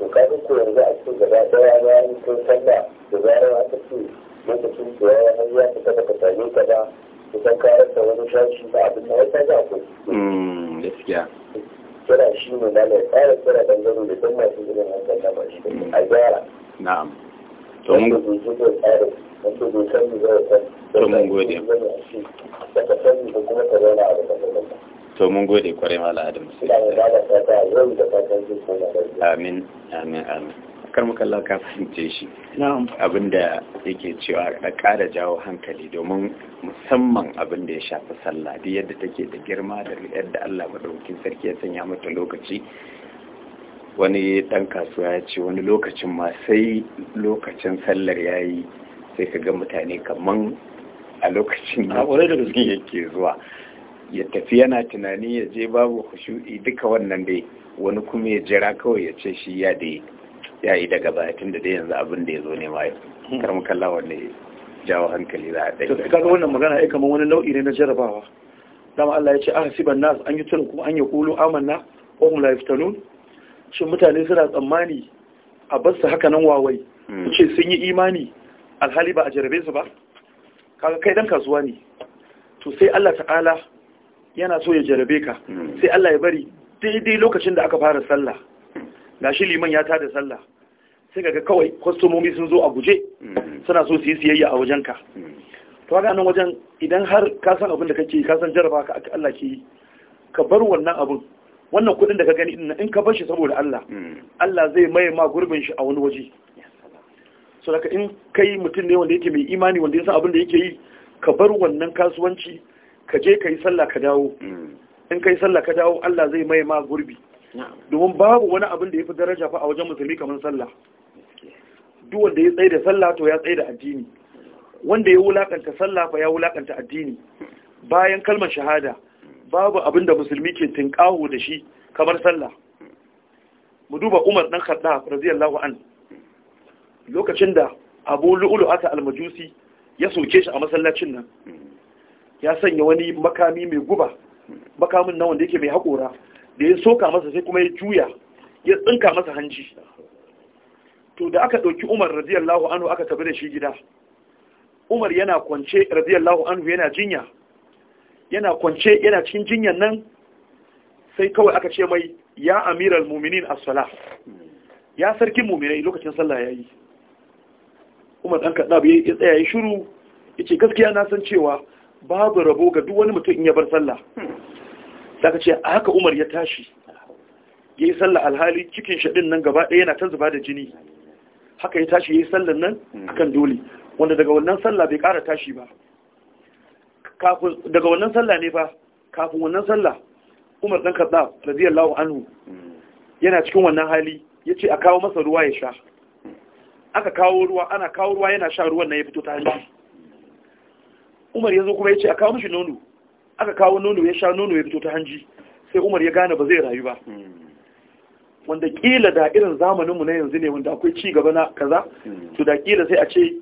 to ka ga ko yanzu a cikin gaba daya bayan ko sallah da zarar aka ce lokacin da ya yi ya fita daga same ka ba kusan ka rasa wani shashi ba abin da ya ga ko gaskiya kira shi ne na mai tsara kira bangare da don masu irin na ba shi a gyara na'am to mun tsari wanda bai san mu zai san to mun gode daga san kuma ta zauna a daga to mun gode kwarai mala adam amin amin amin kar mu Allah ka fahimce shi abinda yake cewa da kara jawo hankali domin musamman abin da ya shafi sallah duk yadda take da girma da yadda Allah madaukakin sarki ya sanya mata lokaci wani dan kasuwa ya ce wani lokacin ma sai lokacin sallar yayi sai ka ga mutane kaman a lokacin na da gaske yake zuwa ya tafi yana tunani ya je babu hushu'i duka wannan dai wani kuma ya jira kawai ya ce shi ya dai ya yi daga baya tun da dai yanzu abin da ya zo ne ma ya kar mu kalla wanda ya jawo hankali za a ɗaya kaga
wannan magana ai kamar wani nau'i ne na jarabawa dama Allah ya ce ah siban nas an yi tunan kuma an yi kulu amanna wa hum la yaftanun shin mutane suna tsammani a basu haka nan wawai hmm. ce sun yi imani alhali ba a jarabe su ba kaga kai dan kasuwa ne to sai Allah ta'ala yana so ya jarabe ka hmm. sai Allah ya bari daidai lokacin da aka fara sallah hmm. gashi liman ya tada sallah sai ga kawai kwastomomi sun zo a guje hmm. suna so su yi siyayya a ka. to haka nan wajen idan har ka san abin da kake ka san jaraba ka Allah ke ka bar wannan abin wannan kuɗin da ka gani in ka bar shi saboda Allah Allah zai maye ma gurbin shi a wani waje so daga in kai mutum ne wanda yake mai imani wanda ya san abin da yake yi ka bar wannan kasuwanci ka je ka yi sallah ka dawo hmm. in ka yi sallah ka dawo Allah zai mai ma gurbi domin babu wani abin da ya fi daraja fa a wajen musulmi kamar sallah duk wanda ya tsaye da sallah to ya tsaye da addini wanda ya wulakanta sallah fa ya wulakanta addini bayan kalmar shahada babu abin da musulmi ke tinkaho da shi kamar sallah mu duba Umar dan Khattab radiyallahu an lokacin da Abu Lu'lu'ata al-Majusi ya soke shi a masallacin nan hmm. ya sanya wani makami mai guba makamin na wanda yake mai haƙora da ya soka masa sai kuma ya juya ya tsinka masa hanci. to da aka ɗauki umar radiyallahu anhu aka tabi da shi gida umar yana kwance radiyallahu anhu yana jinya yana kwance yana cikin jinyan nan sai kawai aka ce mai ya amiral muminin as-sala ya sarkin muminai lokacin sallah yayi umar dan ba ya tsaya ya shiru yace gaskiya na san cewa babu rabo ga duk wani mutum in ya bar sallah saka ce a haka umar ya tashi ya yi sallah alhali cikin shaɗin nan gaba ɗaya yana ta zuba da jini haka ya tashi ya yi sallah nan a kan dole wanda daga wannan sallah bai ƙara tashi ba daga wannan sallah ne ba kafin wannan sallah umar ɗan kaɗa radiyallahu anhu yana cikin wannan hali ya ce a kawo masa ruwa ya sha aka kawo ruwa ana kawo ruwa yana sha ruwan nan ya fito ta hanci umar ya zo kuma ya ce a kawo mashi nono aka kawo nono ya sha nono ya fito ta hanji sai umar ya gane ba zai rayu ba wanda kila da irin zamaninmu na yanzu ne wanda akwai ci gaba na kaza to da kila sai a ce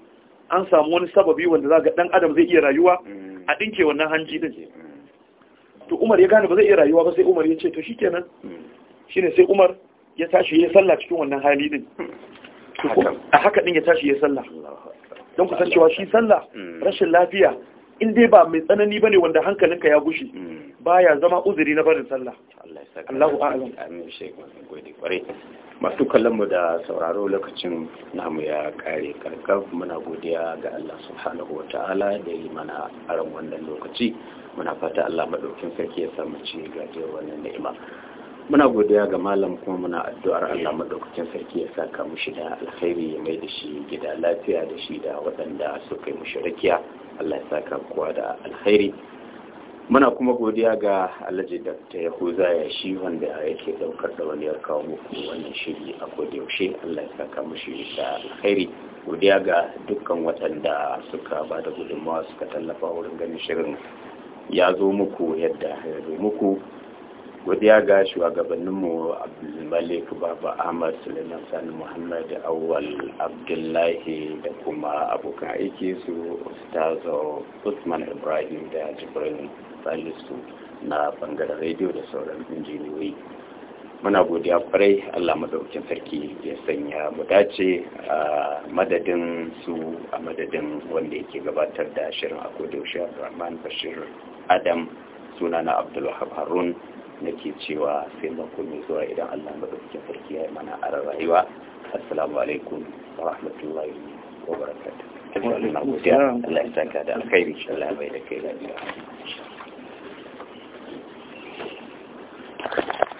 an samu wani sababi wanda za ga dan adam zai iya rayuwa a dinke wannan hanji din to umar ya gane ba zai iya rayuwa ba sai umar ya ce to shikenan shine sai umar ya tashi ya sallah cikin wannan hali din a haka din ya tashi ya sallah don kusan cewa shi sallah hmm. rashin lafiya in dai ba mai tsanani ba ne wanda hankalinka ya gushi hmm. baya zama uzuri na barin sallah
Allah masu kallon mu da sauraro lokacin namu ya kare karkar muna godiya ga Allah subhanahu wa ta'ala da yi mana aron wannan lokaci muna fata Allah maɗaukin sarki ya samu ci gajiyar wannan ni'ima muna godiya ga malam kuma muna addu'ar Allah maɗaukacin sarki ya saka mushi da alkhairi ya mai da shi gida lafiya da shi da waɗanda suka yi mushi rakiya Allah ya saka kuwa da alkhairi muna kuma godiya ga alhaji dr yahuza ya shi wanda yake daukar da wani kawo muku wannan shiri a yaushe allah ya saka mushi da alkhairi godiya ga dukkan waɗanda suka ba da gudunmawa suka tallafa wurin ganin shirin ya zo muku yadda ya zo muku godiya ga shugabanninmu abdulmalik baba ahmad suleiman sani muhammad awal abdullahi da kuma abokan aiki su ustazo usman ibrahim da jibril salisu na bangaren rediyo da sauran injiniyoyi muna godiya kwarai allah madaukin sarki ya sanya mu dace a madadin su a madadin wanda yake gabatar da shirin a kodayaushe abdulrahman bashir adam sunana abdullahi harun nake cewa sai mako mai zuwa idan Allah madaukakin sarki ya mana a rayuwa assalamu alaikum wa rahmatullahi wa barakatuh Allah ya saka da alkhairi Allah bai da kai lafiya